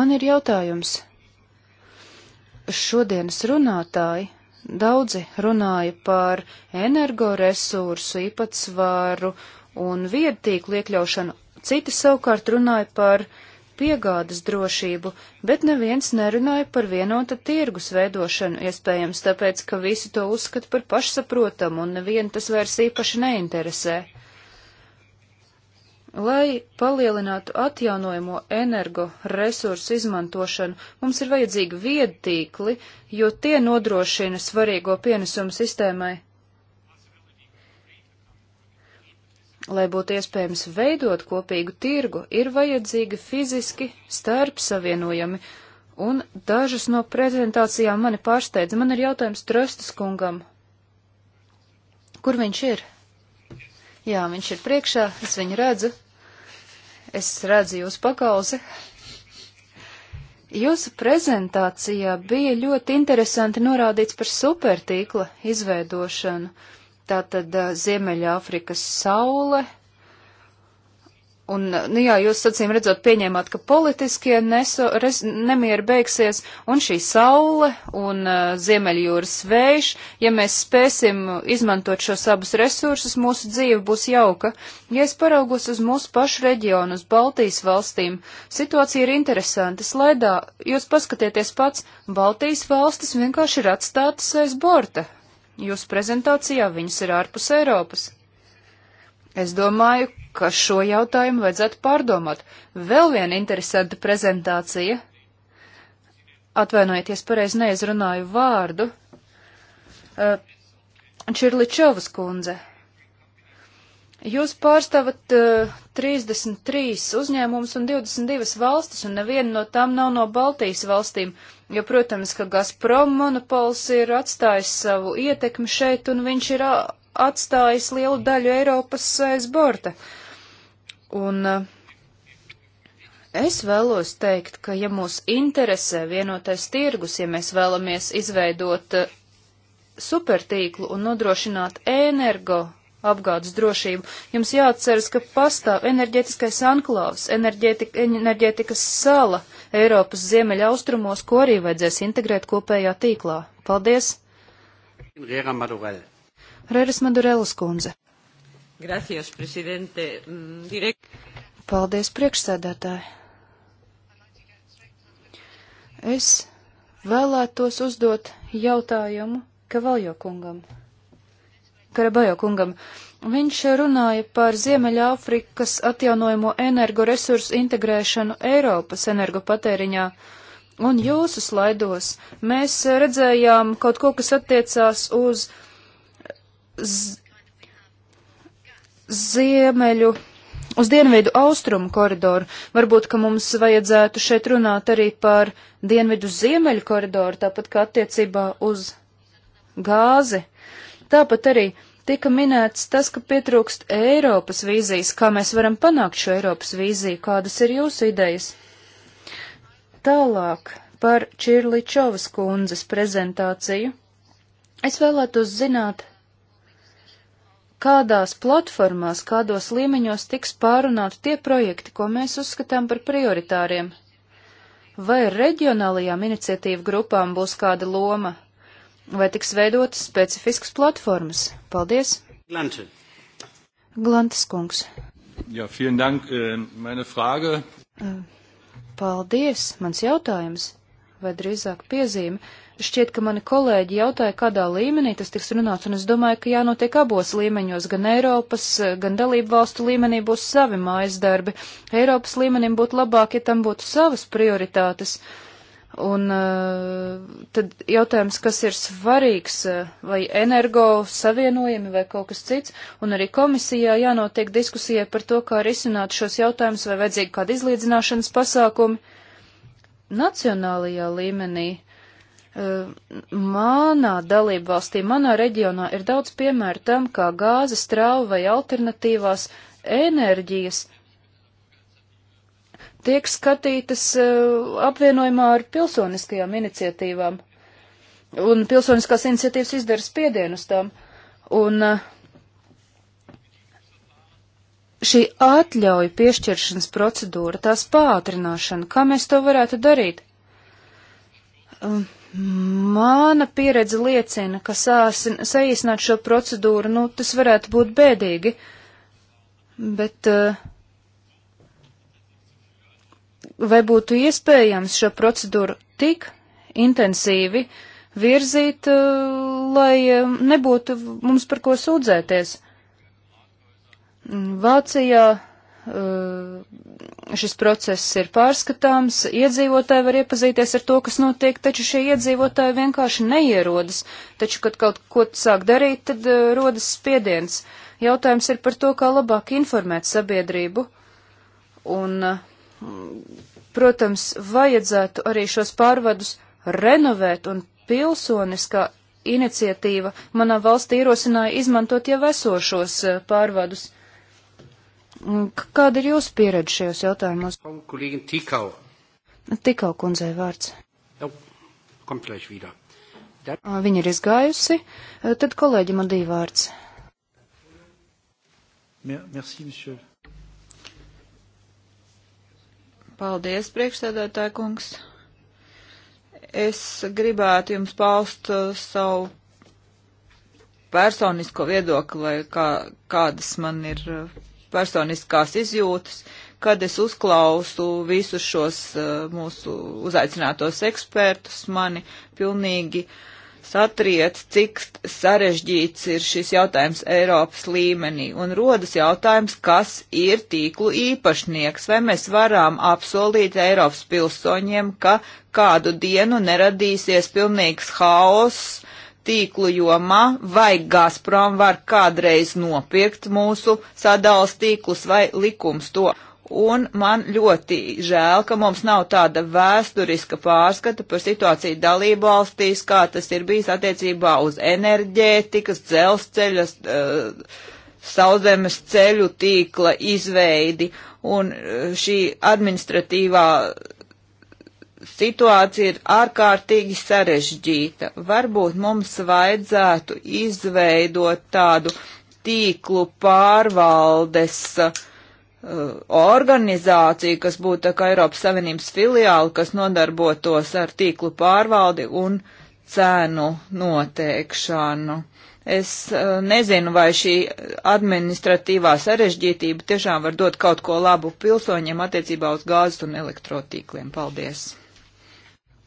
Man ir jautājums. Šodienas runātāji daudzi runāja par energoresursu īpatsvaru un viedtīklu iekļaušanu, citi savukārt runāja par uh, piegādes drošību, bet neviens nerunāja par vienota tirgus veidošanu, iespējams tāpēc, ka visi to uzskata par pašsaprotamu un nevienu tas vairs īpaši neinteresē. Lai palielinātu atjaunojamo energo resursu izmantošanu, mums ir vajadzīgi viedtīkli, jo tie nodrošina svarīgo pienesumu sistēmai. lai būtu iespējams veidot kopīgu tirgu, ir vajadzīgi fiziski starpsavienojami, un dažas no prezentācijām mani pārsteidza. Man ir jautājums Trastas kungam. Kur viņš ir? Jā, viņš ir priekšā, es viņu redzu. Es redzu jūsu pakauzi. Jūsu prezentācijā bija ļoti interesanti norādīts par supertīkla izveidošanu. Uh, Tātad Ziemeļāfrikas saule. Un, nu jā, jūs sacīm redzot pieņēmāt, ka politiskie neso, res, nemieri beigsies, un šī saule un uh, Ziemeļjūras vējš, ja mēs spēsim izmantot šos abus resursus, mūsu dzīve būs jauka. Ja es paraugos uz mūsu pašu reģionu, uz Baltijas valstīm, situācija ir interesanta. Slaidā jūs paskatieties pats, Baltijas valstis vienkārši ir atstātas aiz borta. Jūsu prezentācijā viņas ir ārpus Eiropas. Es domāju, ka šo jautājumu vajadzētu pārdomāt. Vēl viena interesanta prezentācija. Atvainojieties, pareizi neizrunāju vārdu. Uh, Čirličovas kundze. Jūs pārstāvat uh, eh, 33 uzņēmumus un 22 valstis, un neviena no tām nav no Baltijas valstīm, jo, protams, ka Gazprom monopols ir atstājis savu ietekmi šeit, un viņš ir atstājis lielu daļu Eiropas aiz borta. Un uh, es vēlos teikt, ka ja mūs interesē vienotais tirgus, ja mēs vēlamies izveidot uh, supertīklu un nodrošināt energo apgādes drošību. Jums jāatceras, ka pastāv enerģētiskais anklāvs, enerģētika, enerģētikas sala Eiropas ziemeļa austrumos, ko arī vajadzēs integrēt kopējā tīklā. Paldies! Rēra Madurel. Rēras Madurelas kundze. Gracias, presidente. Mm, Direkt... Paldies, priekšsēdētāji. Es vēlētos uzdot jautājumu Kavaljo kungam. Karabajo kungam. Viņš runāja par Ziemeļāfrikas atjaunojamo energoresursu integrēšanu Eiropas energopatēriņā. Un jūsu slaidos mēs redzējām kaut ko, kas attiecās uz ziemeļu, uz dienvidu austrumu koridoru. Varbūt, ka mums vajadzētu šeit runāt arī par dienvidu ziemeļu koridoru, tāpat kā attiecībā uz gāzi. Uh, Tāpat arī tika minēts tas, ka pietrūkst Eiropas vīzijas, kā mēs varam panākt šo Eiropas vīziju, kādas ir jūsu idejas. Tālāk par Čirličovas kundzes prezentāciju. Es vēlētos zināt, kādās platformās, kādos līmeņos tiks pārunāti tie projekti, ko mēs uzskatām par prioritāriem. Vai reģionālajām iniciatīvu grupām būs kāda loma, vai tiks veidotas specifiskas platformas? Paldies! Glante. Glantas kungs. Jā, ja, vielen dank, eh, meine frāga. Eh, paldies, mans jautājums, vai drīzāk piezīme. Šķiet, ka mani kolēģi jautāja, kādā līmenī tas tiks runāts, un es domāju, ka jānotiek abos līmeņos, gan Eiropas, eh, gan dalību valstu līmenī būs savi mājas darbi. Eiropas līmenim būtu labāk, ja tam būtu savas prioritātes. Uh, Un uh, tad jautājums, kas ir svarīgs, uh, vai energo savienojumi vai kaut kas cits, un arī komisijā jānotiek diskusijai par to, kā risināt šos jautājumus, vai vajadzīgi kādi izlīdzināšanas pasākumi nacionālajā līmenī. Uh, manā dalībvalstī, manā reģionā ir daudz piemēru tam, kā gāzes trauva vai alternatīvās enerģijas tiek skatītas eh, apvienojumā ar pilsoniskajām iniciatīvām. Un pilsoniskās iniciatīvas izdara spiedienus tām. Un eh, šī atļauja piešķiršanas procedūra, tās pātrināšana, kā mēs to varētu darīt? Um, mana pieredze liecina, ka saīsināt šo procedūru, nu, tas varētu būt bēdīgi, bet uh, vai būtu iespējams šo procedūru tik intensīvi virzīt, eh, lai eh, nebūtu mums par ko sūdzēties. Mm, Vācijā eh, šis process ir pārskatāms, iedzīvotāji var iepazīties ar to, kas notiek, taču šie iedzīvotāji vienkārši neierodas, taču, kad kaut ko sāk darīt, tad rodas spiediens. Jautājums ir par to, kā labāk informēt sabiedrību, un uh, protams, vajadzētu arī šos pārvadus renovēt, un pilsoniskā iniciatīva manā valstī ierosināja izmantot jau esošos eh, pārvadus. Kāda ir jūsu pieredze šajos jautājumos? Tikau. Nu, Tikau kundzei vārds. Viņa ir izgājusi, e, tad kolēģi man divi vārds. Merci, monsieur. Paldies, priekšsēdētāji kungs. Es gribētu jums paust uh, savu personisko viedokli, vai kā, kādas man ir uh, personiskās izjūtas, kad es uzklausu visus šos uh, mūsu uzaicinātos ekspertus, mani pilnīgi uh, satriec, cik sarežģīts ir šis jautājums Eiropas līmenī. Un rodas jautājums, kas ir tīklu īpašnieks, vai mēs varam apsolīt Eiropas pilsoņiem, ka kādu dienu neradīsies pilnīgs haoss tīklu jomā, vai Gazprom var kādreiz nopirkt mūsu sadalas tīklus, vai likums to Un man ļoti žēl, ka mums nav tāda vēsturiska pārskata par situāciju dalību valstīs, kā tas ir bijis attiecībā uz enerģētikas, dzelzceļas, eh, sauszemes ceļu tīkla izveidi. Un eh, šī administratīvā situācija ir ārkārtīgi sarežģīta. Varbūt mums vajadzētu izveidot tādu tīklu pārvaldes uh, Uh, organizācija, kas būtu tā kā Eiropas Savienības filiāli, kas nodarbotos ar tīklu pārvaldi un cēnu noteikšanu. Es uh, nezinu, vai šī administratīvā sarežģītība tiešām var dot kaut ko labu pilsoņiem attiecībā uz gāzes un elektrotīkliem. Paldies!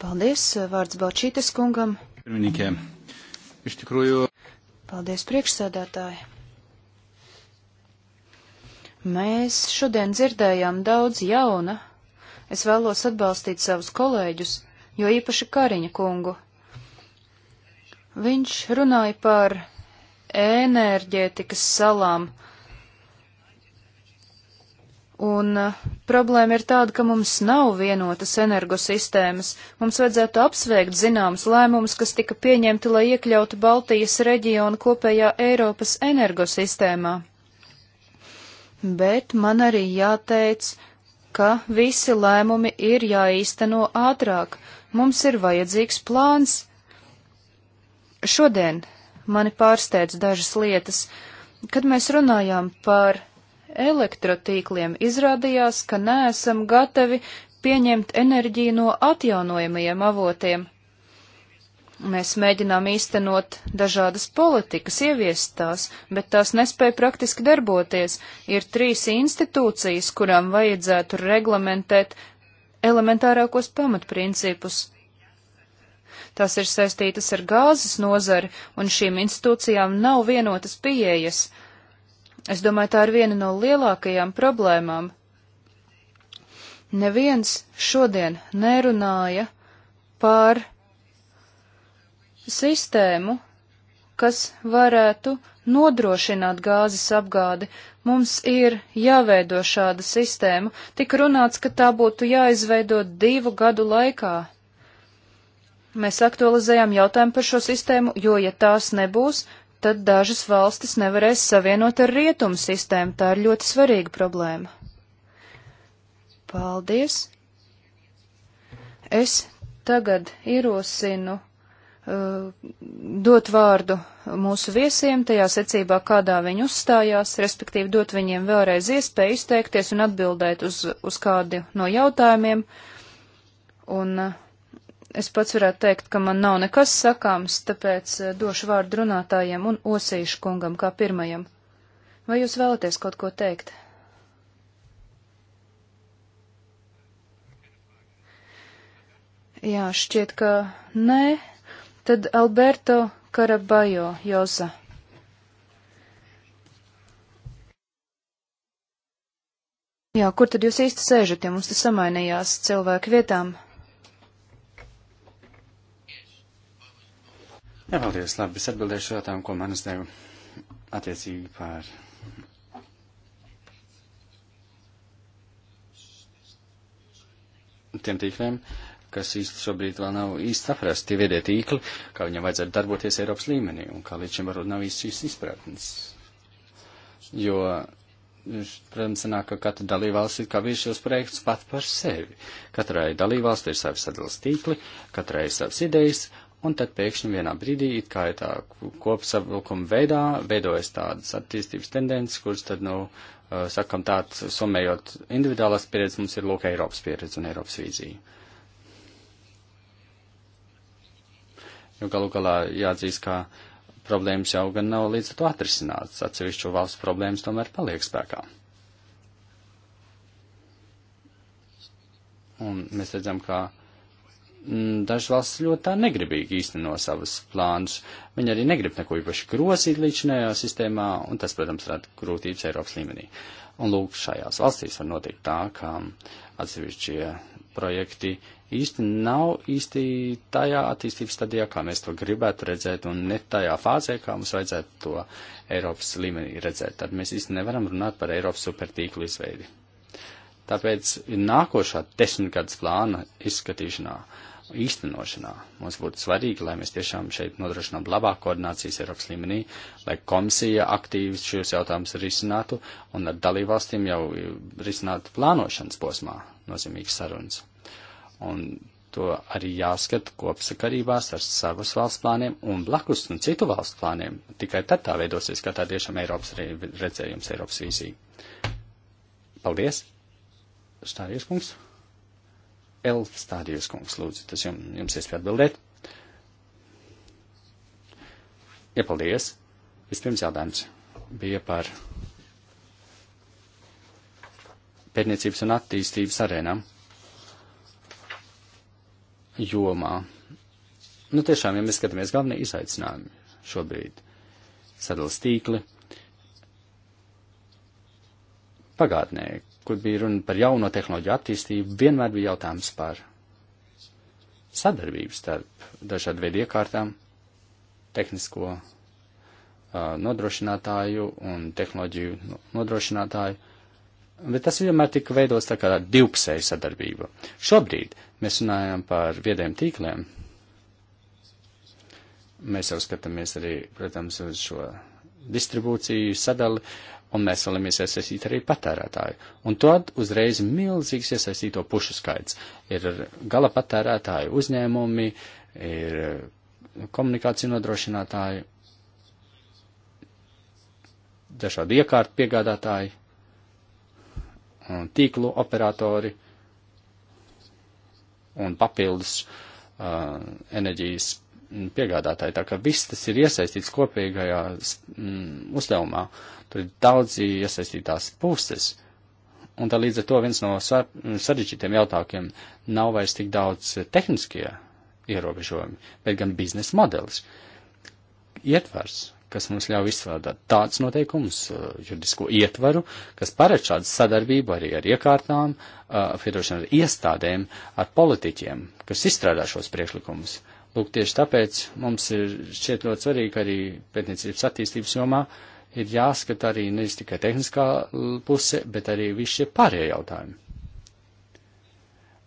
Paldies! Uh, vārds Balčītes kungam! Pirmininkē, es tikroju. Paldies priekšsēdētāji! Mēs šodien dzirdējām daudz jauna. Es vēlos atbalstīt savus kolēģus, jo īpaši Kariņa kungu. Viņš runāja par enerģētikas salām. Un uh, problēma ir tāda, ka mums nav vienotas energosistēmas. Mums vajadzētu apsveikt zināmas lēmumus, kas tika pieņemti, lai iekļautu Baltijas reģionu kopējā Eiropas energosistēmā bet man arī jāteic, ka visi lēmumi ir jāīsteno ātrāk. Mums ir vajadzīgs plāns. Šodien mani pārsteidz dažas lietas. Kad mēs runājām par elektrotīkliem, izrādījās, ka neesam gatavi pieņemt enerģiju no atjaunojamajiem avotiem. Mēs mēģinām īstenot dažādas politikas, ieviest tās, bet tās nespēja praktiski darboties. Ir trīs institūcijas, kurām vajadzētu reglamentēt elementārākos pamatprincipus. Tās ir saistītas ar gāzes nozari, un šīm institūcijām nav vienotas pieejas. Es domāju, tā ir viena no lielākajām problēmām. Neviens šodien nerunāja par sistēmu, kas varētu nodrošināt gāzes apgādi. Mums ir jāveido šāda sistēma. Tik runāts, ka tā būtu jāizveido divu gadu laikā. Mēs aktualizējām jautājumu par šo sistēmu, jo, ja tās nebūs, tad dažas valstis nevarēs savienot ar rietumu sistēmu. Tā ir ļoti svarīga problēma. Paldies! Es tagad ierosinu Uh, dot vārdu mūsu viesiem, tajā secībā, kādā viņi uzstājās, respektīvi dot viņiem vēlreiz iespēju izteikties un atbildēt uz, uz kādu no jautājumiem. Un uh, es pats varētu teikt, ka man nav nekas sakāms, tāpēc uh, došu vārdu runātājiem un osīšu kungam kā pirmajam. Vai jūs vēlaties kaut ko teikt? Jā, šķiet, ka nē. Tad Alberto Karabajo, Joza. Jā, kur tad jūs īsti sēžat, ja mums te samainījās cilvēku vietām? Jā, paldies, labi, es atbildēšu jautājumu, ko man uzdeva attiecīgi par tiem tīkliem. Uh, kas īsti šobrīd vēl nav īsti saprast, tie viedie tīkli, kā viņam vajadzētu darboties Eiropas līmenī un kā līdz šim varbūt nav īsti šīs izpratnes. Jo, protams, sanāk, ka katra dalībvalsts ir kā virs šos projektus pat par sevi. Katrai dalībvalsts ir savi sadalas tīkli, katrai ir savas idejas, un tad pēkšņi vienā brīdī, it kā ir tā kopsavilkuma veidā, veidojas tādas attīstības tendences, kuras tad, nu, sakam tāds, somējot individuālās pieredzes, mums ir lūk Eiropas pieredze un Eiropas vīzija. jo galu galā jāatzīst, ka problēmas jau gan nav līdz ar to atrisināts, atsevišķu valstu problēmas tomēr paliek spēkā. Un mēs redzam, ka mm, dažas valsts ļoti tā negribīgi īsteno savas plānus. Viņi arī negrib neko īpaši grosīt līdzinējā sistēmā, un tas, protams, rada grūtības Eiropas līmenī. Un lūk, šajās valstīs var notikt tā, ka atsevišķie projekti īsti nav īsti tajā attīstības stadijā, kā mēs to gribētu redzēt, un ne tajā fāzē, kā mums vajadzētu to Eiropas līmenī redzēt. Tad mēs īsti nevaram runāt par Eiropas supertīklu izveidi. Tāpēc nākošā desmitgades plāna izskatīšanā, īstenošanā mums būtu svarīgi, lai mēs tiešām šeit nodrošinām labāku koordinācijas Eiropas līmenī, lai komisija aktīvi šos jautājumus risinātu un ar dalībvalstīm jau risinātu plānošanas posmā, nozīmīgas sarunas. Un to arī jāskata kopsakarībās ar savas valsts plāniem un blakus un citu valstu plāniem. Tikai tad tā veidosies, ka tā tiešām Eiropas redzējums, Eiropas vīzija. Paldies! Stādījus kungs! L stādījus kungs, lūdzu, tas jums, jums iespēja atbildēt. Iepaldies! Vispirms jautājums bija par pētniecības un attīstības arēnā jomā. Nu, tiešām, ja mēs skatāmies galvenie izaicinājumi šobrīd - sadalās tīkli. Pagātnē, kur bija runa par jauno tehnoloģiju attīstību, vienmēr bija jautājums par sadarbību starp dažādu veidu iekārtām, tehnisko uh, nodrošinātāju un tehnoloģiju nodrošinātāju Bet tas vienmēr tika veidots tā kā divpusēja sadarbība. Šobrīd mēs runājam par viediem tīkliem. Mēs jau skatāmies arī, protams, uz šo distribūciju sadali, un mēs vēlamies iesaistīt arī patērētāju. Un tad uzreiz milzīgs iesaistīto pušu skaits. Ir gala patērētāju uzņēmumi, ir komunikāciju nodrošinātāji, dažādi iekārtu piegādātāji, un tīklu operatori un papildus uh, enerģijas piegādātāji. Tā kā viss tas ir iesaistīts kopīgajā mm, uzdevumā. Tur ir daudzi iesaistītās puses. Un tā līdz ar to viens no mm, sarežģītiem jautājumiem nav vairs tik daudz tehniskie ierobežojumi, bet gan biznesa modelis. Ietvars, kas mums ļauj izstrādāt tāds noteikums, uh, juridisko ietvaru, kas paredz šādu sadarbību arī ar iekārtām, fiedošanu uh, ar iestādēm, ar politiķiem, kas izstrādā šos priekšlikumus. Lūk, tieši tāpēc mums ir šķiet ļoti svarīgi arī pētniecības attīstības jomā ir jāskata arī nevis tikai tehniskā puse, bet arī visi šie pārējie jautājumi.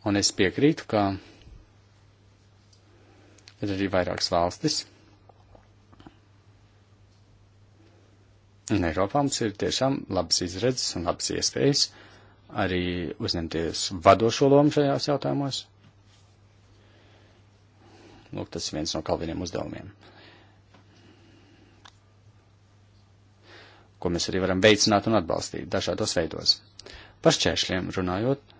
Un es piekrītu, ka ir arī vairākas valstis Un Eiropā mums ir tiešām labas izredzes un labas iespējas arī uzņemties vadošo lomu šajās jautājumos. Lūk, tas ir viens no galveniem uzdevumiem. Ko mēs arī varam veicināt un atbalstīt dažādos veidos. Par šķēršļiem runājot.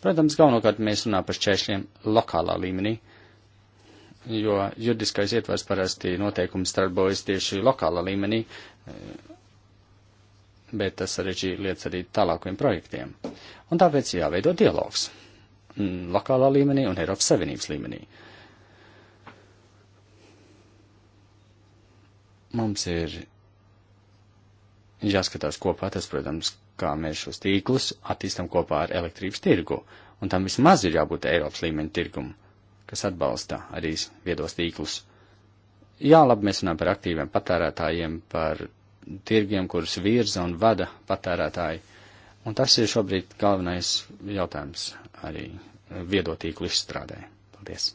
Protams, galvenokārt mēs runājam par šķēršļiem lokālā līmenī jo juridiskais ietvars parasti noteikums darbojas tieši lokāla līmenī, eh, bet tas sarežģīja lietas arī tālākiem projektiem. Un tāpēc jāveido dialogs mm, lokālā līmenī un Eiropas Savienības līmenī. Mums ir jāskatās kopā, tas, protams, kā mēs šos tīklus attīstam kopā ar elektrības tirgu, un tam vismaz ir jābūt Eiropas līmeņa tirgumu kas atbalsta arī viedos tīklus. Jā, labi, mēs runājam par aktīviem patērētājiem, par tirgiem, kurus virza un vada patērētāji. Un tas ir šobrīd galvenais jautājums arī viedotīklu izstrādē. Paldies!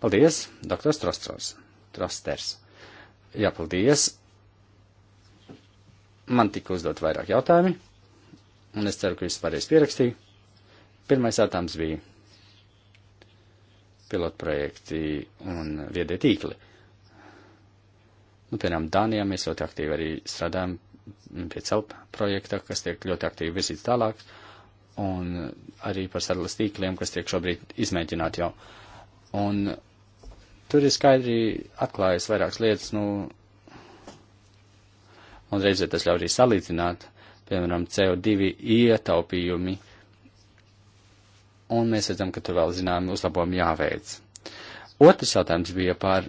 Paldies, dr. Strascovs, Trasters. Jā, paldies. Man tika uzdot vairāk jautājumi, un es ceru, ka jūs varēs pierakstīt. Pirmais jautājums bija pilotprojekti un viedie tīkli. Nu, piemēram, Dānijā mēs ļoti aktīvi arī strādājam pie CELP projekta, kas tiek ļoti aktīvi virzīts tālāk, un arī par sadalas tīkliem, kas tiek šobrīd izmēģināti jau. Un tur ir skaidri atklājas vairākas lietas, nu, un reizē tas ļauj arī salīdzināt, piemēram, CO2 ietaupījumi un mēs redzam, ka tur vēl zināmi uzlabojumi jāveic. Otrs jautājums bija par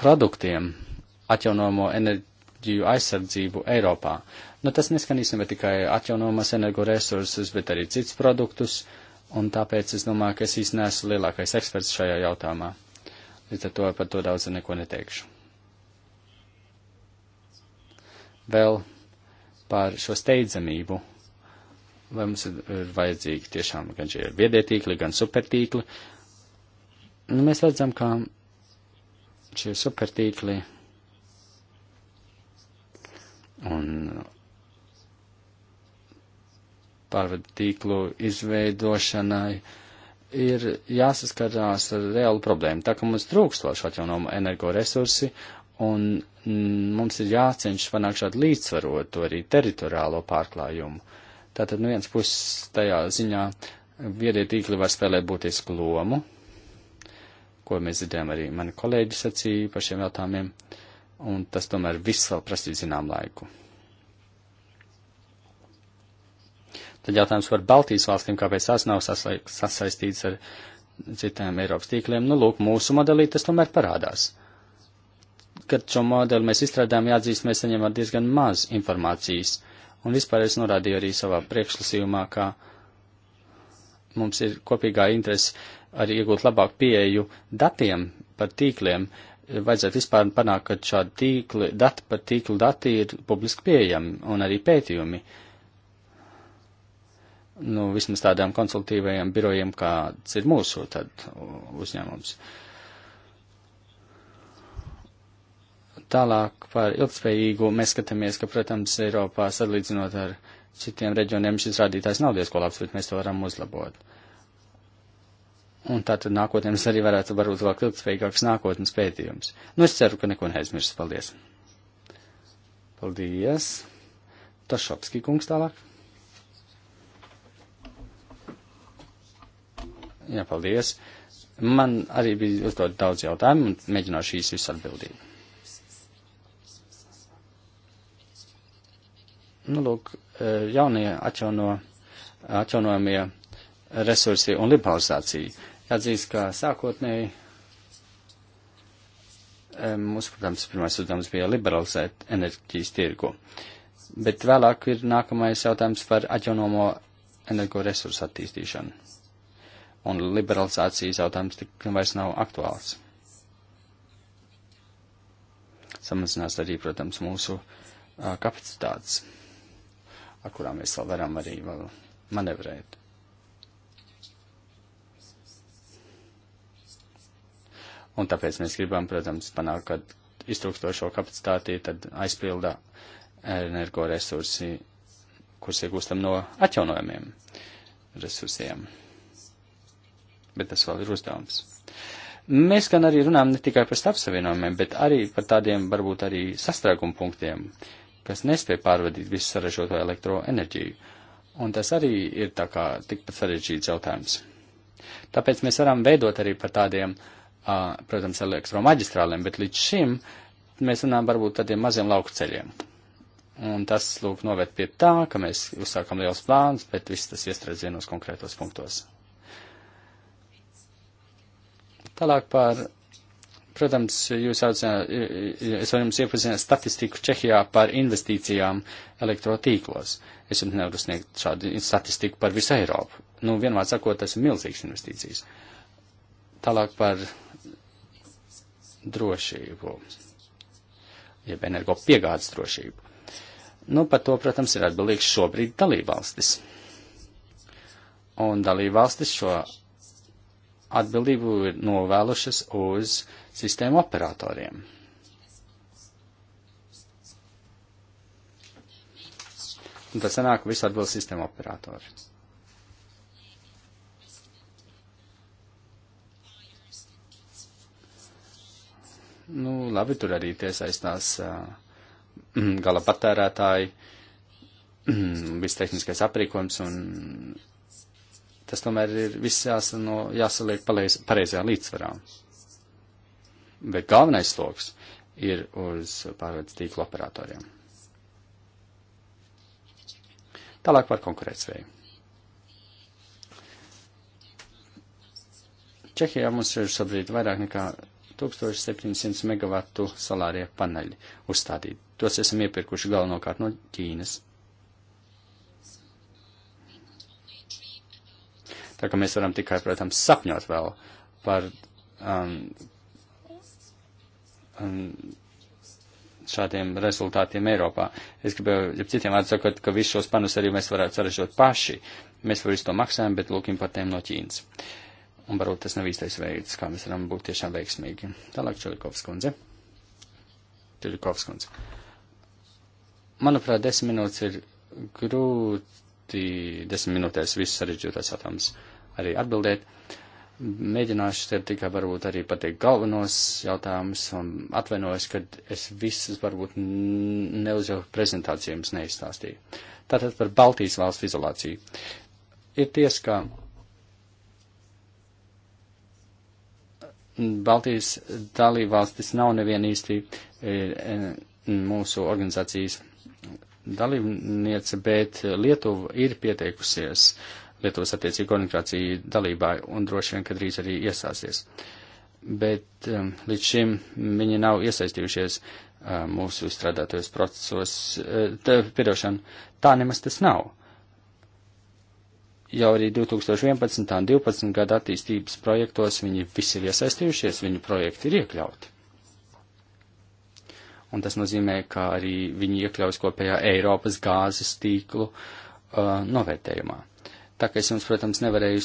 produktiem atjaunomo enerģiju aizsardzību Eiropā. Nu, tas neskan īstenībā tikai atjaunomās energoresursus, bet arī cits produktus, un tāpēc es domāju, ka es īstenībā neesmu lielākais eksperts šajā jautājumā. Līdz ar to par to daudz neko neteikšu. Vēl par šo steidzamību vai mums ir vajadzīgi tiešām gan šie viedietīkli, gan supertīkli. Nu, mēs redzam, ka šie supertīkli un pārvadu tīklu izveidošanai ir jāsaskarās ar reālu problēmu. Tā kā mums trūkst vēl šo atjaunojumu energoresursi, un mums ir jācenšas panākt šādu līdzsvarotu arī teritoriālo pārklājumu. Uh, Tātad no nu viens puses tajā ziņā viedie tīkli var spēlēt būtisku lomu, ko mēs dzirdējām arī mani kolēģi sacīja par šiem jautājumiem, un tas tomēr viss vēl prasīja zinām laiku. Tad jautājums par Baltijas valstīm, kāpēc tās nav sasaistīts ar citām Eiropas tīkliem. Nu, lūk, mūsu modelī tas tomēr parādās. Kad šo modeli mēs izstrādājām, jāatzīst, mēs saņemam diezgan maz informācijas. Uh, Un vispār es norādīju arī savā priekšlasījumā, ka mums ir kopīgā interese arī iegūt labāku pieeju datiem par tīkliem. Vajadzētu vispār panākt, ka šādi tīkli, dati par tīklu dati ir publiski pieejami un arī pētījumi. Nu, vismaz tādām konsultīvajām birojiem, kāds ir mūsu tad uzņēmums. Uh, Tālāk par ilgspējīgu mēs skatāmies, ka, protams, Eiropā salīdzinot ar citiem reģioniem šis rādītājs nav diezko labs, bet mēs to varam uzlabot. Un tātad nākotnē mums arī varētu varbūt vēl ilgspējīgāks nākotnes pētījums. Nu, es ceru, ka neko neaizmirst. Paldies! Paldies! Tašovski kungs tālāk. Jā, paldies. Man arī bija uzdot daudz jautājumu un mēģināšu šīs visu atbildību. Nu, lūk, e, jaunie atjauno, atjaunojamie resursi un liberalizācija. Jāatzīst, ka sākotnēji e, mūsu, protams, pirmais uzdevums bija liberalizēt enerģijas tirgu. Bet vēlāk ir nākamais jautājums par atjaunomo energoresursu attīstīšanu. Un liberalizācijas jautājums tik nu vairs nav aktuāls. Samazinās arī, protams, mūsu kapacitātes ar kurām mēs vēl varam arī vēl manevrēt. Un tāpēc mēs gribam, protams, panākt, ka iztrūkstošo kapacitāti tad aizpilda energoresursi, kurus iegūstam no atjaunojumiem resursiem. Bet tas vēl ir uzdevums. Mēs gan arī runājam ne tikai par starpsavienojumiem, bet arī par tādiem varbūt arī sastrēgumu punktiem. Uh, kas nespēja pārvadīt visu sarežģīto elektroenerģiju. Un tas arī ir tā kā tikpat sarežģīts jautājums. Tāpēc mēs varam veidot arī par tādiem, uh, protams, elektromaģistrāliem, bet līdz šim mēs runājam varbūt tādiem maziem lauku ceļiem. Un tas, lūk, noved pie tā, ka mēs uzsākam liels plāns, bet viss tas iestrēdz vienos konkrētos punktos. Tālāk par Protams, jūs audzināt, es varu jums iepazināt statistiku Čehijā par investīcijām elektrotīklos. Es jums nevaru sniegt šādu statistiku par visu Eiropu. Nu, vienmēr sakot, tas ir milzīgs investīcijas. Tālāk par drošību, jeb energo piegādes drošību. Nu, par to, protams, ir atbildīgs šobrīd dalībvalstis. Un dalībvalstis šo atbildību ir novēlušas uz uh, sistēmu operatoriem. Un tad sanāk, ka visu atbild sistēma operatori. Nu, labi, tur arī tiesaistās uh, gala patērētāji, viss tehniskais aprīkojums, un tas tomēr ir viss jāsano, jāsaliek pareizajā līdzsvarā bet galvenais sloks ir uz pārvades tīklu operatoriem. Tālāk par konkurētspēju. Čehijā mums ir šobrīd vairāk nekā 1700 megavatu solārie paneļi uzstādīti. Tos esam iepirkuši galvenokārt no Ķīnas. Tā kā mēs varam tikai, protams, sapņot vēl par um, šādiem rezultātiem Eiropā. Es gribēju, ja citiem vārdiem sakot, ka visus šos panus arī mēs varētu saražot paši. Mēs par visu to maksājam, bet lūk importējam no Ķīnas. Un varbūt tas nav īstais veids, kā mēs varam būt tiešām veiksmīgi. Tālāk Čelikovs kundze. Čelikovs kundze. Manuprāt, desmit minūtes ir grūti desmit minūtēs visus sarežģītās jautājumus arī atbildēt. Uh, Mēģināšu te tikai varbūt arī pateikt galvenos jautājumus un atvainojos, ka es visus varbūt neuzdevu prezentāciju jums neizstāstīju. Tātad par Baltijas valstu izolāciju. Ir ties, ka Baltijas dalībvalstis nav nevien īsti e, e, mūsu organizācijas dalībniece, bet Lietuva ir pieteikusies uh, Lietuvas attiecīgo organizāciju dalībai un droši vien, ka drīz arī iestāsies. Bet um, līdz šim viņi nav iesaistījušies uh, mūsu izstrādātajos procesos. Uh, Piedošana, tā nemaz tas nav. Jau arī 2011. un 2012. gada attīstības projektos viņi visi ir iesaistījušies, viņu projekti ir iekļauti un tas nozīmē, ka arī viņi iekļaus kopējā Eiropas gāzes tīklu uh, novērtējumā. Tā kā es jums, protams, nevarēju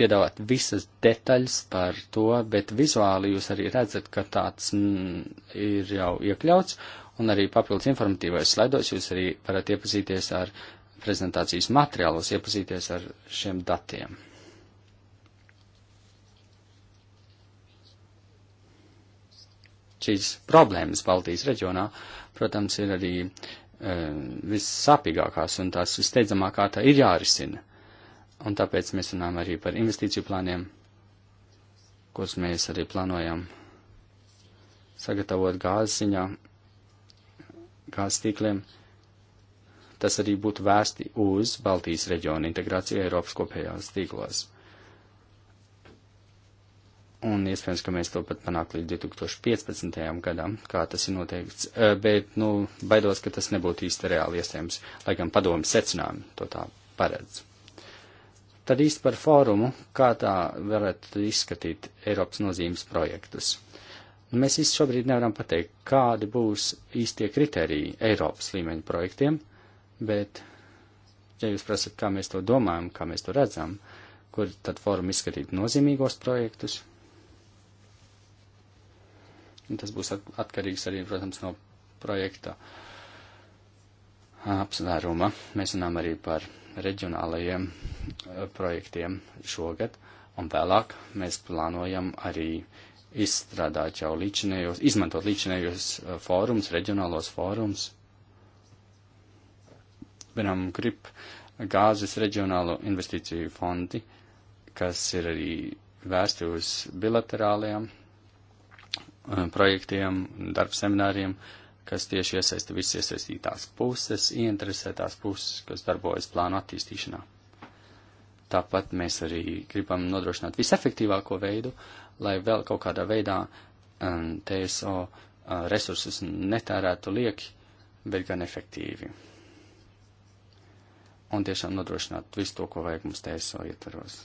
piedāvāt visas detaļas par to, bet vizuāli jūs arī redzat, ka tāds mm, ir jau iekļauts, un arī papildus informatīvais slaidos jūs arī varat iepazīties ar prezentācijas materiālos, iepazīties ar šiem datiem. Šīs problēmas Baltijas reģionā, protams, ir arī e, eh, vissāpīgākās un tās visteidzamākā tā ir jārisina un tāpēc mēs runājam arī par investīciju plāniem, kurus mēs arī plānojam sagatavot gāzes ziņā, gāzes tīkliem. Tas arī būtu vērsti uz Baltijas reģionu integrāciju Eiropas kopējās tīklos. Un iespējams, ka mēs to pat panāk līdz 2015. gadam, kā tas ir noteikts, eh, bet, nu, baidos, ka tas nebūtu īsti reāli iespējams, lai gan padomu secinājumi to tā paredz. Tad īsti par fórumu, kā tā varētu izskatīt Eiropas nozīmes projektus. Nu, mēs īsti šobrīd nevaram pateikt, kādi būs īstie kriteriji Eiropas līmeņa projektiem, bet, ja jūs prasat, kā mēs to domājam, kā mēs to redzam, kur tad fórumu izskatīt nozīmīgos projektus, Un tas būs atkarīgs arī, protams, no projekta apsvēruma. Mēs runājam arī par reģionālajiem projektiem šogad, un vēlāk mēs plānojam arī izstrādāt jau līdzinējos, izmantot līdzinējos eh, fórums, reģionālos fórums. Piemēram, grib gāzes reģionālo investīciju fondi, kas ir arī vērsti uz bilaterālajām eh, projektiem, darba semināriem, kas tieši iesaista visas iesaistītās puses, ieinteresētās puses, kas darbojas plānu attīstīšanā. Tāpat mēs arī gribam nodrošināt visefektīvāko veidu, lai vēl kaut kādā veidā um, TSO uh, resursus netērētu lieki, bet gan efektīvi. Un tiešām nodrošināt visu to, ko vajag mums TSO ietvaros.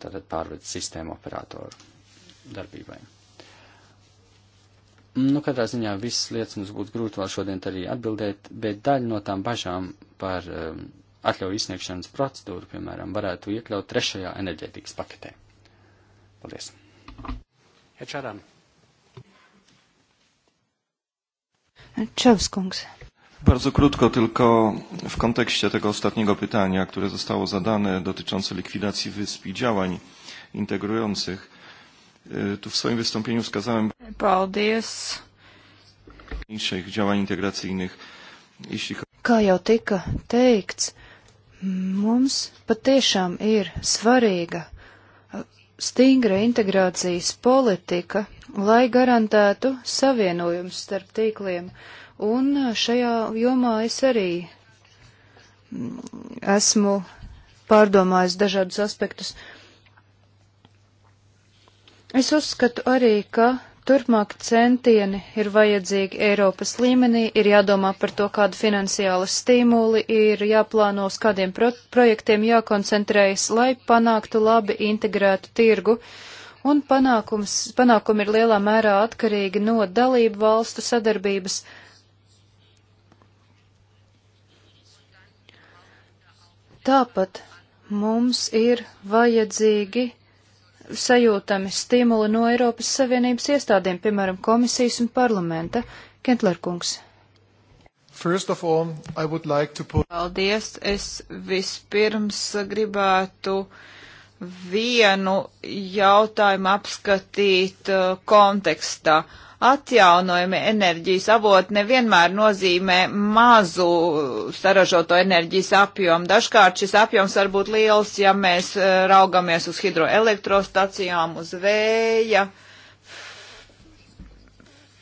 Tātad pārvedas sistēmu operatoru darbībai. Nu, katrā ziņā visas lietas mums būtu grūti vēl šodien arī atbildēt, bet daļa no tām bažām par um, atļauju izsniegšanas procedūru, piemēram, varētu iekļaut trešajā enerģētikas paketē. Paldies. Hečaram. Czewskungs. Bardzo krótko, tylko w kontekście tego ostatniego pytania, które zostało zadane dotyczące likwidacji wysp i działań integrujących. E, tu w swoim wystąpieniu wskazałem Paldies. mniejszych działań integracyjnych. Jeśli... Kā jau tika teikts, mums patiešām ir svarīga stingra integrācijas politika, lai garantētu savienojumus starp tīkliem. Un šajā jomā es arī esmu pārdomājis dažādus aspektus. Uh, Es uzskatu arī, ka turpmāk centieni ir vajadzīgi Eiropas līmenī, ir jādomā par to, kādu finansiālu stimuli ir jāplāno, uz kādiem pro projektiem jākoncentrējas, lai panāktu labi integrētu tirgu. Un panākums, panākumi ir lielā mērā atkarīgi no dalību valstu sadarbības. Tāpat mums ir vajadzīgi sajūtami stimuli no Eiropas Savienības iestādēm, piemēram, komisijas un parlamenta. Kentlerkungs. All, like put... Paldies. Es vispirms gribētu vienu jautājumu apskatīt uh, kontekstā. Uh, atjaunojami enerģijas avoti nevienmēr nozīmē mazu saražoto enerģijas apjomu. Dažkārt šis apjoms var būt liels, ja mēs eh, raugamies uz hidroelektrostacijām, uz vēja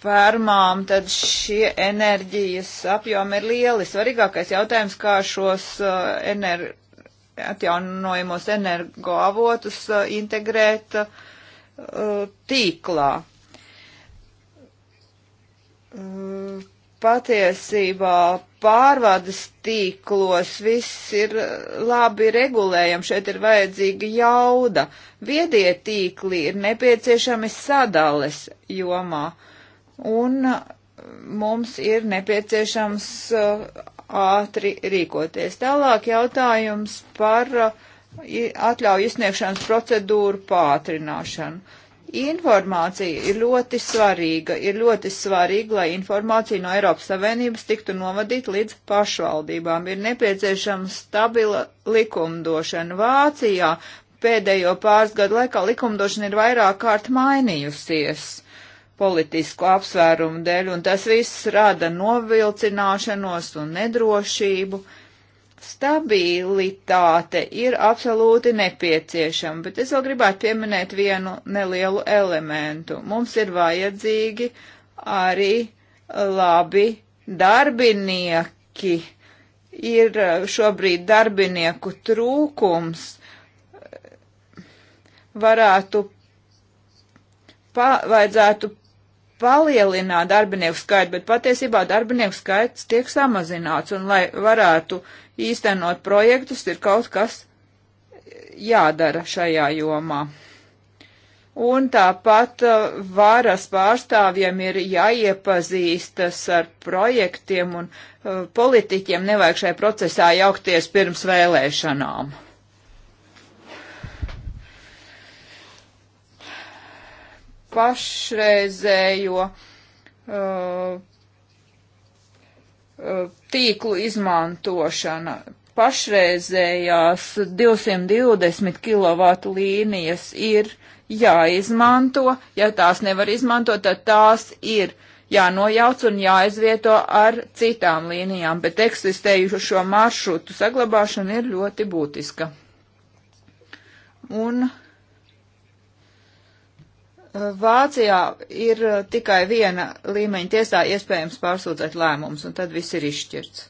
fermām, tad šie enerģijas apjomi ir lieli. Svarīgākais jautājums, kā šos eh, ener atjaunojamos energoavotus eh, integrēt tīklā Mm, patiesībā pārvades tīklos viss ir eh, labi regulējams, šeit ir vajadzīga jauda. Viedie tīkli ir nepieciešami sadales jomā, un eh, mums ir nepieciešams eh, ātri rīkoties. Tālāk jautājums par atļauju izsniegšanas procedūru pātrināšanu Informācija ir ļoti svarīga. Ir ļoti svarīgi, lai informācija no Eiropas Savienības tiktu novadīta līdz pašvaldībām. Ir nepieciešama stabila likumdošana. Vācijā pēdējo pāris gadu laikā likumdošana ir vairāk kārt mainījusies politisku apsvērumu dēļ, un tas viss rada novilcināšanos un nedrošību. Uh, stabilitāte ir absolūti nepieciešama, bet es vēl gribētu pieminēt vienu nelielu elementu. Mums ir vajadzīgi arī labi darbinieki. Ir eh, šobrīd darbinieku trūkums. Varētu, pa, vajadzētu palielināt darbinieku skaitu, bet patiesībā darbinieku skaits tiek samazināts, un lai varētu uh, īstenot projektus, ir kaut kas jādara šajā jomā. Un tāpat uh, varas pārstāvjiem ir jāiepazīstas ar projektiem un uh, politiķiem nevajag šai procesā jaukties pirms vēlēšanām. Pašreizējo uh, tīklu izmantošana. Pašreizējās 220 kW līnijas ir jāizmanto. Ja tās nevar izmantot, tad tās ir jānojauc un jāizvieto ar citām līnijām, bet eksistējušo maršrutu saglabāšana ir ļoti būtiska. Un Vācijā ir uh, tikai viena līmeņa tiesā iespējams pārsūdzēt lēmumus, un tad viss ir izšķirts.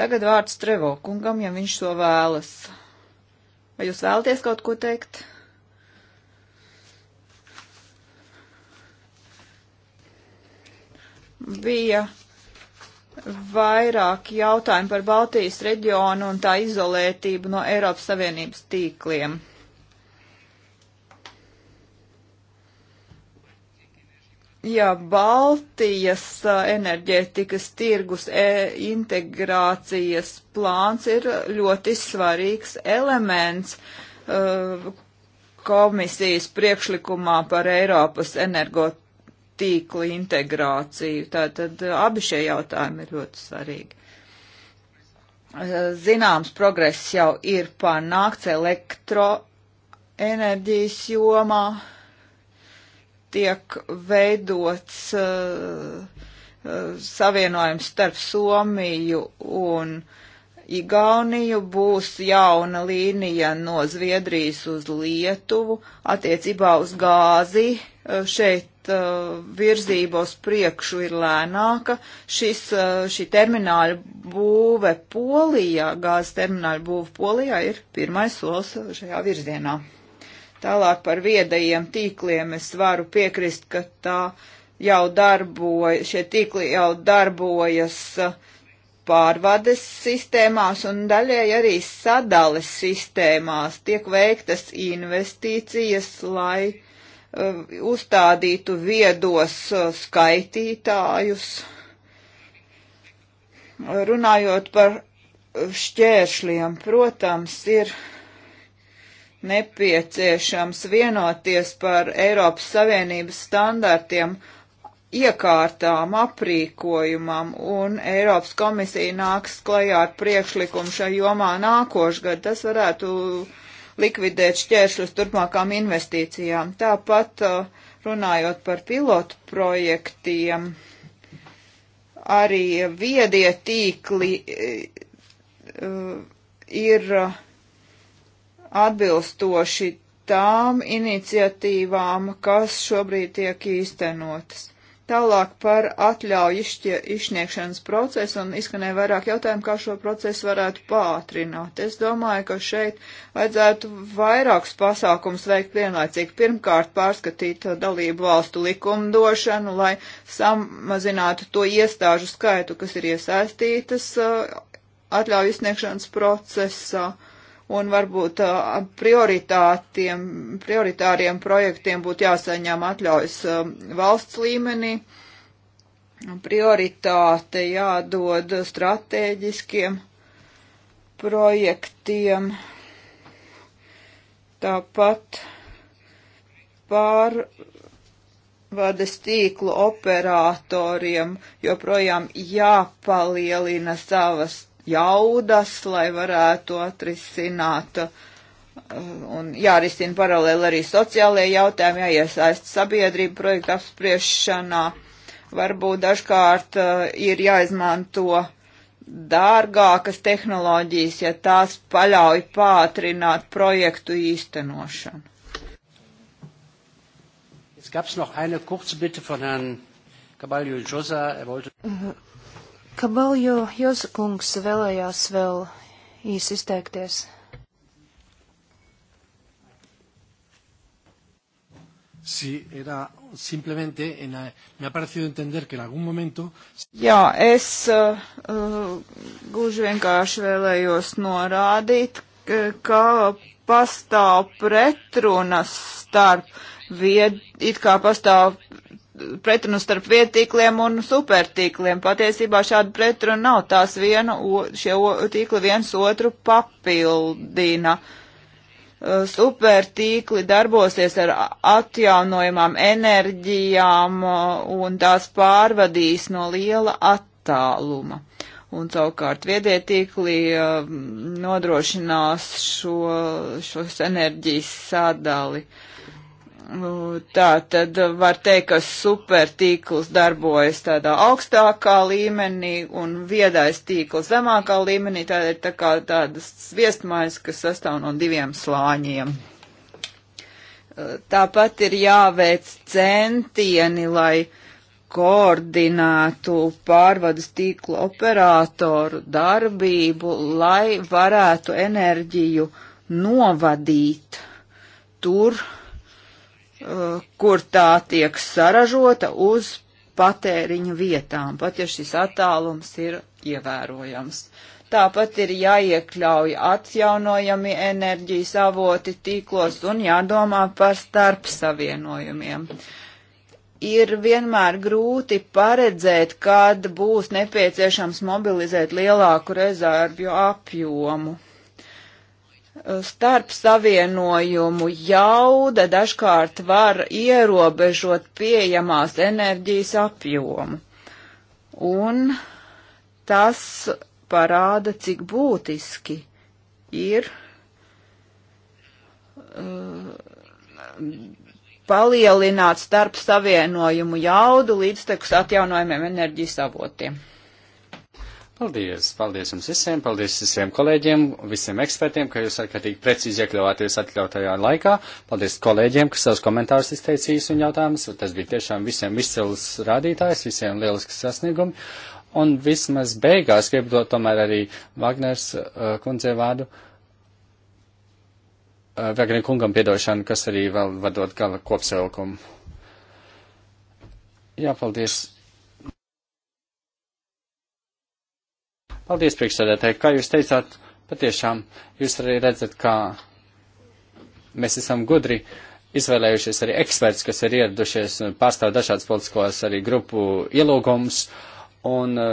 Tagad vārds Trevo kungam, ja viņš to vēlas. Vai jūs vēlaties kaut ko teikt? Bija vairāk jautājumu par Baltijas reģionu un tā izolētību no Eiropas Savienības tīkliem. ja Baltijas enerģētikas tirgus e integrācijas plāns ir ļoti svarīgs elements uh, komisijas priekšlikumā par Eiropas energotīkli integrāciju. Tātad abi šie jautājumi ir ļoti svarīgi. Zināms, progress jau ir panākts elektroenerģijas jomā tiek veidots uh, uh, savienojums starp Somiju un Igauniju, būs jauna līnija no Zviedrijas uz Lietuvu attiecībā uz gāzi. Uh, šeit uh, virzībos priekšu ir lēnāka. Šis, uh, šī termināla būve Polijā, gāzes termināla būve Polijā ir pirmais solis šajā virzienā. Tālāk par viedajiem tīkliem es varu piekrist, ka tā jau darbojas, šie tīkli jau darbojas uh, pārvades sistēmās un daļai arī sadales sistēmās tiek veiktas investīcijas, lai uh, uzstādītu viedos uh, skaitītājus. Runājot par šķēršļiem, protams, ir nepieciešams vienoties par Eiropas Savienības standartiem, iekārtām, aprīkojumam, un Eiropas komisija nāks klajā ar priekšlikumu šai jomā nākošgad. Tas varētu likvidēt šķēršļus turpmākām investīcijām. Tāpat uh, runājot par pilotu projektiem, arī viedie tīkli uh, ir uh, atbilstoši tām iniciatīvām, kas šobrīd tiek īstenotas. Tālāk par atļauju izsniegšanas procesu un izskanēja vairāk jautājumu, kā šo procesu varētu pātrināt. Es domāju, ka šeit vajadzētu vairākus pasākums veikt vienlaicīgi. Pirmkārt, pārskatīt dalību valstu likumdošanu, lai samazinātu to iestāžu skaitu, kas ir iesaistītas uh, atļauju izsniegšanas procesā. Uh, un varbūt prioritāriem projektiem būtu jāsaņem atļaujas valsts līmenī. Prioritāte jādod stratēģiskiem projektiem. Tāpat pārvades tīklu operatoriem joprojām jāpalielina savas jaudas, lai varētu atrisināt uh, un jārisina paralēli arī sociālajie jautājumi, jāiesaist sabiedrību projektu apspriešanā. Varbūt dažkārt uh, ir jāizmanto dārgākas tehnoloģijas, ja tās paļauj pātrināt projektu īstenošanu. Es gab's noch eine kurze Bitte von Herrn Caballo Josa. Er wollte. Mhm. Kabaljo Josa kungs vēlējās vēl īsi izteikties. Sí, era simplemente en la, eh, me ha parecido entender que en algún momento. Jā, es uh, gluži vienkārši vēlējos norādīt, ka pastāv pretrunas starp vied, it kā pastāv pretrunu starp vietīkliem un supertīkliem. Patiesībā šāda pretruna nav. Tās viena, šie tīkli viens otru papildina. Uh, supertīkli darbosies ar atjaunojumām enerģijām uh, un tās pārvadīs no liela attāluma. Un savukārt viedietīkli uh, nodrošinās šo, šos enerģijas sadali. Uh, Nu, tā tad var teikt, ka supertīkls darbojas tādā augstākā līmenī un viedais tīkls zemākā līmenī. Tā ir tā kā tādas sviestmais, kas sastāv no diviem slāņiem. Tāpat ir jāveic centieni, lai koordinētu pārvades tīklu operātoru darbību, lai varētu enerģiju novadīt tur, Eh, kur tā tiek saražota uz patēriņu vietām, pat ja šis attālums ir ievērojams. Tāpat ir jāiekļauj atjaunojami enerģijas avoti tīklos un jādomā par starp savienojumiem. Ir vienmēr grūti paredzēt, kad būs nepieciešams mobilizēt lielāku rezervju apjomu starp savienojumu jauda dažkārt var ierobežot pieejamās enerģijas apjomu. Un tas parāda, cik būtiski ir uh, palielināt starp savienojumu jaudu līdz tekus atjaunojumiem enerģijas avotiem. Paldies! Paldies jums visiem! Paldies visiem kolēģiem, visiem ekspertiem, ka jūs ārkārtīgi precīzi iekļāvāties atļautajā laikā. Paldies kolēģiem, kas savus komentārus izteicīs un jautājumus. Tas bija tiešām visiem izcils rādītājs, visiem lieliski sasniegumi. Un vismaz beigās gribu dot tomēr arī Vagners uh, eh, kundzei vārdu. Uh, eh, Vagnera kungam piedošanu, kas arī vēl vadot gala kopsavilkumu. Jā, paldies! Paldies, priekšsēdētāji. Kā jūs teicāt, patiešām jūs arī redzat, kā mēs esam gudri izvēlējušies arī eksperts, kas ir ieradušies un pārstāv dažādas politiskos arī grupu ielūgums un eh,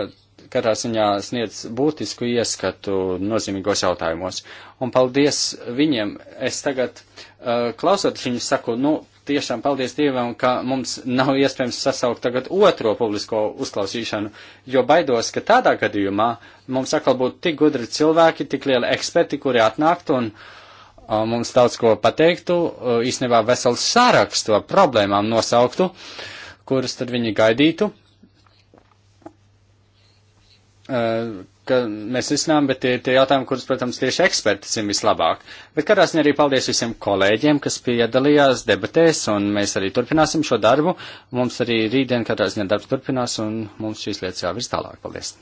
katrā ziņā sniedz būtisku ieskatu nozīmīgos jautājumos. Un paldies viņiem. Es tagad, eh, klausot viņus, saku, nu, tiešām paldies Dievam, ka mums nav iespējams sasaukt tagad otro publisko uzklausīšanu, jo baidos, ka tādā gadījumā mums atkal būtu tik gudri cilvēki, tik lieli eksperti, kuri atnāktu un uh, mums daudz ko pateiktu, uh, īstenībā veselu sārakstu ar problēmām nosauktu, kuras tad viņi gaidītu. Eh, ka mēs risinām, bet tie ir tie jautājumi, kurus, protams, tieši eksperti zina vislabāk. Bet kādā ziņā arī paldies visiem kolēģiem, kas piedalījās debatēs, un mēs arī turpināsim šo darbu. Mums arī rītdien katrā ziņā darbs turpinās, un mums šīs lietas jāvirs tālāk. Paldies!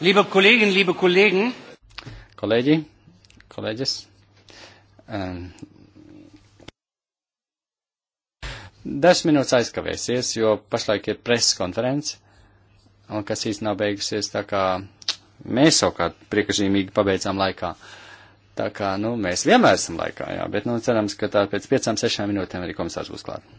Liebe Kolleginnen, liebe Kollegen. Kolēģi, kolēģis. Um, Dažas minūtes aizkavēsies, jo pašlaik ir preses konference, un kas īsti nav beigusies, tā kā mēs savukārt priekažīmīgi pabeidzām laikā. Tā kā, nu, mēs vienmēr esam laikā, jā, bet, nu, cerams, ka tā pēc piecām, sešām minūtēm arī komisārs būs klāt.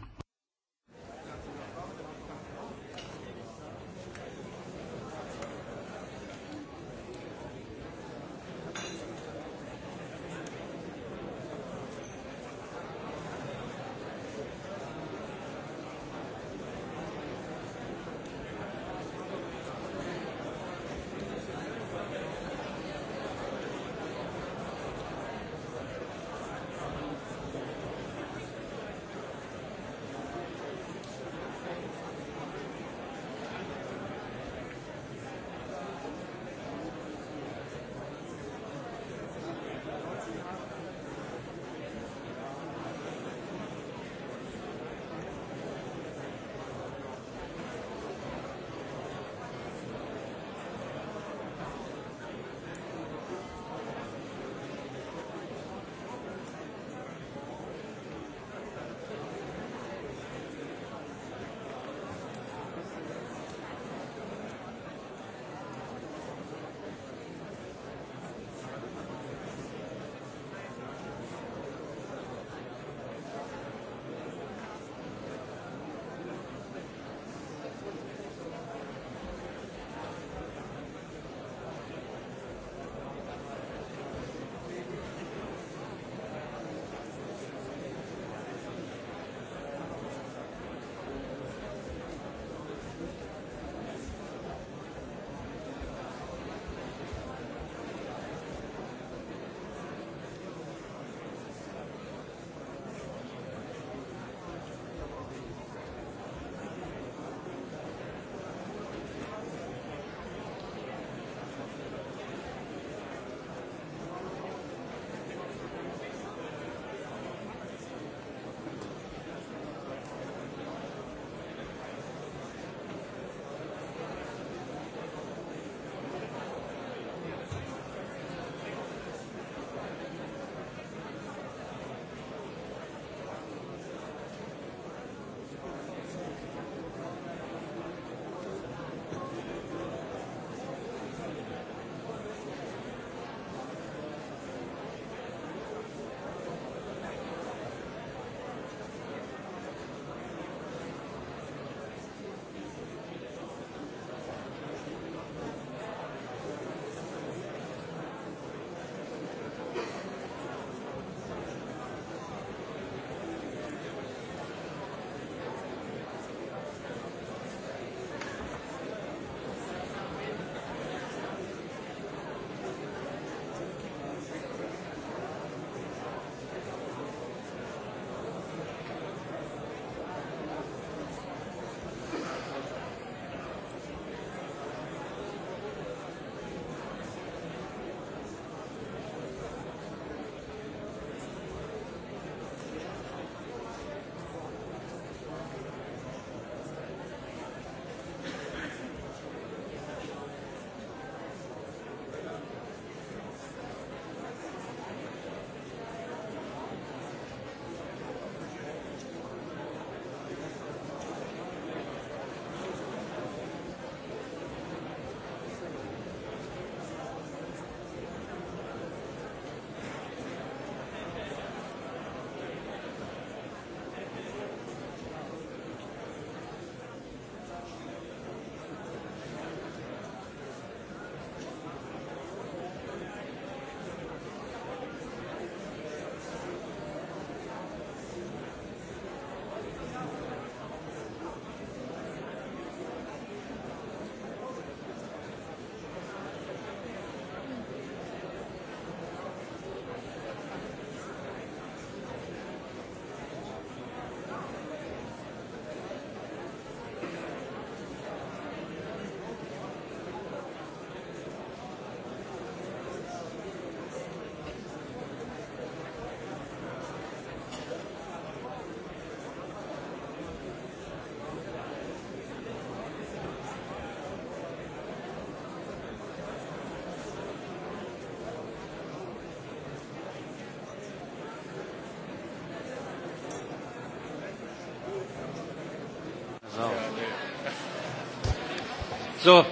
So,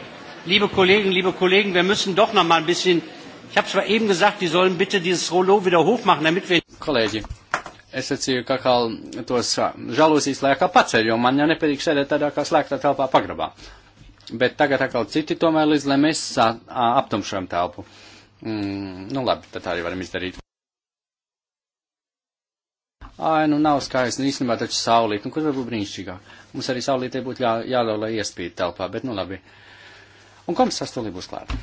liebe Kolleginnen, liebe Kollegen, wir müssen doch noch mal ein bisschen. Ich habe zwar eben gesagt, die sollen bitte dieses Rollo wieder hochmachen, damit wir. Kollēģi, es sacīju, ka kā tos žalūzijas laikā paceļ, jo man jau nepatīk sēdēt tādā kā slēgtā telpā pagrabā. Bet tagad atkal citi tomēr līdz, lai mēs aptumšojam telpu. Mm, nu labi, tad tā arī varam izdarīt ai, nu nav skaisti, nu īstenībā taču saulīt, nu kur var būt brīnišķīgāk. Mums arī saulītē būtu jā, jāļauj, lai iespīd telpā, bet nu labi. Un komisārs tūlīt būs klāt.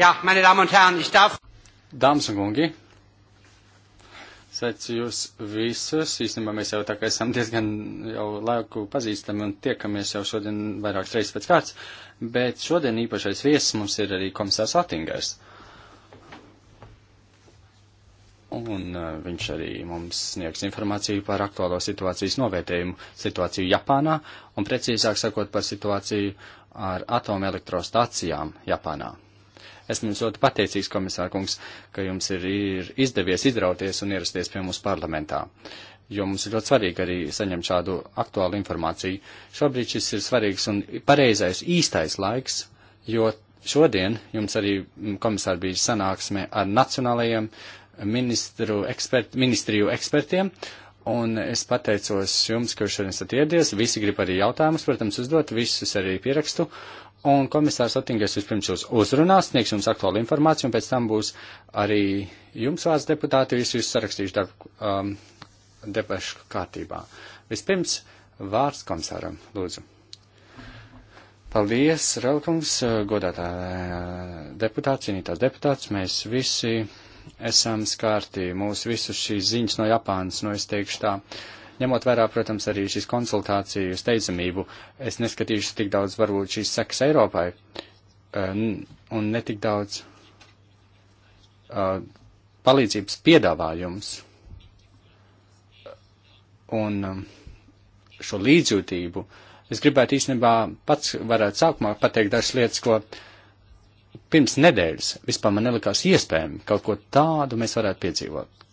Jā, meine Damen un Herren, ich darf. Dāmas un kungi, sveicu jūs visus. Īstenībā mēs jau tā kā esam diezgan jau laiku pazīstami un tiekamies jau šodien vairākas reizes pēc kārtas, bet šodien īpašais viesis mums ir arī komisārs Atingers. Un uh, viņš arī mums sniegs informāciju par aktuālo situācijas novērtējumu, situāciju Japānā un precīzāk sakot par situāciju ar atomelektrostacijām Japānā. Esmu jums ļoti pateicīgs, komisārkungs, ka jums ir, ir izdevies izrauties un ierasties pie mums parlamentā, jo mums ir ļoti svarīgi arī saņemt šādu aktuālu informāciju. Šobrīd šis ir svarīgs un pareizais īstais laiks, jo šodien jums arī mm, komisāri bija sanāksme ar nacionālajiem ministru ekspert, ministriju ekspertiem. Un es pateicos jums, ka šodien esat ieradies. Visi grib arī jautājumus, protams, uzdot, visus arī pierakstu. Un komisārs Otingers vispirms jūs uzrunās, sniegs jums aktuālu informāciju, un pēc tam būs arī jums vārds deputāti, visus jūs sarakstīšu darbu um, debašu kārtībā. Vispirms vārds komisāram, lūdzu. Paldies, Relkungs, godātā uh, deputāts, cienītās deputāts, mēs visi esam skārti, mūs visus šīs ziņas no Japānas, no es teikšu tā. Uh, Ņemot vērā, protams, arī šīs konsultāciju steidzamību, es neskatīšu tik daudz varbūt šīs sekas Eiropai eh, un netik daudz eh, palīdzības piedāvājums un eh, šo līdzjūtību. Es gribētu īstenībā pats varētu sākumā pateikt dažas lietas, ko pirms nedēļas vispār man nelikās iespējami kaut ko tādu mēs varētu piedzīvot.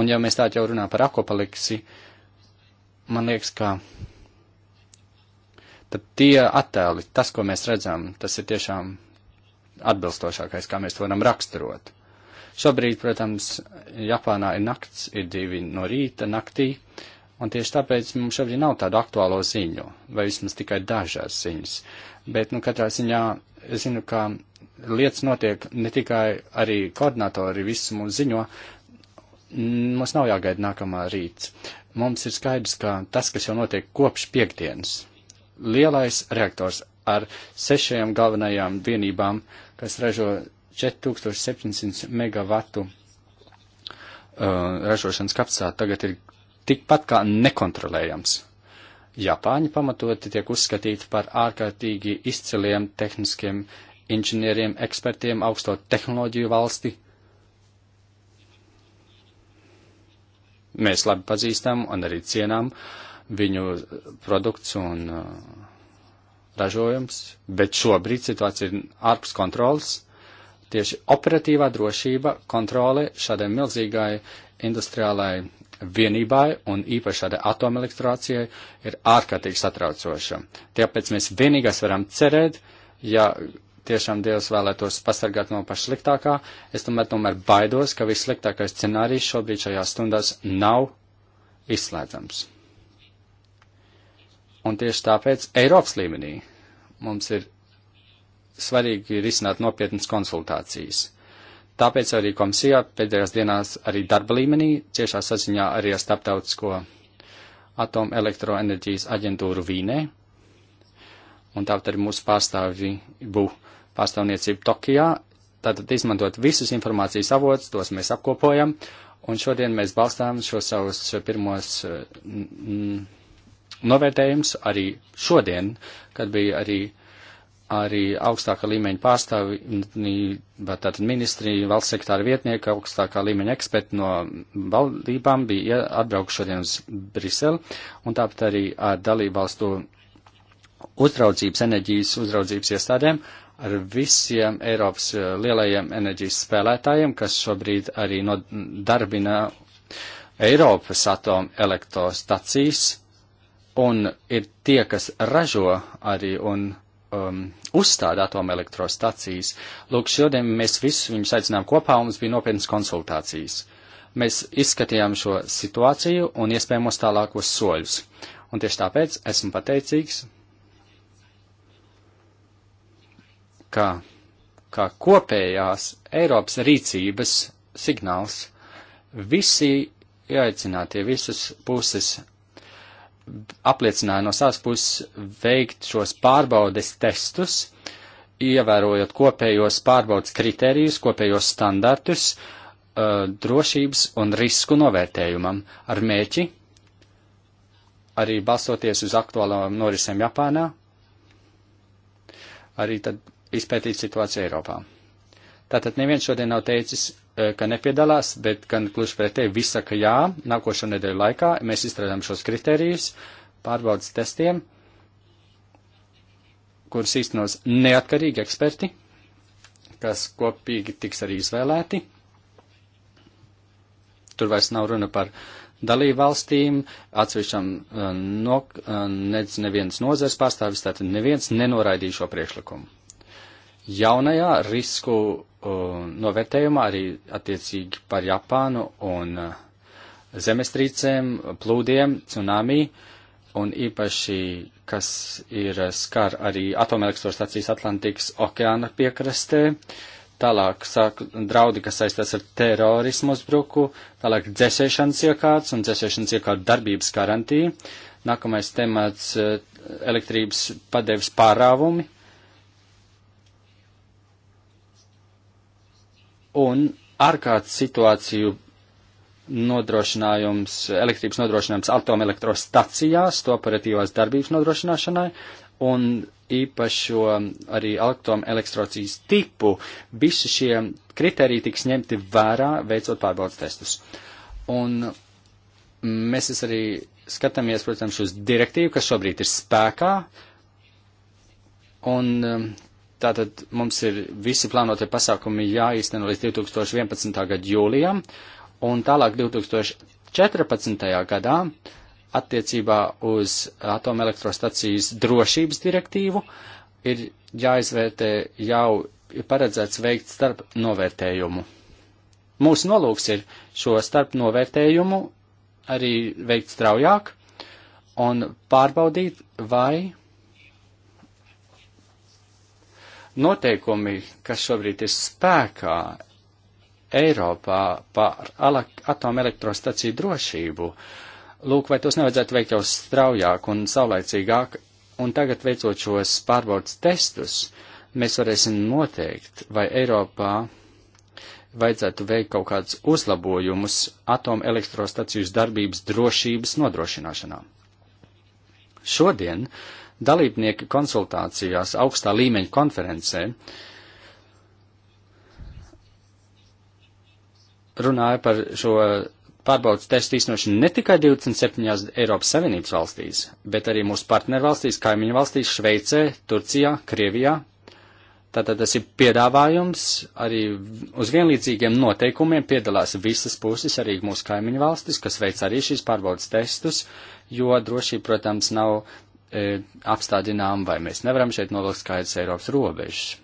Un ja mēs tā jau runā par akopaliksi, uh, man liekas, ka tad tie attēli, tas, ko mēs redzam, tas ir tiešām atbilstošākais, kā mēs to varam raksturot. Šobrīd, protams, Japānā ir nakts, ir divi no rīta naktī, un tieši tāpēc mums šobrīd nav tādu aktuālo ziņu, vai vismaz tikai dažas ziņas. Bet, nu, katrā ziņā es zinu, ka lietas notiek ne tikai arī koordinatori visu mums ziņo, mums nav jāgaida nākamā rīts. Mums ir skaidrs, ka tas, kas jau notiek kopš piekdienas, lielais reaktors ar sešajām galvenajām vienībām, kas ražo 4700 megavatu uh, ražošanas kapacitāti, tagad ir tikpat kā nekontrolējams. Japāņi pamatoti tiek uzskatīti par ārkārtīgi izciliem tehniskiem inženieriem, ekspertiem, augsto tehnoloģiju valsti, uh, Mēs labi pazīstam un arī cienām viņu produkts un uh, ražojums, bet šobrīd situācija ir ārpus kontrolas. Tieši operatīvā drošība, kontrole šādai milzīgai industriālai vienībai un īpaši tādai atomelektrācijai ir ārkārtīgi satraucoša. Tāpēc mēs vienīgais varam cerēt, ja tiešām Dievs vēlētos pasargāt no pašsliktākā. Es tomēr, tomēr baidos, ka vissliktākais scenārijs šobrīd šajās stundās nav izslēdzams. Un tieši tāpēc Eiropas līmenī mums ir svarīgi risināt nopietnas konsultācijas. Tāpēc arī komisija pēdējās dienās arī darba līmenī, ciešā saziņā arī ar starptautisko atomelektroenerģijas aģentūru Vīnē, un tāpat arī mūsu pārstāvi būtu pārstāvniecību Tokijā. Tātad izmantot visus informācijas avots, tos mēs apkopojam, un šodien mēs balstām šos savus pirmos eh, novērtējums arī šodien, kad bija arī, arī augstākā līmeņa pārstāvi, tātad ministri, valsts sektāra vietnieki, augstākā līmeņa eksperti no valdībām bija atbraukuši šodien uz Briseli, un tāpat arī ar dalību valstu uzraudzības enerģijas uzraudzības iestādēm ar visiem Eiropas eh, lielajiem enerģijas spēlētājiem, kas šobrīd arī nodarbina Eiropas atomelektrostacijas un ir tie, kas ražo arī un um, uzstāda atomelektrostacijas. Lūk, šodien mēs visus viņus aicinām kopā, mums bija nopietnas konsultācijas. Mēs izskatījām šo situāciju un iespējamos tālākos soļus. Un tieši tāpēc esmu pateicīgs kā, kā kopējās Eiropas rīcības signāls visi ieaicinātie, visas puses apliecināja no savas puses veikt šos pārbaudes testus, ievērojot kopējos pārbaudes kritērijus, kopējos standartus uh, drošības un risku novērtējumam ar mēķi, arī balstoties uz aktuālām norisēm Japānā, arī tad izpētīt situāciju Eiropā. Tātad neviens šodien nav teicis, eh, ka nepiedalās, bet gan gluži pretēji visa, ka jā, nākošo nedēļu laikā mēs izstrādājam šos kriterijus pārbaudas testiem, kurus īstenos neatkarīgi eksperti, kas kopīgi tiks arī izvēlēti. Tur vairs nav runa par dalību valstīm, atsevišķam eh, no, eh, nec nevienas nozars pārstāvis, tātad neviens nenoraidīja šo priekšlikumu jaunajā risku uh, novērtējumā arī attiecīgi par Japānu un uh, zemestrīcēm, plūdiem, tsunami un īpaši, kas ir uh, skar arī atomelektrostacijas Atlantikas okeāna piekrastē, tālāk sāk draudi, kas saistās ar terorismu uzbruku, tālāk dzēsēšanas iekārts un dzēsēšanas iekārtu darbības garantija, nākamais temats uh, elektrības padevis pārāvumi, un ārkārtas situāciju nodrošinājums, elektrības nodrošinājums atomelektrostacijās, to operatīvās darbības nodrošināšanai un īpašo arī atomelektrocijas tipu. Visi šie kriteriji tiks ņemti vērā, veicot pārbaudas testus. Un mēs arī skatāmies, protams, uz direktīvu, kas šobrīd ir spēkā, un um, Tātad mums ir visi plānotie pasākumi jāīsteno līdz 2011. gada jūlijam, un tālāk 2014. gadā attiecībā uz atomelektrostacijas drošības direktīvu ir jāizvērtē jau ir paredzēts veikt starp novērtējumu. Mūsu nolūks ir šo starp novērtējumu arī veikt straujāk un pārbaudīt, vai Noteikumi, kas šobrīd ir spēkā Eiropā par atomelektrostaciju drošību, lūk, vai tos nevajadzētu veikt jau straujāk un saulaicīgāk, un tagad veicot šos pārbaudas testus, mēs varēsim noteikt, vai Eiropā vajadzētu veikt kaut kādus uzlabojumus atomelektrostacijas darbības drošības nodrošināšanā. Šodien uh, dalībnieki konsultācijās augstā līmeņa konferencē runāja par šo pārbaudas testu īstenošanu ne tikai 27 Eiropas Savienības valstīs, bet arī mūsu partnervalstīs, kaimiņu valstīs, Šveicē, Turcijā, Krievijā. Tātad tas ir piedāvājums arī uz vienlīdzīgiem noteikumiem piedalās visas puses, arī mūsu kaimiņu valstis, kas veic arī šīs pārbaudas testus, jo drošība, protams, nav e, apstādinām, vai mēs nevaram šeit nolikt skaidrs Eiropas robežas.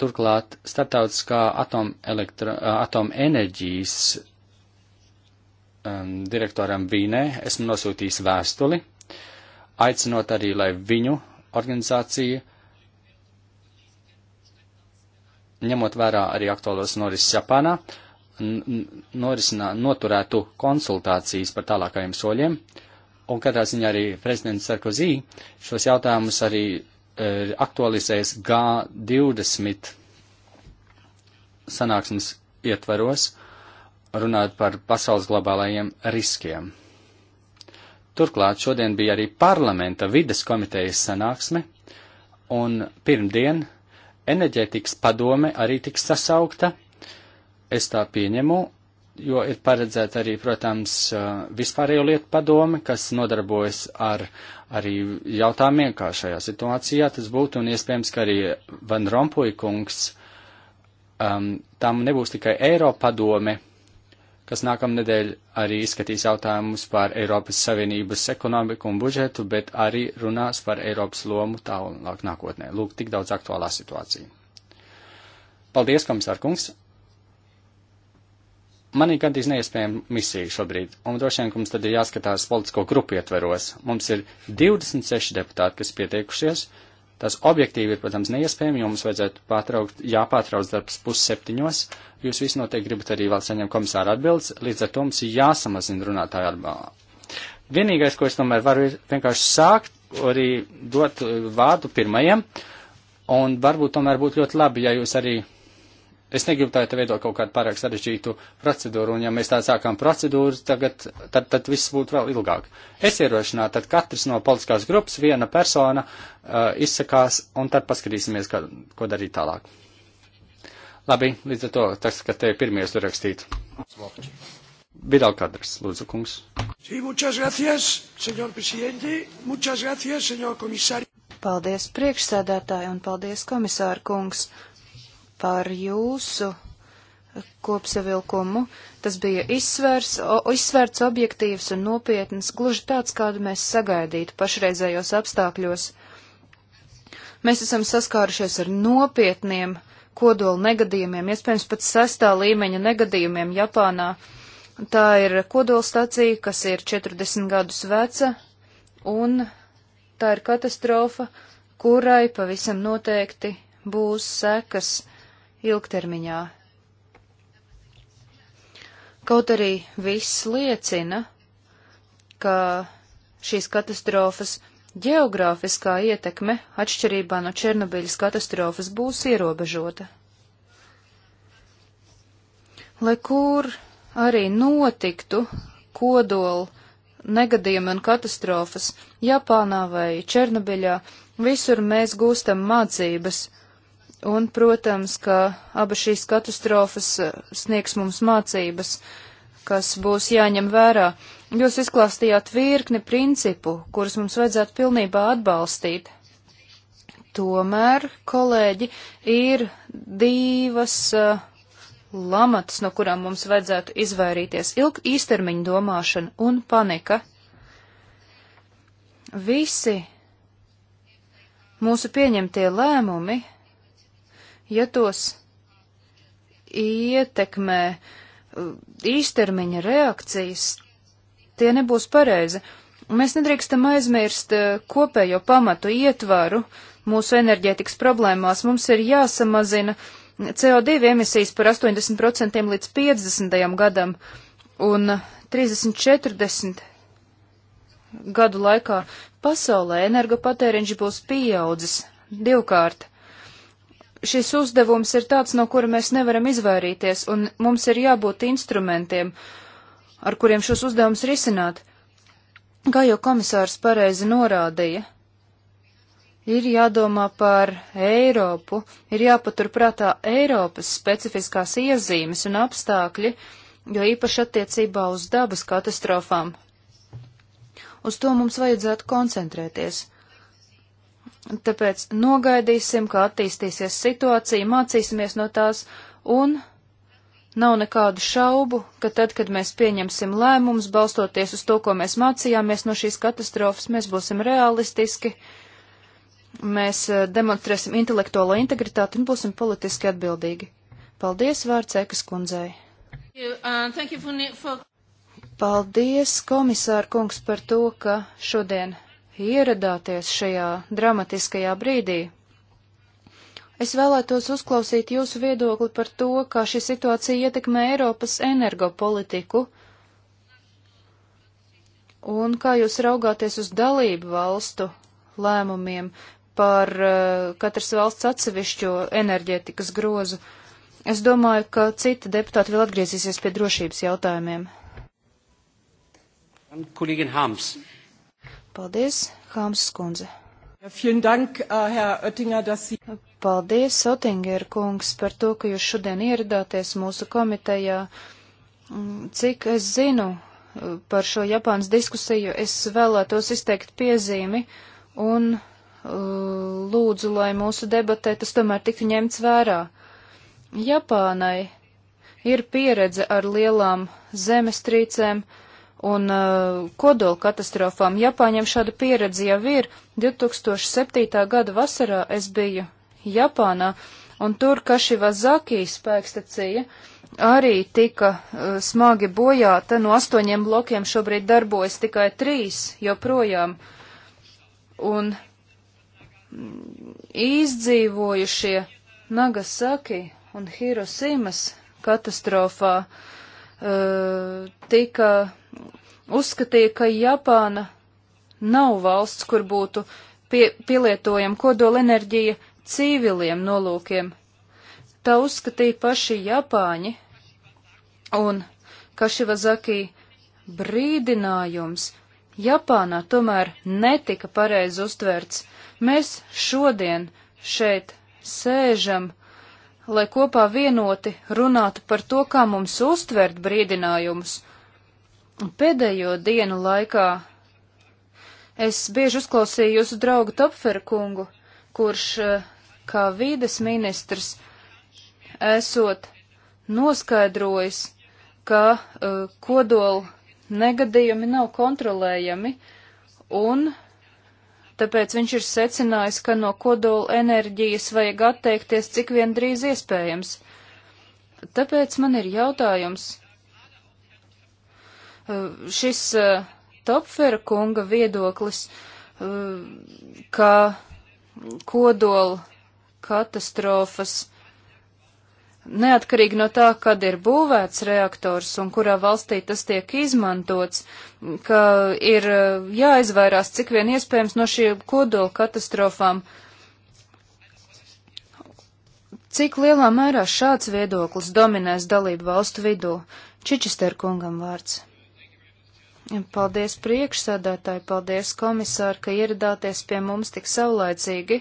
Turklāt starptautiskā e, atomenerģijas atom um, direktoram Vīnē esmu nosūtījis vēstuli, aicinot arī, lai viņu organizācija, ņemot vērā arī aktuālos norises Japānā, norisinā, noturētu konsultācijas par tālākajiem soļiem. Uh, Un katrā ziņā arī prezidents Sarkozī šos jautājumus arī e, aktualizēs G20 sanāksmes ietveros, runāt par pasaules globālajiem riskiem. Turklāt šodien bija arī parlamenta vides komitejas sanāksme, un pirmdien enerģētikas padome arī tiks sasaukta. Es tā pieņemu, jo ir paredzēta arī, protams, vispārējo lietu padome, kas nodarbojas ar arī jautājumiem, kā šajā situācijā tas būtu, un iespējams, ka arī Van Rompuy kungs um, tam nebūs tikai Eiropa padome, kas nākamnedēļ arī izskatīs jautājumus par Eiropas Savienības ekonomiku un budžetu, bet arī runās par Eiropas lomu tālāk nākotnē. Lūk, tik daudz aktuālā situācija. Paldies, komisār kungs! Man ir gandrīz neiespējama misija šobrīd, un droši vien, ka mums tad ir jāskatās politisko grupu ietveros. Mums ir 26 deputāti, kas pieteikušies. Tas objektīvi ir, protams, neiespējami, jo mums vajadzētu pārtraukt, jāpārtrauc darbs pusseptiņos. Jūs visi noteikti gribat arī vēl saņemt komisāra atbildes, līdz ar to mums ir jāsamazina runātāja atbalā. Vienīgais, ko es tomēr varu, ir vienkārši sākt arī dot vārdu pirmajiem, un varbūt tomēr būtu ļoti labi, ja jūs arī Es negribu tā te veidot kaut kādu pārāk sarežģītu procedūru, un ja mēs tā sākam procedūras, tagad, tad, tad viss būtu vēl ilgāk. Es ierosinātu, tad katrs no politiskās grupas viena persona uh, izsakās, un tad paskatīsimies, ka, ko darīt tālāk. Labi, līdz ar to, tas, ka te ir pirmie uzrakstīt. Vidal Kadras, lūdzu, kungs. Sí, muchas gracias, señor presidente. Muchas gracias, señor komisāri. Paldies priekšsēdētāji un paldies komisāra kungs par jūsu kopsavilkumu. Tas bija izsvērs, o, izsvērts objektīvs un nopietns, gluži tāds, kādu mēs sagaidītu pašreizējos apstākļos. Mēs esam saskārušies ar nopietniem kodola negadījumiem, iespējams pat sestā līmeņa negadījumiem Japānā. Tā ir kodola stacija, kas ir 40 gadus veca, un tā ir katastrofa, kurai pavisam noteikti būs sekas ilgtermiņā. Kaut arī viss liecina, ka šīs katastrofas ģeogrāfiskā ietekme atšķirībā no Černobiļas katastrofas būs ierobežota. Lai kur arī notiktu kodolu negadījumi un katastrofas Japānā vai Černobiļā, visur mēs gūstam mācības un, protams, ka abas šīs katastrofas eh, sniegs mums mācības, kas būs jāņem vērā. Jūs izklāstījāt virkni principu, kurus mums vajadzētu pilnībā atbalstīt. Tomēr, kolēģi, ir divas uh, lamatas, no kurām mums vajadzētu izvairīties - ilg īstermiņa domāšana un panika. Visi mūsu pieņemtie lēmumi ja tos ietekmē uh, īstermiņa reakcijas, tie nebūs pareizi. Mēs nedrīkstam aizmirst uh, kopējo pamatu ietvaru mūsu enerģētikas problēmās. Mums ir jāsamazina CO2 emisijas par 80% līdz 50. gadam un 30-40 gadu laikā pasaulē energopatēriņš būs pieaudzis divkārt šis uzdevums ir tāds, no kura mēs nevaram izvairīties, un mums ir jābūt instrumentiem, ar kuriem šos uzdevumus risināt. Kā jau komisārs pareizi norādīja, ir jādomā par Eiropu, ir jāpaturprātā Eiropas specifiskās iezīmes un apstākļi, jo īpaši attiecībā uz dabas katastrofām. Uz to mums vajadzētu koncentrēties. Tāpēc nogaidīsim, kā attīstīsies situācija, mācīsimies no tās un nav nekādu šaubu, ka tad, kad mēs pieņemsim lēmumus, balstoties uz to, ko mēs mācījāmies no šīs katastrofas, mēs būsim realistiski, mēs eh, demonstrēsim intelektuālo integritāti un būsim politiski atbildīgi. Paldies vārds Ekas kundzei. Uh, Paldies, komisāra kungs, par to, ka šodien ieradāties šajā dramatiskajā brīdī. Es vēlētos uzklausīt jūsu viedokli par to, kā šī situācija ietekmē Eiropas energopolitiku un kā jūs raugāties uz dalību valstu lēmumiem par uh, katras valsts atsevišķo enerģētikas grozu. Es domāju, ka citi deputāti vēl atgriezīsies pie drošības jautājumiem. Kolēģi Hams. Paldies, Hāmas skundze. Vielen Dank, äh, Herr Oettinger, dass Sie. Paldies, Oettinger kungs, par to, ka jūs šodien ieradāties mūsu komitejā. Mm, cik es zinu eh, par šo Japānas diskusiju, es vēlētos izteikt piezīmi un eh, lūdzu, lai mūsu debatē tas tomēr tiktu ņemts vērā. Japānai ir pieredze ar lielām zemestrīcēm un uh, kodola katastrofām. Japāņiem šāda pieredze jau ir. 2007. gada vasarā es biju Japānā, un tur Kašiva Zaki spēkstacija arī tika uh, smagi bojāta. No astoņiem blokiem šobrīd darbojas tikai trīs joprojām. Un mm, izdzīvojušie Nagasaki un Hirosimas katastrofā uh, tika uzskatīja, ka Japāna nav valsts, kur būtu pie, pielietojama kodolenerģija civiliem nolūkiem. Tā uzskatīja paši Japāņi, un Kašivazaki brīdinājums Japānā tomēr netika pareizi uztverts. Mēs šodien šeit sēžam, lai kopā vienoti runātu par to, kā mums uztvert brīdinājumus Pēdējo dienu laikā es bieži uzklausīju jūsu draugu Topferu kungu, kurš eh, kā vīdes ministrs esot noskaidrojis, ka uh, eh, kodola negadījumi nav kontrolējami, un tāpēc viņš ir secinājis, ka no kodola enerģijas vajag atteikties cik vien drīz iespējams. Tāpēc man ir jautājums Eh, šis eh, Topfera kunga viedoklis, eh, ka kodola katastrofas Neatkarīgi no tā, kad ir būvēts reaktors un kurā valstī tas tiek izmantots, ka ir jāizvairās cik vien iespējams no šiem kodola katastrofām. Cik lielā mērā šāds viedoklis dominēs dalību valstu vidū? Čičister kungam vārds. Paldies priekšsēdētāji, paldies komisāri, ka ieradāties pie mums tik saulaicīgi.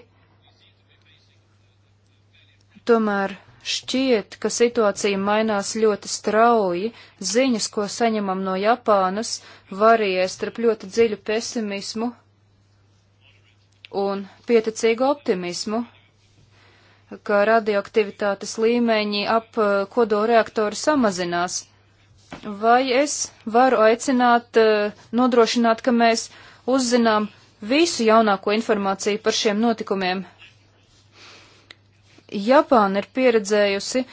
Tomēr šķiet, ka situācija mainās ļoti strauji. Ziņas, ko saņemam no Japānas, varēs starp ļoti dziļu pesimismu un pieticīgu optimismu, ka radioaktivitātes līmeņi ap eh, kodoreaktoru samazinās vai es varu aicināt, eh, nodrošināt, ka mēs uzzinām visu jaunāko informāciju par šiem notikumiem. Japāna ir pieredzējusi eh,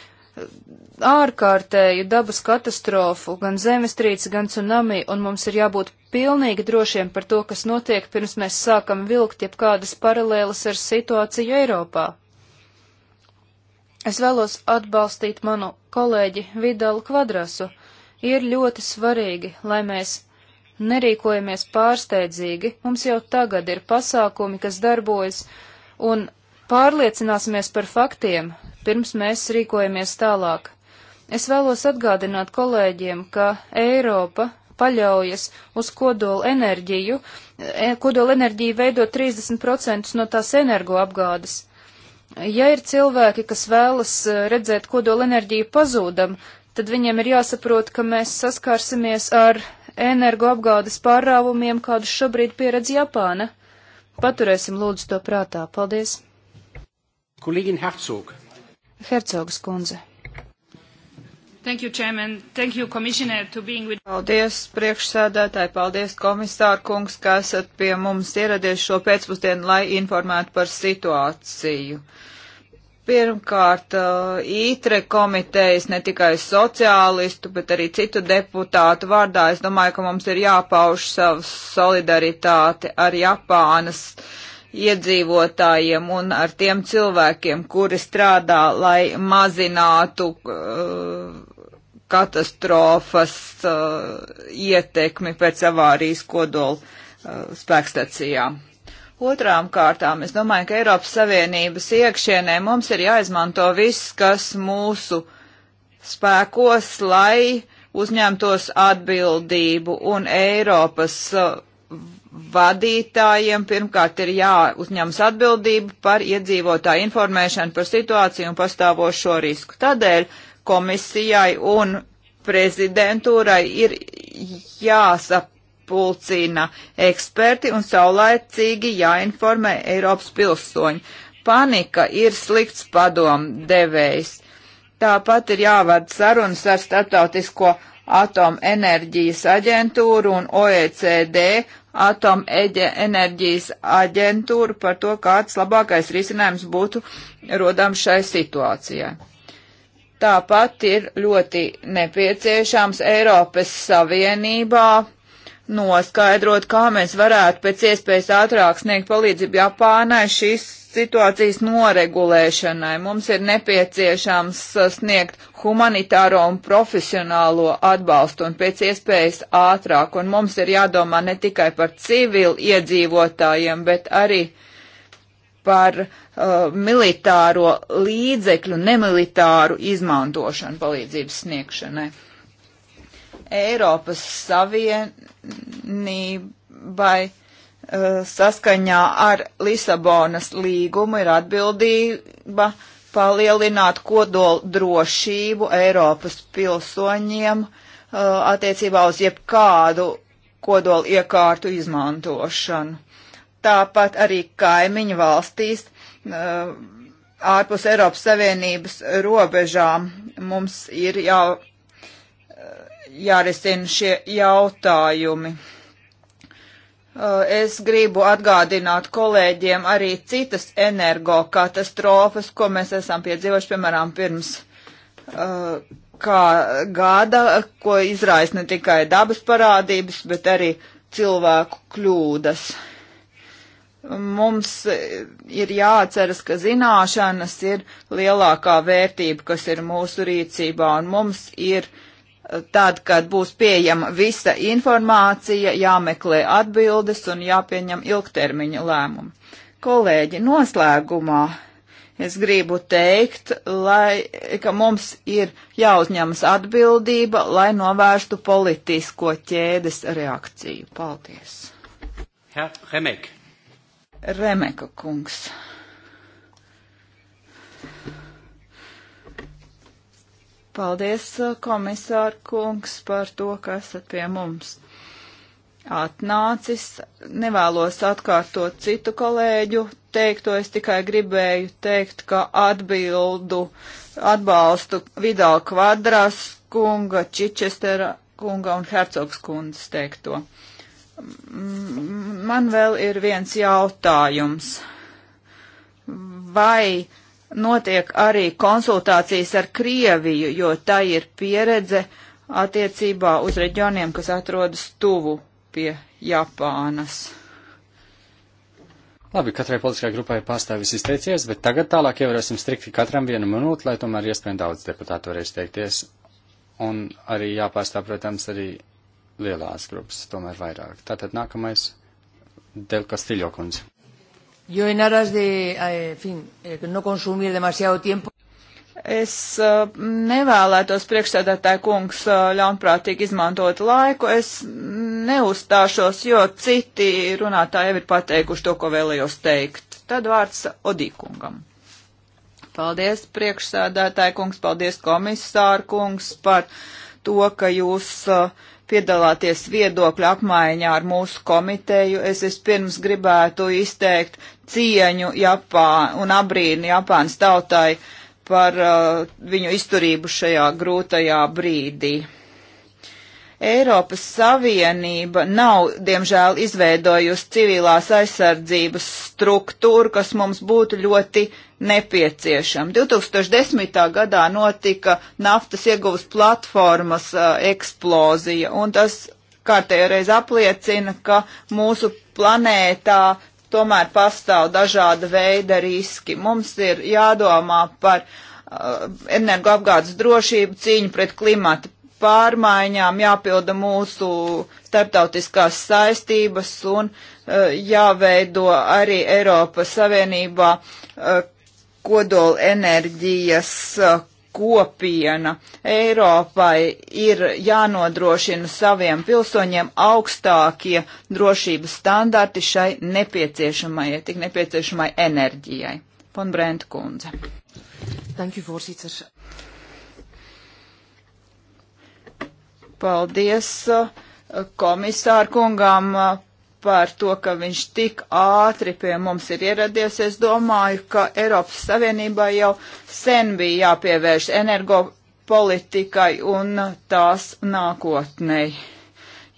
ārkārtēju dabas katastrofu, gan zemestrīci, gan tsunami, un mums ir jābūt pilnīgi drošiem par to, kas notiek, pirms mēs sākam vilkt jebkādas paralēlas ar situāciju Eiropā. Es vēlos atbalstīt manu kolēģi Vidalu Kvadrasu ir ļoti svarīgi, lai mēs nerīkojamies pārsteidzīgi, mums jau tagad ir pasākumi, kas darbojas, un pārliecināsimies par faktiem, pirms mēs rīkojamies tālāk. Es vēlos atgādināt kolēģiem, ka Eiropa paļaujas uz kodola enerģiju, e, kodola enerģija veido 30% no tās energoapgādes. Ja ir cilvēki, kas vēlas e, redzēt kodola enerģiju pazūdam, tad viņiem ir jāsaprot, ka mēs saskārsimies ar energoapgādes pārrāvumiem, kādus šobrīd pieredz Japāna. Paturēsim lūdzu to prātā. Paldies! Kolīgin Herzog. Herzogas kundze. Thank you, Chairman. Thank you, Commissioner, to being with... Paldies, priekšsēdētāji, paldies, komisāra kungs, ka esat pie mums ieradies šo pēcpusdienu, lai informētu par situāciju. Uh, Pirmkārt, ITRE komitejas ne tikai sociālistu, bet arī citu deputātu vārdā es domāju, ka mums ir jāpauž savu solidaritāti ar Japānas iedzīvotājiem un ar tiem cilvēkiem, kuri strādā, lai mazinātu uh, katastrofas uh, ietekmi pēc avārijas kodola uh, spēkstacijām. Otrām kārtām, es domāju, ka Eiropas Savienības iekšienē mums ir jāizmanto viss, kas mūsu spēkos, lai uzņemtos atbildību un Eiropas uh, vadītājiem pirmkārt ir jāuzņems atbildību par iedzīvotāju informēšanu par situāciju un pastāvošo risku. Tādēļ komisijai un prezidentūrai ir jāsap jāpulcina eksperti un saulēcīgi jāinformē Eiropas pilsoņi. Panika ir slikts padomdevējs. Tāpat ir jāvada sarunas ar Startautisko atomenerģijas aģentūru un OECD atomenerģijas aģentūru par to, kāds labākais risinājums būtu rodams šai situācijai. Tāpat ir ļoti nepieciešams Eiropas Savienībā noskaidrot, kā mēs varētu pēc iespējas ātrāk sniegt palīdzību Japānai šīs situācijas noregulēšanai. Mums ir nepieciešams sniegt humanitāro un profesionālo atbalstu un pēc iespējas ātrāk. Un mums ir jādomā ne tikai par civilu iedzīvotājiem, bet arī par uh, militāro līdzekļu, nemilitāru izmantošanu palīdzības sniegšanai. Eiropas Savienībai eh, saskaņā ar Lisabonas līgumu ir atbildība palielināt kodolu drošību Eiropas pilsoņiem eh, attiecībā uz jebkādu kodolu iekārtu izmantošanu. Tāpat arī kaimiņu valstīs eh, ārpus Eiropas Savienības robežām mums ir jau jārisina šie jautājumi. Uh, es gribu atgādināt kolēģiem arī citas energokatastrofas, ko mēs esam piedzīvojuši, piemēram, pirms uh, kā gada, ko izraisa ne tikai dabas parādības, bet arī cilvēku kļūdas. Mums ir jāatceras, ka zināšanas ir lielākā vērtība, kas ir mūsu rīcībā, un mums ir uh, tad, kad būs pieejama visa informācija, jāmeklē atbildes un jāpieņem ilgtermiņa lēmumi. Kolēģi, noslēgumā es gribu teikt, lai, ka mums ir jāuzņemas atbildība, lai novērstu politisko ķēdes reakciju. Paldies! Herr Remek. Remeka kungs. Paldies, uh, komisār kungs, par to, ka esat pie mums atnācis. Nevēlos atkārtot citu kolēģu teikto, es tikai gribēju teikt, ka atbildu atbalstu Vidal Kvadras kunga, Čičestera kunga un Hercogs kundas teikto. Man vēl ir viens jautājums. Vai notiek arī konsultācijas ar Krieviju, jo tā ir pieredze attiecībā uz reģioniem, kas atrodas tuvu pie Japānas. Labi, katrai politiskajai grupai pārstāvis izteicies, bet tagad tālāk ievērosim strikti katram vienu minūtu, lai tomēr iespējami daudz deputātu varēs izteikties. Un arī jāpārstāv, protams, arī lielās grupas, tomēr vairāk. Tātad nākamais Delka Stiļokundze. Yo en aras de, eh, en fin, eh, no consumir demasiado tiempo. Es eh, nevēlētos priekšsēdētāju kungs ļaunprātīgi izmantot laiku. Es neuzstāšos, jo citi runātāji jau ir pateikuši to, ko vēlējos teikt. Tad vārds Odīkungam. Paldies, priekšsēdētāji kungs, paldies, komisāru kungs, par to, ka jūs uh, piedalāties viedokļu apmaiņā ar mūsu komiteju. Es vispirms gribētu izteikt cieņu Japā un abrīnu Japānas tautai par uh, viņu izturību šajā grūtajā brīdī. Eiropas Savienība nav, diemžēl, izveidojusi civilās aizsardzības struktūru, kas mums būtu ļoti nepieciešama. 2010. gadā notika naftas ieguvas platformas uh, eksplozija, un tas kārtējo reizi apliecina, ka mūsu planētā tomēr pastāv dažāda veida riski. Mums ir jādomā par uh, energoapgādes drošību, cīņu pret klimata pārmaiņām jāpilda mūsu starptautiskās saistības un uh, jāveido arī Eiropas Savienībā uh, kodola enerģijas uh, kopiena. Eiropai ir jānodrošina saviem pilsoņiem augstākie drošības standarti šai nepieciešamajai, tik nepieciešamai enerģijai. Von Brent kundze. Thank you, voorzitter. Paldies uh, komisāru kungām uh, par to, ka viņš tik ātri pie mums ir ieradies. Es domāju, ka Eiropas Savienībā jau sen bija jāpievērš energopolitikai un tās nākotnei.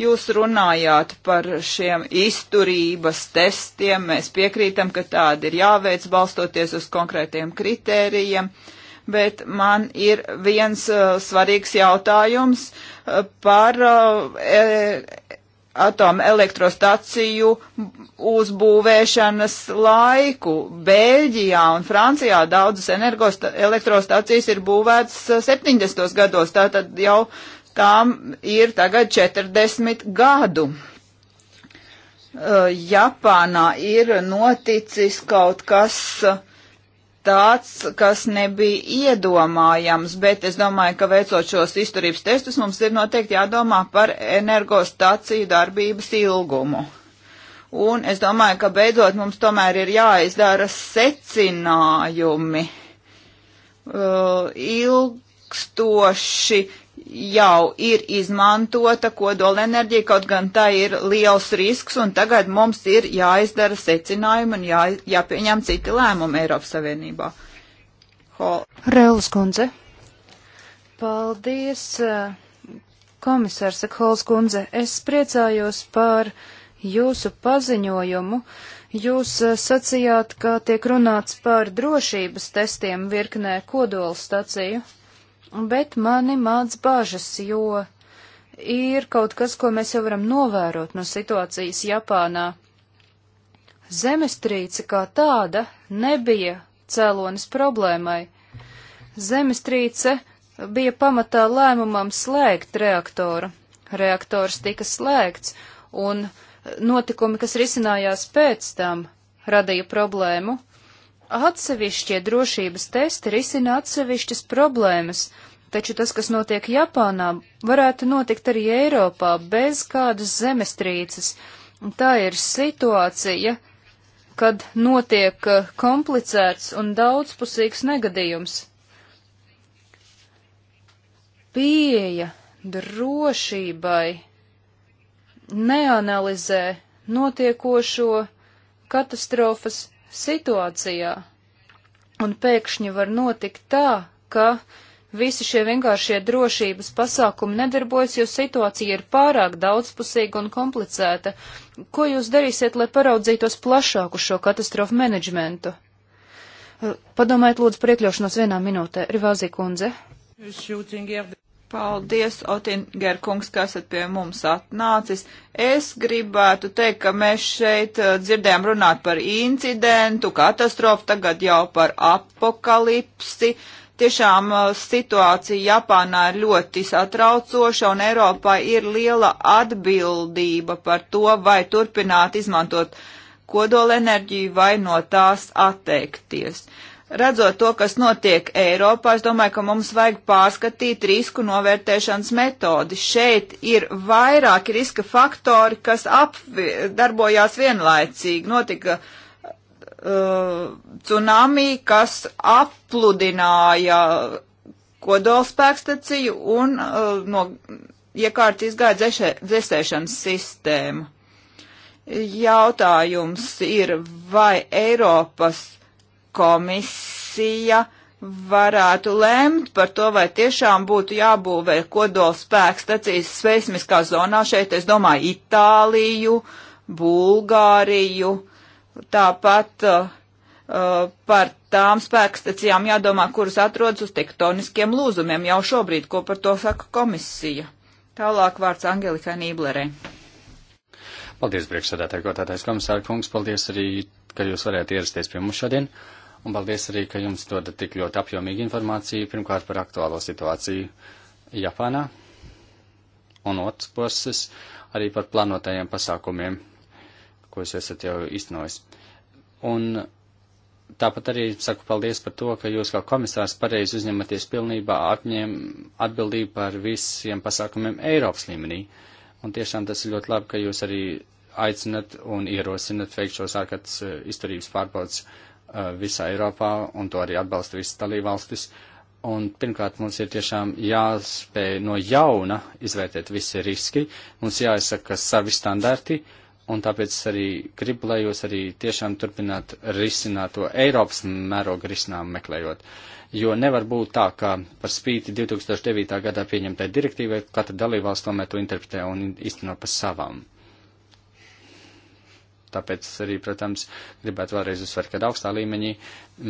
Jūs runājāt par šiem izturības testiem. Mēs piekrītam, ka tādi ir jāveic balstoties uz konkrētiem kritērijiem. Uh, bet man ir viens uh, svarīgs jautājums uh, par uh, e, atomelektrostaciju uzbūvēšanas laiku. Bēļģijā un Francijā daudzas elektrostacijas ir būvētas 70. Uh, gados, tātad jau tām ir tagad 40 gadu. Uh, Japānā ir noticis kaut kas uh, tāds, kas nebija iedomājams, bet es domāju, ka veicot šos izturības testus, mums ir noteikti jādomā par energostaciju darbības ilgumu. Un es domāju, ka beidzot mums tomēr ir jāizdara secinājumi uh, ilgstoši jau ir izmantota kodolenerģija, kaut gan tā ir liels risks, un tagad mums ir jāizdara secinājumi un jā, jāpieņem citi lēmumi Eiropas Savienībā. Hol. Rēlis kundze. Paldies, eh, komisārs Hols kundze. Es priecājos par jūsu paziņojumu. Jūs eh, sacījāt, ka tiek runāts par drošības testiem virknē kodola staciju bet mani māc bažas, jo ir kaut kas, ko mēs jau varam novērot no situācijas Japānā. Zemestrīce kā tāda nebija cēlonis problēmai. Zemestrīce bija pamatā lēmumam slēgt reaktoru. Reaktors tika slēgts, un notikumi, kas risinājās pēc tam, radīja problēmu. Atsevišķie drošības testi risina atsevišķas problēmas, taču tas, kas notiek Japānā, varētu notikt arī Eiropā bez kādas zemestrīces. Un tā ir situācija, kad notiek eh, komplicēts un daudzpusīgs negadījums. Pieeja drošībai neanalizē notiekošo katastrofas situācijā. Un pēkšņi var notikt tā, ka visi šie vienkāršie drošības pasākumi nedarbojas, jo situācija ir pārāk daudzpusīga un komplicēta. Ko jūs darīsiet, lai paraudzītos plašāk uz šo katastrofu menedžmentu? Padomājiet, lūdzu, priekļaušanos vienā minūtē. Rivāzī kundze. Paldies, Otinger kungs, ka esat pie mums atnācis. Es gribētu teikt, ka mēs šeit eh, dzirdējām runāt par incidentu, katastrofu, tagad jau par apokalipsi. Tiešām eh, situācija Japānā ir ļoti satraucoša un Eiropā ir liela atbildība par to, vai turpināt izmantot kodolenerģiju vai no tās atteikties. Uh, Redzot to, kas notiek Eiropā, es domāju, ka mums vajag pārskatīt risku novērtēšanas metodi. Šeit ir vairāki riska faktori, kas apvi, darbojās vienlaicīgi. Notika uh, tsunami, kas apludināja kodolspēkstaciju un uh, no iekārtas izgāja dzēsēšanas sistēmu. Jautājums ir, vai Eiropas komisija varētu lemt par to, vai tiešām būtu jābūvē kodols spēks stacijas sveismiskā zonā šeit, es domāju, Itāliju, Bulgāriju, tāpat uh, uh par tām spēkstacijām jādomā, kuras atrodas uz tektoniskiem lūzumiem jau šobrīd, ko par to saka komisija. Tālāk vārds Angelikai Nīblerei. Paldies, priekšsēdētāji, godātais komisāra kungs, paldies arī, ka jūs varētu ierasties pie mums šodien. Uh, un paldies arī, ka jums dodat tik ļoti apjomīgu informāciju, pirmkārt par aktuālo situāciju Japānā, un otrs puses arī par planotajiem pasākumiem, ko jūs esat jau iznojis. Un tāpat arī saku paldies par to, ka jūs kā komisārs pareizi uzņematies pilnībā apņēm atbildību par visiem pasākumiem Eiropas līmenī. Un tiešām tas ir ļoti labi, ka jūs arī aicinat un ierosinat veikt šos ārkārtas eh, izturības pārbaudas visā Eiropā, un to arī atbalsta visas dalībvalstis. Un pirmkārt, mums ir tiešām jāspēj no jauna izvērtēt visi riski, mums jāizsaka savi standarti, un tāpēc arī gribu, lai jūs arī tiešām turpināt risināt to Eiropas mēroga risinājumu meklējot. Jo nevar būt tā, ka par spīti 2009. gadā pieņemtai direktīvai katra dalībvalsts tomēr to interpretē un īsteno pa savām. Tāpēc es arī, protams, gribētu vēlreiz uzsvērt, ka augstā līmenī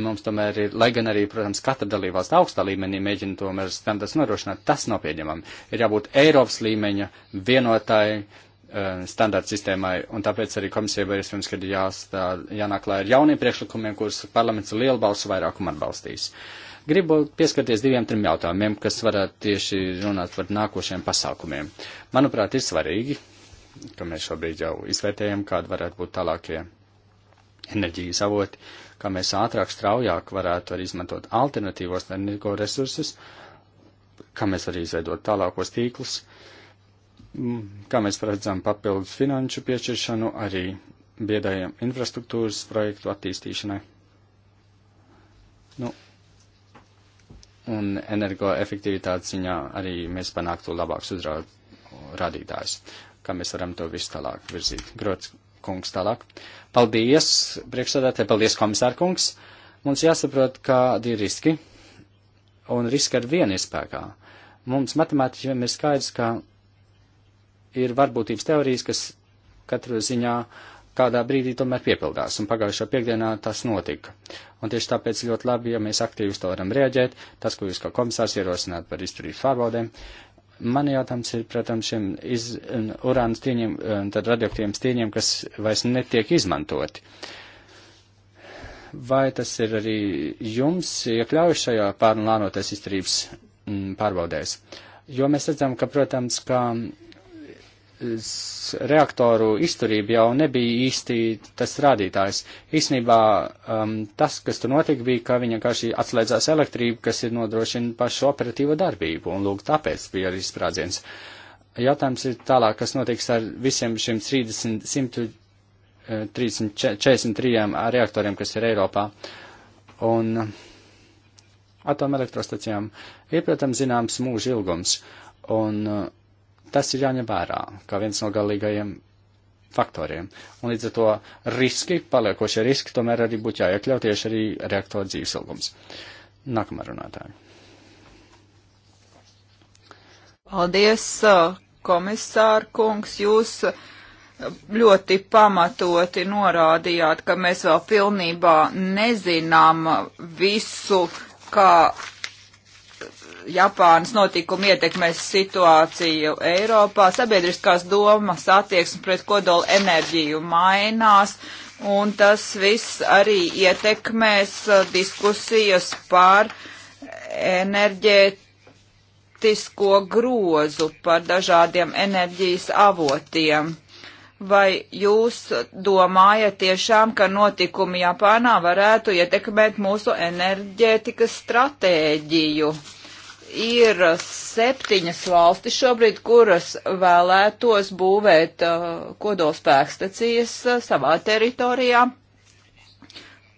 mums tomēr ir, lai gan arī, protams, katra dalībvalsts augstā līmenī mēģina tomēr standarts nodrošināt, tas nav pieņemami. Ir jābūt Eiropas līmeņa vienotai eh, standarta sistēmai, un tāpēc arī komisija vairs pirms, kad jāstā, jānāk lai ar jauniem priekšlikumiem, kurus parlaments lielu balsu vairākumu atbalstīs. Gribu pieskarties diviem, trim jautājumiem, kas varētu tieši runāt par nākošiem pasākumiem. Manuprāt, ir svarīgi, ka mēs šobrīd jau izvērtējam, kāda varētu būt tālākie enerģijas avoti, kā mēs ātrāk, straujāk varētu arī izmantot alternatīvos energoresursus, kā mēs arī izveidot tālākos tīklus, mm, kā mēs paredzam papildus finanšu piešķiršanu arī biedējiem infrastruktūras projektu attīstīšanai. Nu, un energoefektivitātes ziņā arī mēs panāktu labākus uzrādītājus kā mēs varam to visu tālāk virzīt. Grots kungs tālāk. Paldies, priekšsādātāji, paldies, komisār kungs. Mums jāsaprot, kādi ir riski, un riski ar vienu ir spēkā. Mums matemātiķiem ir skaidrs, ka ir varbūtības teorijas, kas katru ziņā kādā brīdī tomēr piepildās, un pagājušā piekdienā tas notika. Un tieši tāpēc ļoti labi, ja mēs aktīvi uz to varam reaģēt, tas, ko jūs kā komisārs ierosināt par izturību pārbaudēm, Man jautājums ir, protams, šiem iz, urāna stīņiem, tad radioaktīviem stīņiem, kas vairs netiek izmantoti. Vai tas ir arī jums iekļaujuši šajā pārnulānoties izturības mm, pārbaudēs? Jo mēs redzam, ka, protams, ka reaktoru izturība jau nebija īsti tas rādītājs. Īsnībā um, tas, kas tur notika, bija, ka viņa vienkārši atslēdzās elektrību, kas ir nodrošina pašu operatīvo darbību, un lūk, tāpēc bija arī sprādziens. Jautājums ir tālāk, kas notiks ar visiem šiem 30, 143 eh, reaktoriem, kas ir Eiropā. Un um, atomelektrostacijām ir, protams, zināms mūža ilgums. Un uh, Tas ir jāņem vērā kā viens no galīgajiem faktoriem. Un līdz ar to riski, paliekošie riski, tomēr arī būtu jāiekļaut tieši arī reaktoru dzīves ilgums. Nākamā runātāja. Paldies, uh, komisāra kungs, jūs uh, ļoti pamatoti norādījāt, ka mēs vēl pilnībā nezinām visu, kā Japānas notikumi ietekmēs situāciju Eiropā. Sabiedriskās domas attieksme pret kodola enerģiju mainās, un tas viss arī ietekmēs uh, diskusijas par enerģētisko grozu, par dažādiem enerģijas avotiem. Vai jūs domājat tiešām, ka notikumi Japānā varētu ietekmēt mūsu enerģētikas stratēģiju? ir septiņas valstis šobrīd, kuras vēlētos būvēt uh, kodolspēkstacijas uh, savā teritorijā.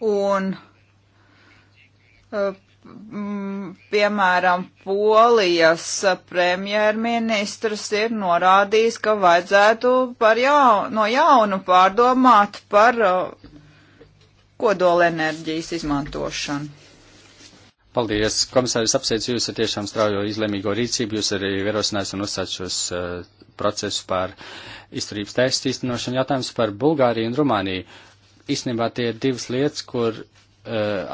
Un, uh, m, piemēram, Polijas premjerministrs ir norādījis, ka vajadzētu par jaunu, no jaunu pārdomāt par uh, kodolenerģijas izmantošanu. Paldies, komisāris, apsveicu jūs ar tiešām straujo izlēmīgo rīcību. Jūs arī ierosinājāt un uzsāc šos uh, procesus par izturības testu īstenošanu. Jautājums par Bulgāriju un Rumāniju. Īstenībā tie ir divas lietas, kur uh,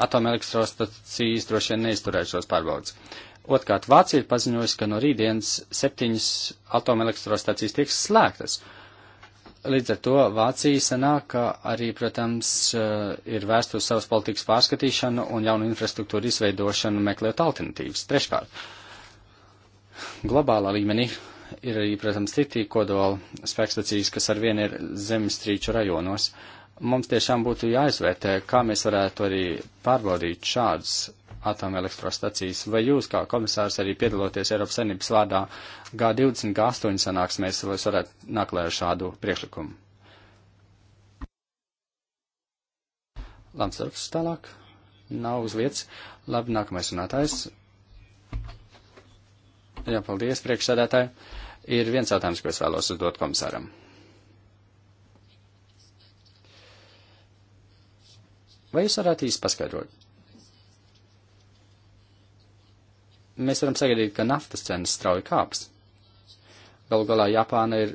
atomelektrostacijas droši vien neizturēja šos pārbaudas. Otkārt, Vācija ir paziņojusi, ka no rītdienas septiņas atomelektrostacijas tiks slēgtas. Uh, Līdz ar to Vācija sanāk, ka arī, protams, eh, ir vērst uz savas politikas pārskatīšanu un jaunu infrastruktūru izveidošanu, meklējot alternatīvas. Treškārt, globālā līmenī ir arī, protams, citi kodola spēkstacijas, kas ar vienu ir zemestrīču rajonos. Mums tiešām būtu jāizvērtē, kā mēs varētu arī pārbaudīt šādus atomelektrostacijas. Vai jūs, kā komisārs, arī piedaloties Eiropas Savienības vārdā G20, G8 sanāksmēs, vai es varētu naklēt ar šādu priekšlikumu? Lamsdorfs tālāk. Nav uz vietas. Labi, nākamais runātājs. Jā, paldies, priekšsēdētāji. Ir viens jautājums, ko es vēlos uzdot komisāram. Vai jūs varētu īsti paskaidrot, mēs varam sagaidīt, ka naftas cenas strauji kāps. Galu galā Japāna ir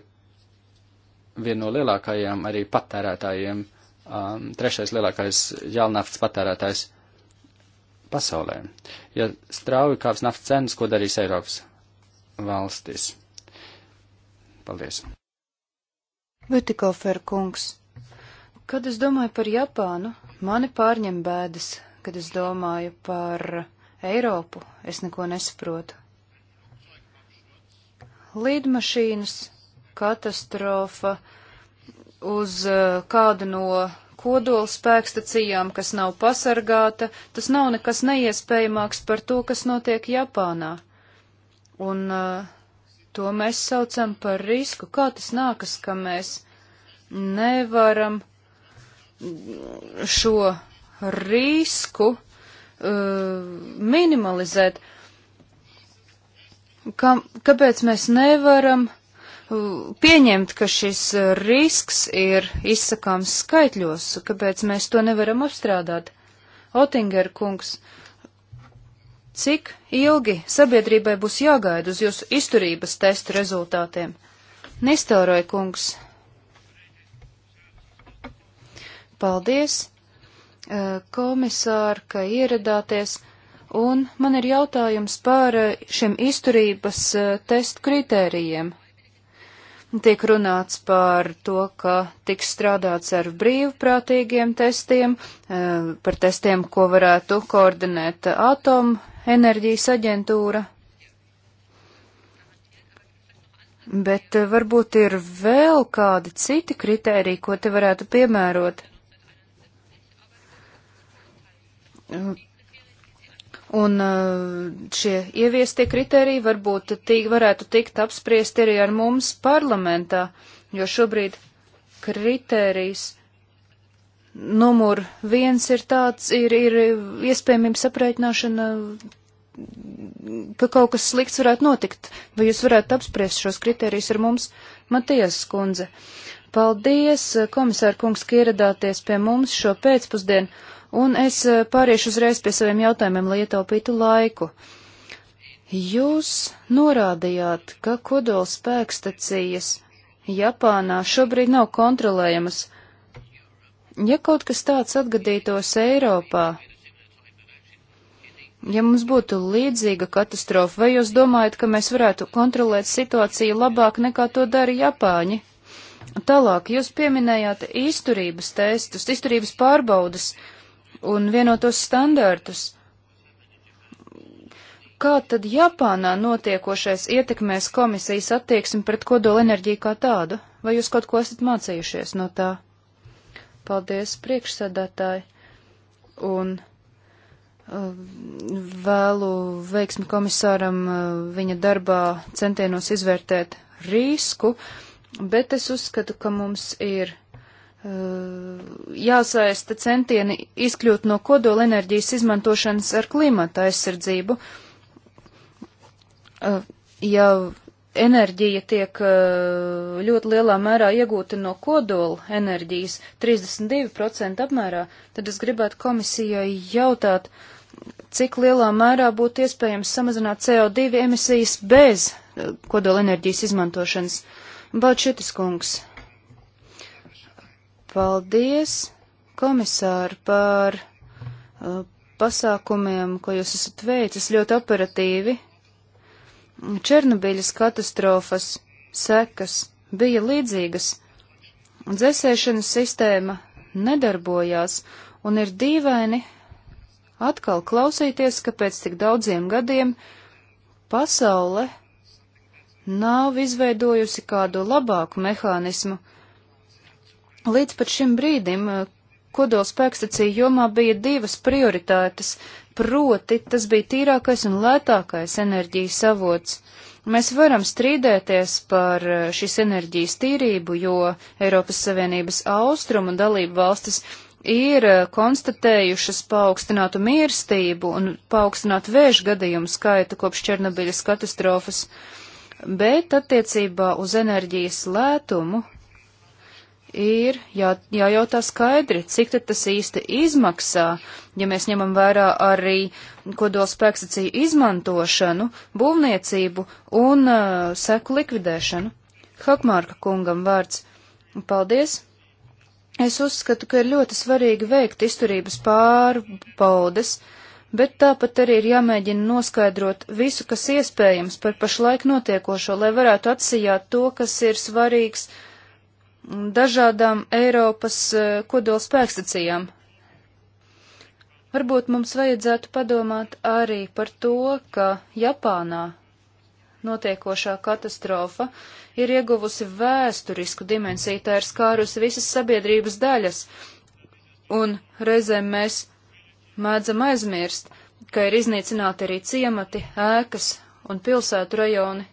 viena no lielākajām arī patērētājiem, um, trešais lielākais jēlnaftas patērētājs pasaulē. Ja strauji kāps naftas cenas, ko darīs Eiropas valstis? Paldies. Vitikofer kungs. Kad es domāju par Japānu, mani pārņem bēdas, kad es domāju par Eiropu, es neko nesaprotu. Lidmašīnas katastrofa uz eh, kādu no kodola spēkstacijām, kas nav pasargāta, tas nav nekas neiespējamāks par to, kas notiek Japānā. Un uh, to mēs saucam par risku. Kā tas nākas, ka mēs nevaram šo risku Uh, minimalizēt. Kā, kāpēc mēs nevaram uh, pieņemt, ka šis uh, risks ir izsakāms skaitļos, kāpēc mēs to nevaram apstrādāt? Otinger kungs, cik ilgi sabiedrībai būs jāgaida uz jūsu izturības testu rezultātiem? Nistelroja kungs. Paldies! Eh, komisāri, ka ieradāties, un man ir jautājums par eh, šiem izturības eh, testu kritērijiem. Tiek runāts par to, ka tiks strādāts ar brīvprātīgiem testiem, par testiem, ko varētu koordinēt atomu enerģijas aģentūra. Bet varbūt ir vēl kādi citi kritēriji, ko te varētu piemērot. Un uh, šie ieviestie kriteriji varbūt tīk, varētu tikt apspriesti arī ar mums parlamentā, jo šobrīd kriterijs numur viens ir tāds, ir, ir iespējamība saprēķināšana, ka kaut kas slikts varētu notikt. Vai jūs varētu apspriest šos kriterijus ar mums, Matijas skundze? Paldies, komisāra kungs, ka ieradāties pie mums šo pēcpusdienu un es eh, pāriešu uzreiz pie saviem jautājumiem, lai ietaupītu laiku. Jūs norādījāt, ka kodola spēkstacijas Japānā šobrīd nav kontrolējamas. Ja kaut kas tāds atgadītos Eiropā, ja mums būtu līdzīga katastrofa, vai jūs domājat, ka mēs varētu kontrolēt situāciju labāk nekā to dara Japāņi? Tālāk, jūs pieminējāt izturības testus, izturības pārbaudas. Uh, un vienotos standartus. Kā tad Japānā notiekošais ietekmēs komisijas attieksmi pret kodolenerģiju kā tādu? Vai jūs kaut ko esat mācījušies no tā? Paldies, priekšsēdētāji, un uh, vēlu veiksmi komisāram uh, viņa darbā centienos izvērtēt risku, bet es uzskatu, ka mums ir Eh, jāsaista centieni izkļūt no kodola enerģijas izmantošanas ar klimata aizsardzību. Eh, ja enerģija tiek eh, ļoti lielā mērā iegūta no kodola enerģijas, 32% apmērā, tad es gribētu komisijai jautāt, cik lielā mērā būtu iespējams samazināt CO2 emisijas bez kodola enerģijas izmantošanas. Balčitis kungs. Paldies, komisāri, par uh, pasākumiem, ko jūs esat veicis ļoti operatīvi. Černobiļas katastrofas sekas bija līdzīgas. Dzēsēšanas sistēma nedarbojās, un ir dīvaini atkal klausīties, ka pēc tik daudziem gadiem pasaule nav izveidojusi kādu labāku mehānismu, Līdz pat šim brīdim eh, kodolspēkstacija jomā bija divas prioritātes, proti tas bija tīrākais un lētākais enerģijas avots. Mēs varam strīdēties par eh, šīs enerģijas tīrību, jo Eiropas Savienības austrumu dalību valstis ir eh, konstatējušas paaugstinātu mirstību un paaugstinātu vēža gadījumu skaitu kopš Černobiļas katastrofas, bet attiecībā uz enerģijas lētumu ir jā, jājautā skaidri, cik tad tas īsti izmaksā, ja mēs ņemam vērā arī kodolspēkstacīju izmantošanu, būvniecību un uh, seku likvidēšanu. Hakmārka kungam vārds. Paldies! Es uzskatu, ka ir ļoti svarīgi veikt izturības pārbaudes, bet tāpat arī ir jāmēģina noskaidrot visu, kas iespējams par pašlaik notiekošo, lai varētu atsijāt to, kas ir svarīgs uh, dažādām Eiropas eh, kodola spēkstacijām. Varbūt mums vajadzētu padomāt arī par to, ka Japānā notiekošā katastrofa ir ieguvusi vēsturisku dimensiju, tā ir skārusi visas sabiedrības daļas, un reizēm mēs mēdzam aizmirst, ka ir iznīcināti arī ciemati, ēkas un pilsētu rajoni,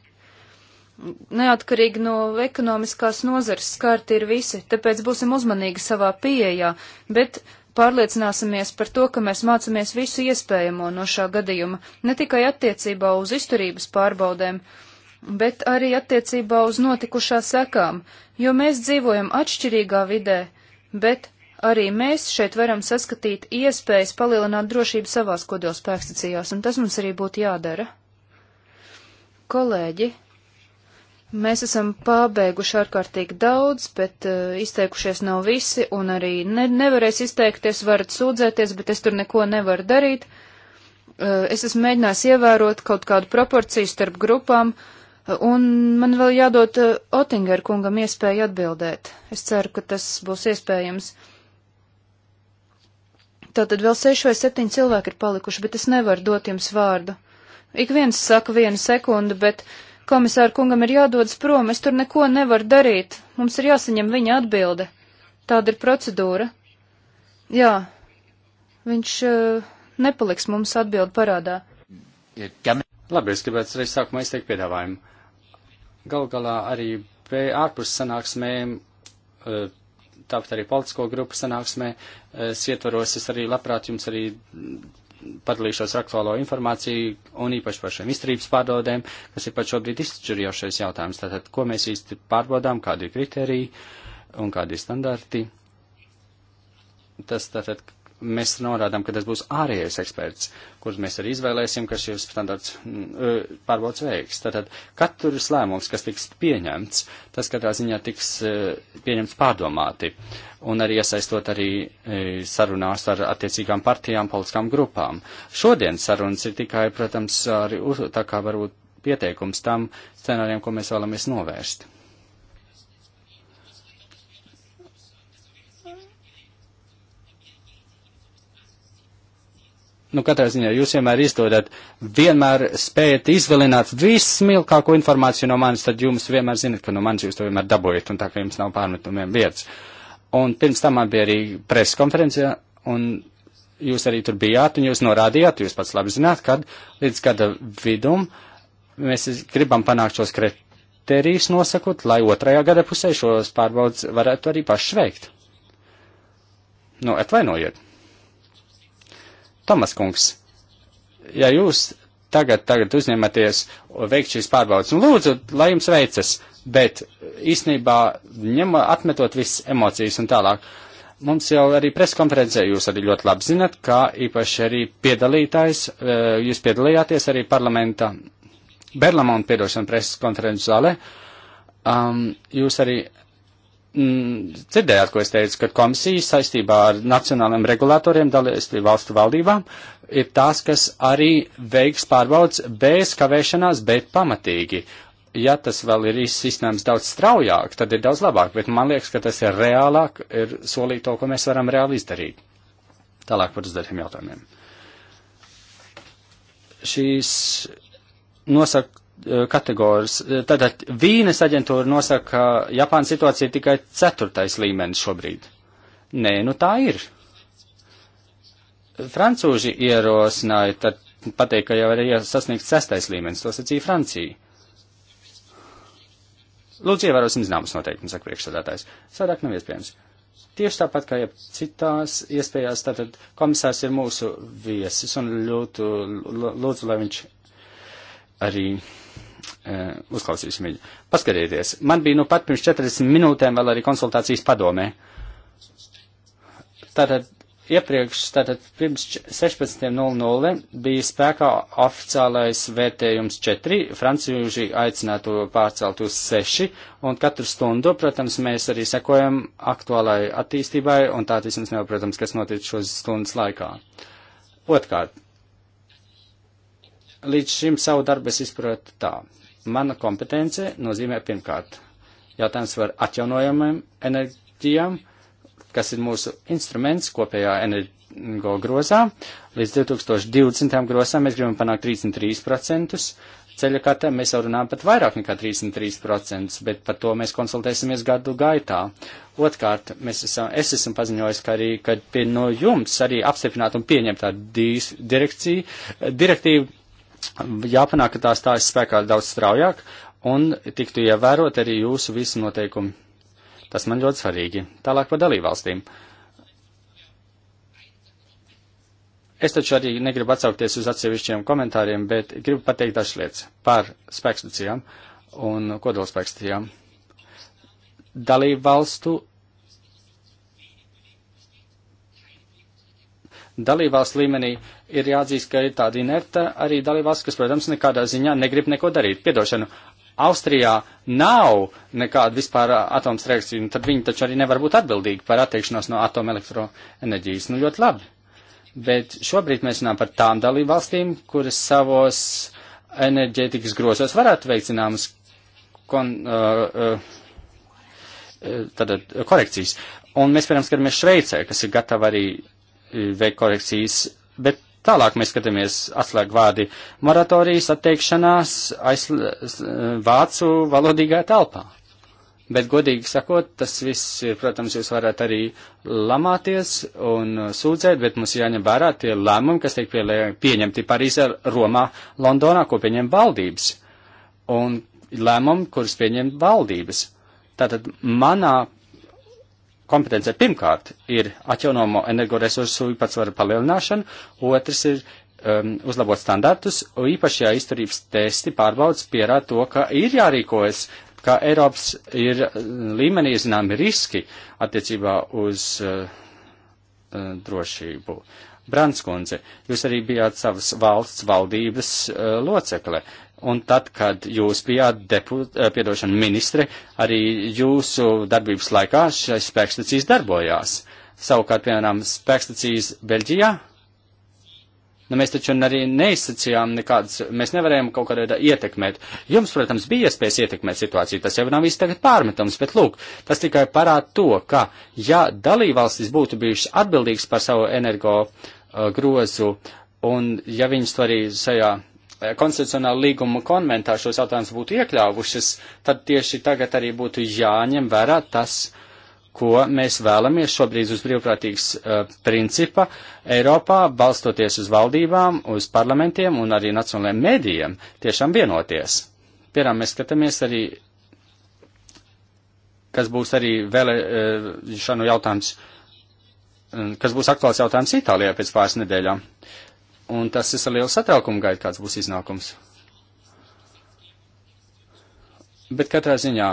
neatkarīgi no ekonomiskās nozares skarti ir visi, tāpēc būsim uzmanīgi savā pieejā, bet pārliecināsimies par to, ka mēs mācāmies visu iespējamo no šā gadījuma, ne tikai attiecībā uz izturības pārbaudēm, bet arī attiecībā uz notikušā sekām, jo mēs dzīvojam atšķirīgā vidē, bet arī mēs šeit varam saskatīt iespējas palielināt drošību savās kodolspēkstacijās, un tas mums arī būtu jādara. Kolēģi, Mēs esam pabeiguši ārkārtīgi daudz, bet uh, izteikušies nav visi, un arī ne, nevarēs izteikties, varat sūdzēties, bet es tur neko nevaru darīt. Uh, es esmu mēģinājis ievērot kaut kādu proporciju starp grupām, eh, un man vēl jādod uh, Otinger kungam iespēju atbildēt. Es ceru, ka tas būs iespējams. Tātad vēl seši vai septiņi cilvēki ir palikuši, bet es nevaru dot jums vārdu. Ik viens saka vienu sekundi, bet uh, Komisāra kungam ir jādodas prom, es tur neko nevaru darīt, mums ir jāsaņem viņa atbilde. Tāda ir procedūra. Jā, viņš uh, nepaliks mums atbildi parādā. Labi, es gribētu arī sākumā izteikt piedāvājumu. Galu galā arī ārpus sanāksmēm, eh, tāpat arī politisko grupu sanāksmē, eh, es ietvaros, es arī labprāt jums arī padalīšos ar aktuālo informāciju un īpaši par šiem izturības pārbaudēm, kas ir pat šobrīd izšķirjošais jautājums. Tātad, ko mēs īsti pārbaudām, kādi ir kriteriji un kādi ir standarti. Tas tātad mēs norādām, ka tas būs ārējais eksperts, kurus mēs arī izvēlēsim, kas šīs standarts mm, e, pārbaudas veiks. Tātad katrs lēmums, kas tiks pieņemts, tas katrā ziņā tiks e, pieņemts pārdomāti un arī iesaistot arī e, sarunās ar attiecīgām partijām, politiskām grupām. Šodien sarunas ir tikai, protams, arī uz, tā kā varbūt pieteikums tam scenārijam, ko mēs vēlamies novērst. Nu, katrā ziņā jūs vienmēr izdodat, vienmēr spējat izvilināt vissmilkāko informāciju no manis, tad jums vienmēr zinat, ka no manis jūs to vienmēr dabūjat, un tā kā jums nav pārmetumiem vietas. Un pirms tam man bija arī preskonferencija, un jūs arī tur bijāt, un jūs norādījāt, jūs pats labi zināt, kad līdz gada vidum mēs gribam panākt šos kriterijus nosakot, lai otrajā gada pusē šos pārbaudas varētu arī paši veikt. Nu, atvainojiet. Tomas kungs, ja jūs tagad, tagad uzņematies veikt šīs pārbaudas, un lūdzu, lai jums veicas, bet īstenībā ņem, atmetot visas emocijas un tālāk. Mums jau arī preskonferencē jūs arī ļoti labi zinat, kā īpaši arī piedalītājs, eh, jūs piedalījāties arī parlamenta Berlamona piedošana preskonferences zālē. Um, jūs arī mm, dzirdējāt, ko es teicu, ka komisijas saistībā ar nacionāliem regulātoriem dalību valstu valdībām ir tās, kas arī veiks pārbaudas bez kavēšanās, bet pamatīgi. Ja tas vēl ir izsnēms daudz straujāk, tad ir daudz labāk, bet man liekas, ka tas ir reālāk, ir solīt to, ko mēs varam reāli izdarīt. Tālāk par uzdariem jautājumiem. Šīs nosaka Eh, kategorijas. Eh, tātad vīnes aģentūra nosaka, ka Japāna situācija ir tikai ceturtais līmenis šobrīd. Nē, nu tā ir. Francūži ierosināja, tad pateikt, ka jau ir sasniegts sestais līmenis, to sacīja Francija. Lūdzu, ievērosim zināmas noteikumus, saka priekšsādātājs. Sadāk nav iespējams. Tieši tāpat kā jau citās iespējās, tātad komisārs ir mūsu viesis un ļūtu, lūdzu, lai viņš arī uzklausīsim viņu. Paskatieties, man bija nu pat pirms 40 minūtēm vēl arī konsultācijas padomē. Tātad iepriekš, tātad pirms 16.00 bija spēkā oficiālais vērtējums 4, francūži aicinātu pārcelt uz 6, un katru stundu, protams, mēs arī sekojam aktuālai attīstībai, un tā vismaz nav, protams, kas notiek šos stundas laikā. Otkārt, līdz šim savu darbu es izprotu tā. Mana kompetence nozīmē pirmkārt jautājums par atjaunojamiem enerģijām, kas ir mūsu instruments kopējā energo grozā. Līdz 2020. grozām mēs gribam panākt 33%. Ceļa kartē mēs jau runājam pat vairāk nekā 33%, bet par to mēs konsultēsimies gadu gaitā. Otkārt, mēs esam, es esmu paziņojis, ka arī, kad pie no jums arī apstiprināt un pieņemt tādu direkciju, direktīvu jāpanāk, ka tās stājas spēkā daudz straujāk un tiktu ievērot arī jūsu visu noteikumu. Tas man ļoti svarīgi. Tālāk par dalībvalstīm. Es taču arī negribu atsaukties uz atsevišķiem komentāriem, bet gribu pateikt dažas lietas par spēkstacijām un kodolspēkstacijām. Dalībvalstu dalībvalsts līmenī ir jāatzīst, ka ir tāda inerta arī dalībvalsts, kas, protams, nekādā ziņā negrib neko darīt. Piedošanu, Austrijā nav nekāda vispār atoms reakcija, un tad viņi taču arī nevar būt atbildīgi par atteikšanos no atomelektroenerģijas. Nu, ļoti labi. Bet šobrīd mēs runājam par tām dalībvalstīm, kuras savos enerģētikas grosos varētu veikt zināmas kon, uh, uh, tātad, korekcijas. Un mēs, piemēram, skatāmies Šveicē, kas ir gatava arī veikt korekcijas, bet Tālāk mēs skatāmies atslēgu vārdi moratorijas atteikšanās aiz vācu valodīgā telpā. Bet, godīgi sakot, tas viss, protams, jūs varat arī lamāties un sūdzēt, bet mums jāņem vērā tie lēmumi, kas tiek pieņemti Parīzē, Romā, Londonā, ko pieņem valdības. Un lēmumi, kurus pieņem valdības. Tātad manā kompetence pirmkārt ir atjaunomo energoresursu īpatsvaru palielināšana, otrs ir um, uzlabot standartus, un īpašajā izturības testi pārbaudas pierāda to, ka ir jārīkojas, ka Eiropas ir um, līmenī zināmi riski attiecībā uz uh, uh, drošību. Brandskundze, jūs arī bijāt savas valsts valdības uh, locekle. Uh, un tad, kad jūs bijāt deput, eh, piedošana ministre, arī jūsu darbības laikā šais spēkstacijas darbojās. Savukārt, piemēram, spēkstacijas Beļģijā, nu mēs taču arī neizsacījām nekādas, mēs nevarējām kaut kādā veidā ietekmēt. Jums, protams, bija iespējas ietekmēt situāciju, tas jau nav viss tagad pārmetams, bet lūk, tas tikai parāda to, ka ja dalībvalstis būtu bijušas atbildīgas par savu energo uh, grozu, un ja viņas to arī šajā. Sajā Eh, konstitucionāla līguma konventā šos jautājumus būtu iekļāvušas, tad tieši tagad arī būtu jāņem vērā tas, ko mēs vēlamies šobrīd uz brīvprātīgas uh, principa Eiropā, balstoties uz valdībām, uz parlamentiem un arī nacionālajiem mēdījiem, tiešām vienoties. Piemēram, mēs skatāmies arī, kas būs arī vēlēšanu eh, uh, jautājums, kas būs aktuāls jautājums Itālijā pēc pāris nedēļām. Uh, Un tas ir ar lielu satraukumu gaidu, kāds būs iznākums. Bet katrā ziņā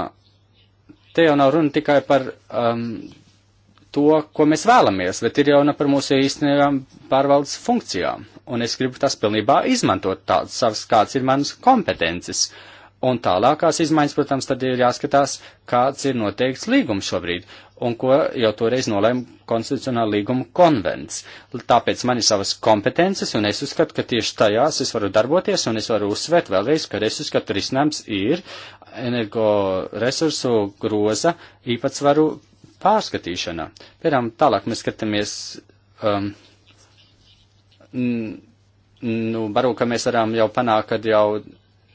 te jau nav runa tikai par um, to, ko mēs vēlamies, bet ir jau runa par mūsu īstenībām pārvaldes funkcijām. Un es gribu tas pilnībā izmantot tāds savs, kāds ir manas kompetences. Un tālākās izmaiņas, protams, tad ir jāskatās, kāds ir noteikts līgums šobrīd un ko jau toreiz nolēma konstitucionāla līguma konvents. Tāpēc man ir savas kompetences, un es uzskatu, ka tieši tajās es varu darboties, un es varu uzsvērt vēlreiz, ka es uzskatu, risinājums ir energoresursu groza īpatsvaru pārskatīšana. Piemēram, tālāk mēs skatāmies. Um, Nu, varbūt, ka mēs varam jau panākt, kad jau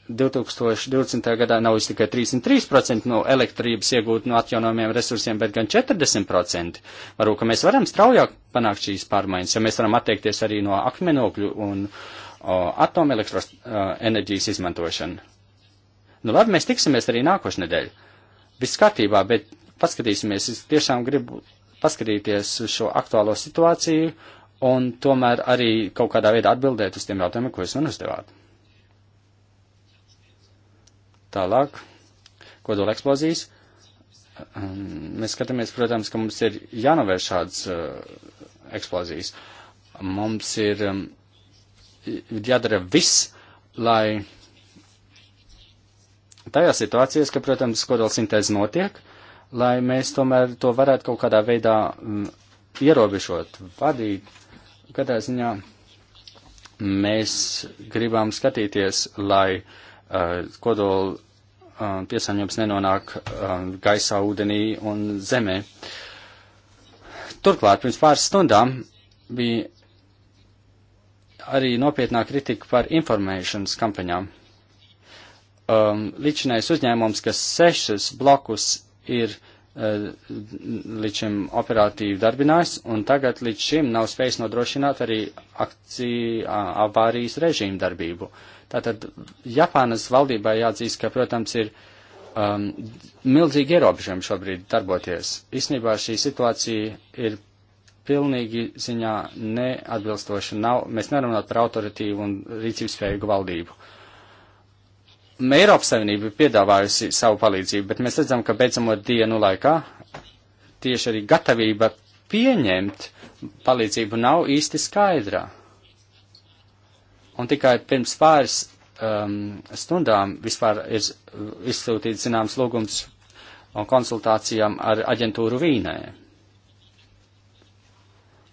2020. gadā nav tikai 33% no elektrības iegūt no atjaunojumiem resursiem, bet gan 40%. Varbūt, ka mēs varam straujāk panākt šīs pārmaiņas, ja mēs varam atteikties arī no akmenokļu un atomelektroenerģijas izmantošanu. Nu labi, mēs tiksimies arī nākošnedēļ. Viss kārtībā, bet paskatīsimies, es tiešām gribu paskatīties uz šo aktuālo situāciju un tomēr arī kaut kādā veidā atbildēt uz tiem jautājumiem, ko es man uzdevāt. Tālāk, kodola eksplozijas. Ehm, mēs skatāmies, protams, ka mums ir jānovērš šādas uh, eh, eksplozijas. Mums ir um, jādara viss, lai tajās situācijās, ka, protams, kodola sintēze notiek, lai mēs tomēr to varētu kaut kādā veidā um, ierobežot, vadīt. Katrā ziņā mēs gribam skatīties, lai uh, Eh, kodola eh, piesaņojums nenonāk eh, gaisā, ūdenī un zemē. Turklāt pirms pāris stundām bija arī nopietnā kritika par informēšanas kampaņām. Um, Līdzinājums uzņēmums, kas sešas blokus ir uh, līdz šim operatīvi darbinājis, un tagad līdz šim nav spējis nodrošināt arī akciju avārijas režīmu darbību. Uh, Tātad Japānas valdībai jāatzīst, ka, protams, ir um, milzīgi ierobežojumi šobrīd darboties. Īsnībā šī situācija ir pilnīgi ziņā neatbilstoša. Nav, mēs nerunājam par autoritīvu un rīcības spējīgu valdību. Eiropas Savienība ir piedāvājusi savu palīdzību, bet mēs redzam, ka beidzamo dienu laikā tieši arī gatavība pieņemt palīdzību nav īsti skaidrā. Un tikai pirms pāris um, stundām vispār ir izsūtīts zināms lūgums un konsultācijām ar aģentūru Vīnē.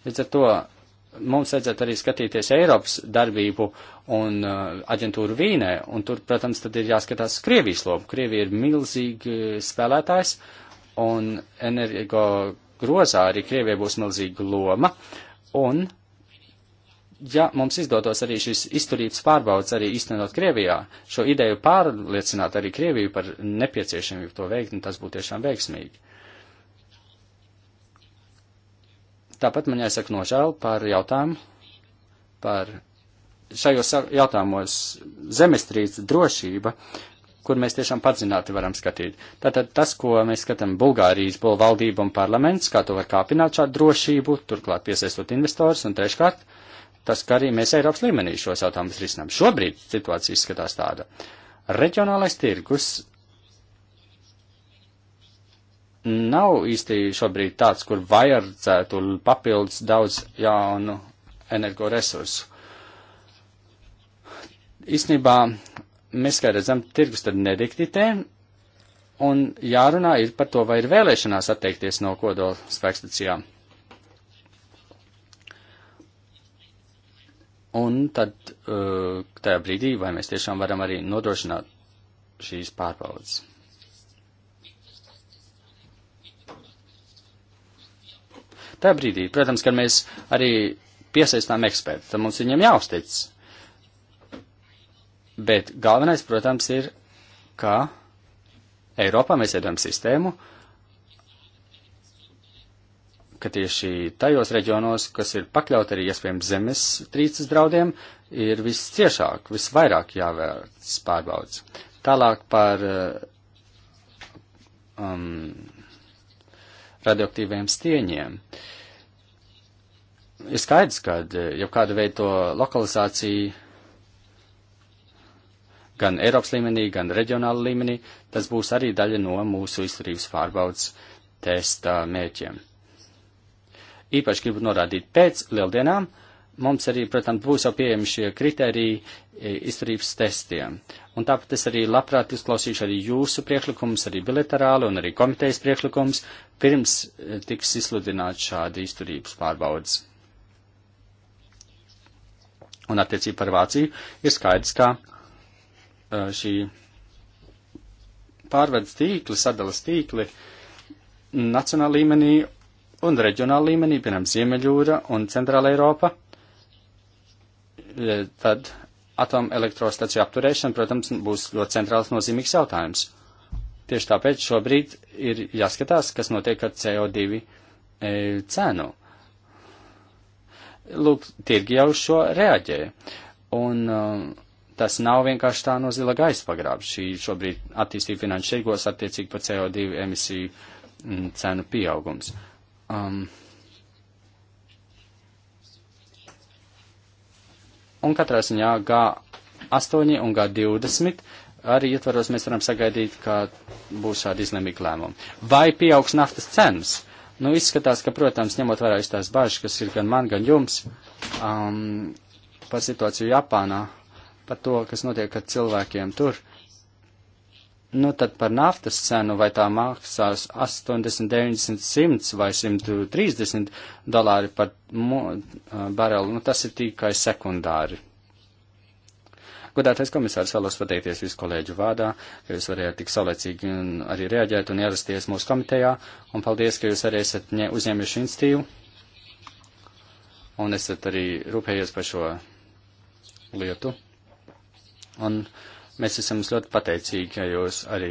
Līdz ar to mums vajadzētu arī skatīties Eiropas darbību un uh, aģentūru Vīnē, un tur, protams, tad ir jāskatās Krievijas lomu. Krievija ir milzīgi spēlētājs, un energo grozā arī Krievijai būs milzīga loma, un uh, ja mums izdotos arī šīs izturības pārbaudas arī īstenot Krievijā, šo ideju pārliecināt arī Krieviju par nepieciešamību to veikt, un tas būtu tiešām veiksmīgi. Tāpat man jāsaka nožēl par jautājumu par šajos jautājumos zemestrīces drošība, kur mēs tiešām padzināti varam skatīt. Tātad tas, ko mēs skatām Bulgārijas valdība un parlaments, kā to var kāpināt šādu drošību, turklāt piesaistot investors un treškārt. Uh, tas, ka arī mēs Eiropas līmenī šos jautājumus risinām. Šobrīd situācija izskatās tāda. Reģionālais tirgus nav īsti šobrīd tāds, kur vajadzētu papildus daudz jaunu energoresursu. Īstenībā mēs, kā redzam, tirgus tad nediktitē, un jārunā ir par to, vai ir vēlēšanās atteikties no kodola spēkstacijām. Un tad eh, tajā brīdī, vai mēs tiešām varam arī nodrošināt šīs pārbaudas. Tajā brīdī, protams, kad mēs arī piesaistām ekspertu, tad mums viņam jāuztic. Bet galvenais, protams, ir, ka Eiropā mēs iedam sistēmu, uh, ka tieši tajos reģionos, kas ir pakļauti arī iespējams zemes trīces draudiem, ir visciešāk, visvairāk jāvērts pārbaudas. Tālāk par eh, um, radioaktīviem stieņiem. Ir skaidrs, ka eh, jau kāda veida to lokalizāciju gan Eiropas līmenī, gan reģionāla līmenī, tas būs arī daļa no mūsu izturības pārbaudas testa mērķiem īpaši gribu norādīt pēc lieldienām, mums arī, protams, būs jau pieejami šie kriteriji e, izturības testiem. Un tāpat es arī labprāt izklausīšu arī jūsu priekšlikumus, arī bilaterāli un arī komitejas priekšlikumus, pirms e, tiks izsludināt šādi izturības pārbaudas. Un attiecībā par Vāciju ir skaidrs, ka e, šī pārvedes tīkli, sadalas tīkli nacionāla līmenī un reģionāla līmenī, piemēram, Ziemeļūra un Centrāla Eiropa, eh, tad atomelektrostaciju apturēšana, protams, būs ļoti centrāls nozīmīgs jautājums. Tieši tāpēc šobrīd ir jāskatās, kas notiek ar CO2 e, eh, cenu. Lūk, tirgi jau šo reaģē. Un um, tas nav vienkārši tā no zila gaisa pagrāba. Šī šobrīd attīstība finanšu tirgos attiecīgi par CO2 emisiju m, mm, cenu pieaugums. Uh, Um, un katrā ziņā G8 un G20 arī ietvaros mēs varam sagaidīt, ka būs šādi izlēmīgi lēmumi. Vai pieaugs naftas cenas? Nu, izskatās, ka, protams, ņemot vērā tās bažas, kas ir gan man, gan jums, um, par situāciju Japānā, par to, kas notiek ar cilvēkiem tur, Nu, tad par naftas cenu, vai tā maksās 80, 90, 100 vai 130 dolāri par barelu, nu, tas ir tikai sekundāri. Godātais komisārs vēlos pateikties visu kolēģu vārdā, ka jūs varējāt tik saulēcīgi arī reaģēt un ierasties mūsu komitejā, un paldies, ka jūs arī esat uzņēmuši institīvu, un esat arī rūpējies par šo lietu. Un, uh, Mēs esam jums ļoti pateicīgi, ja jūs arī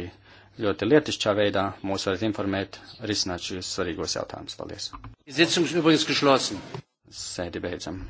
ļoti lietišķā veidā mūs varat informēt, risināt šīs svarīgos jautājumus. Paldies! Sēdi beidzam!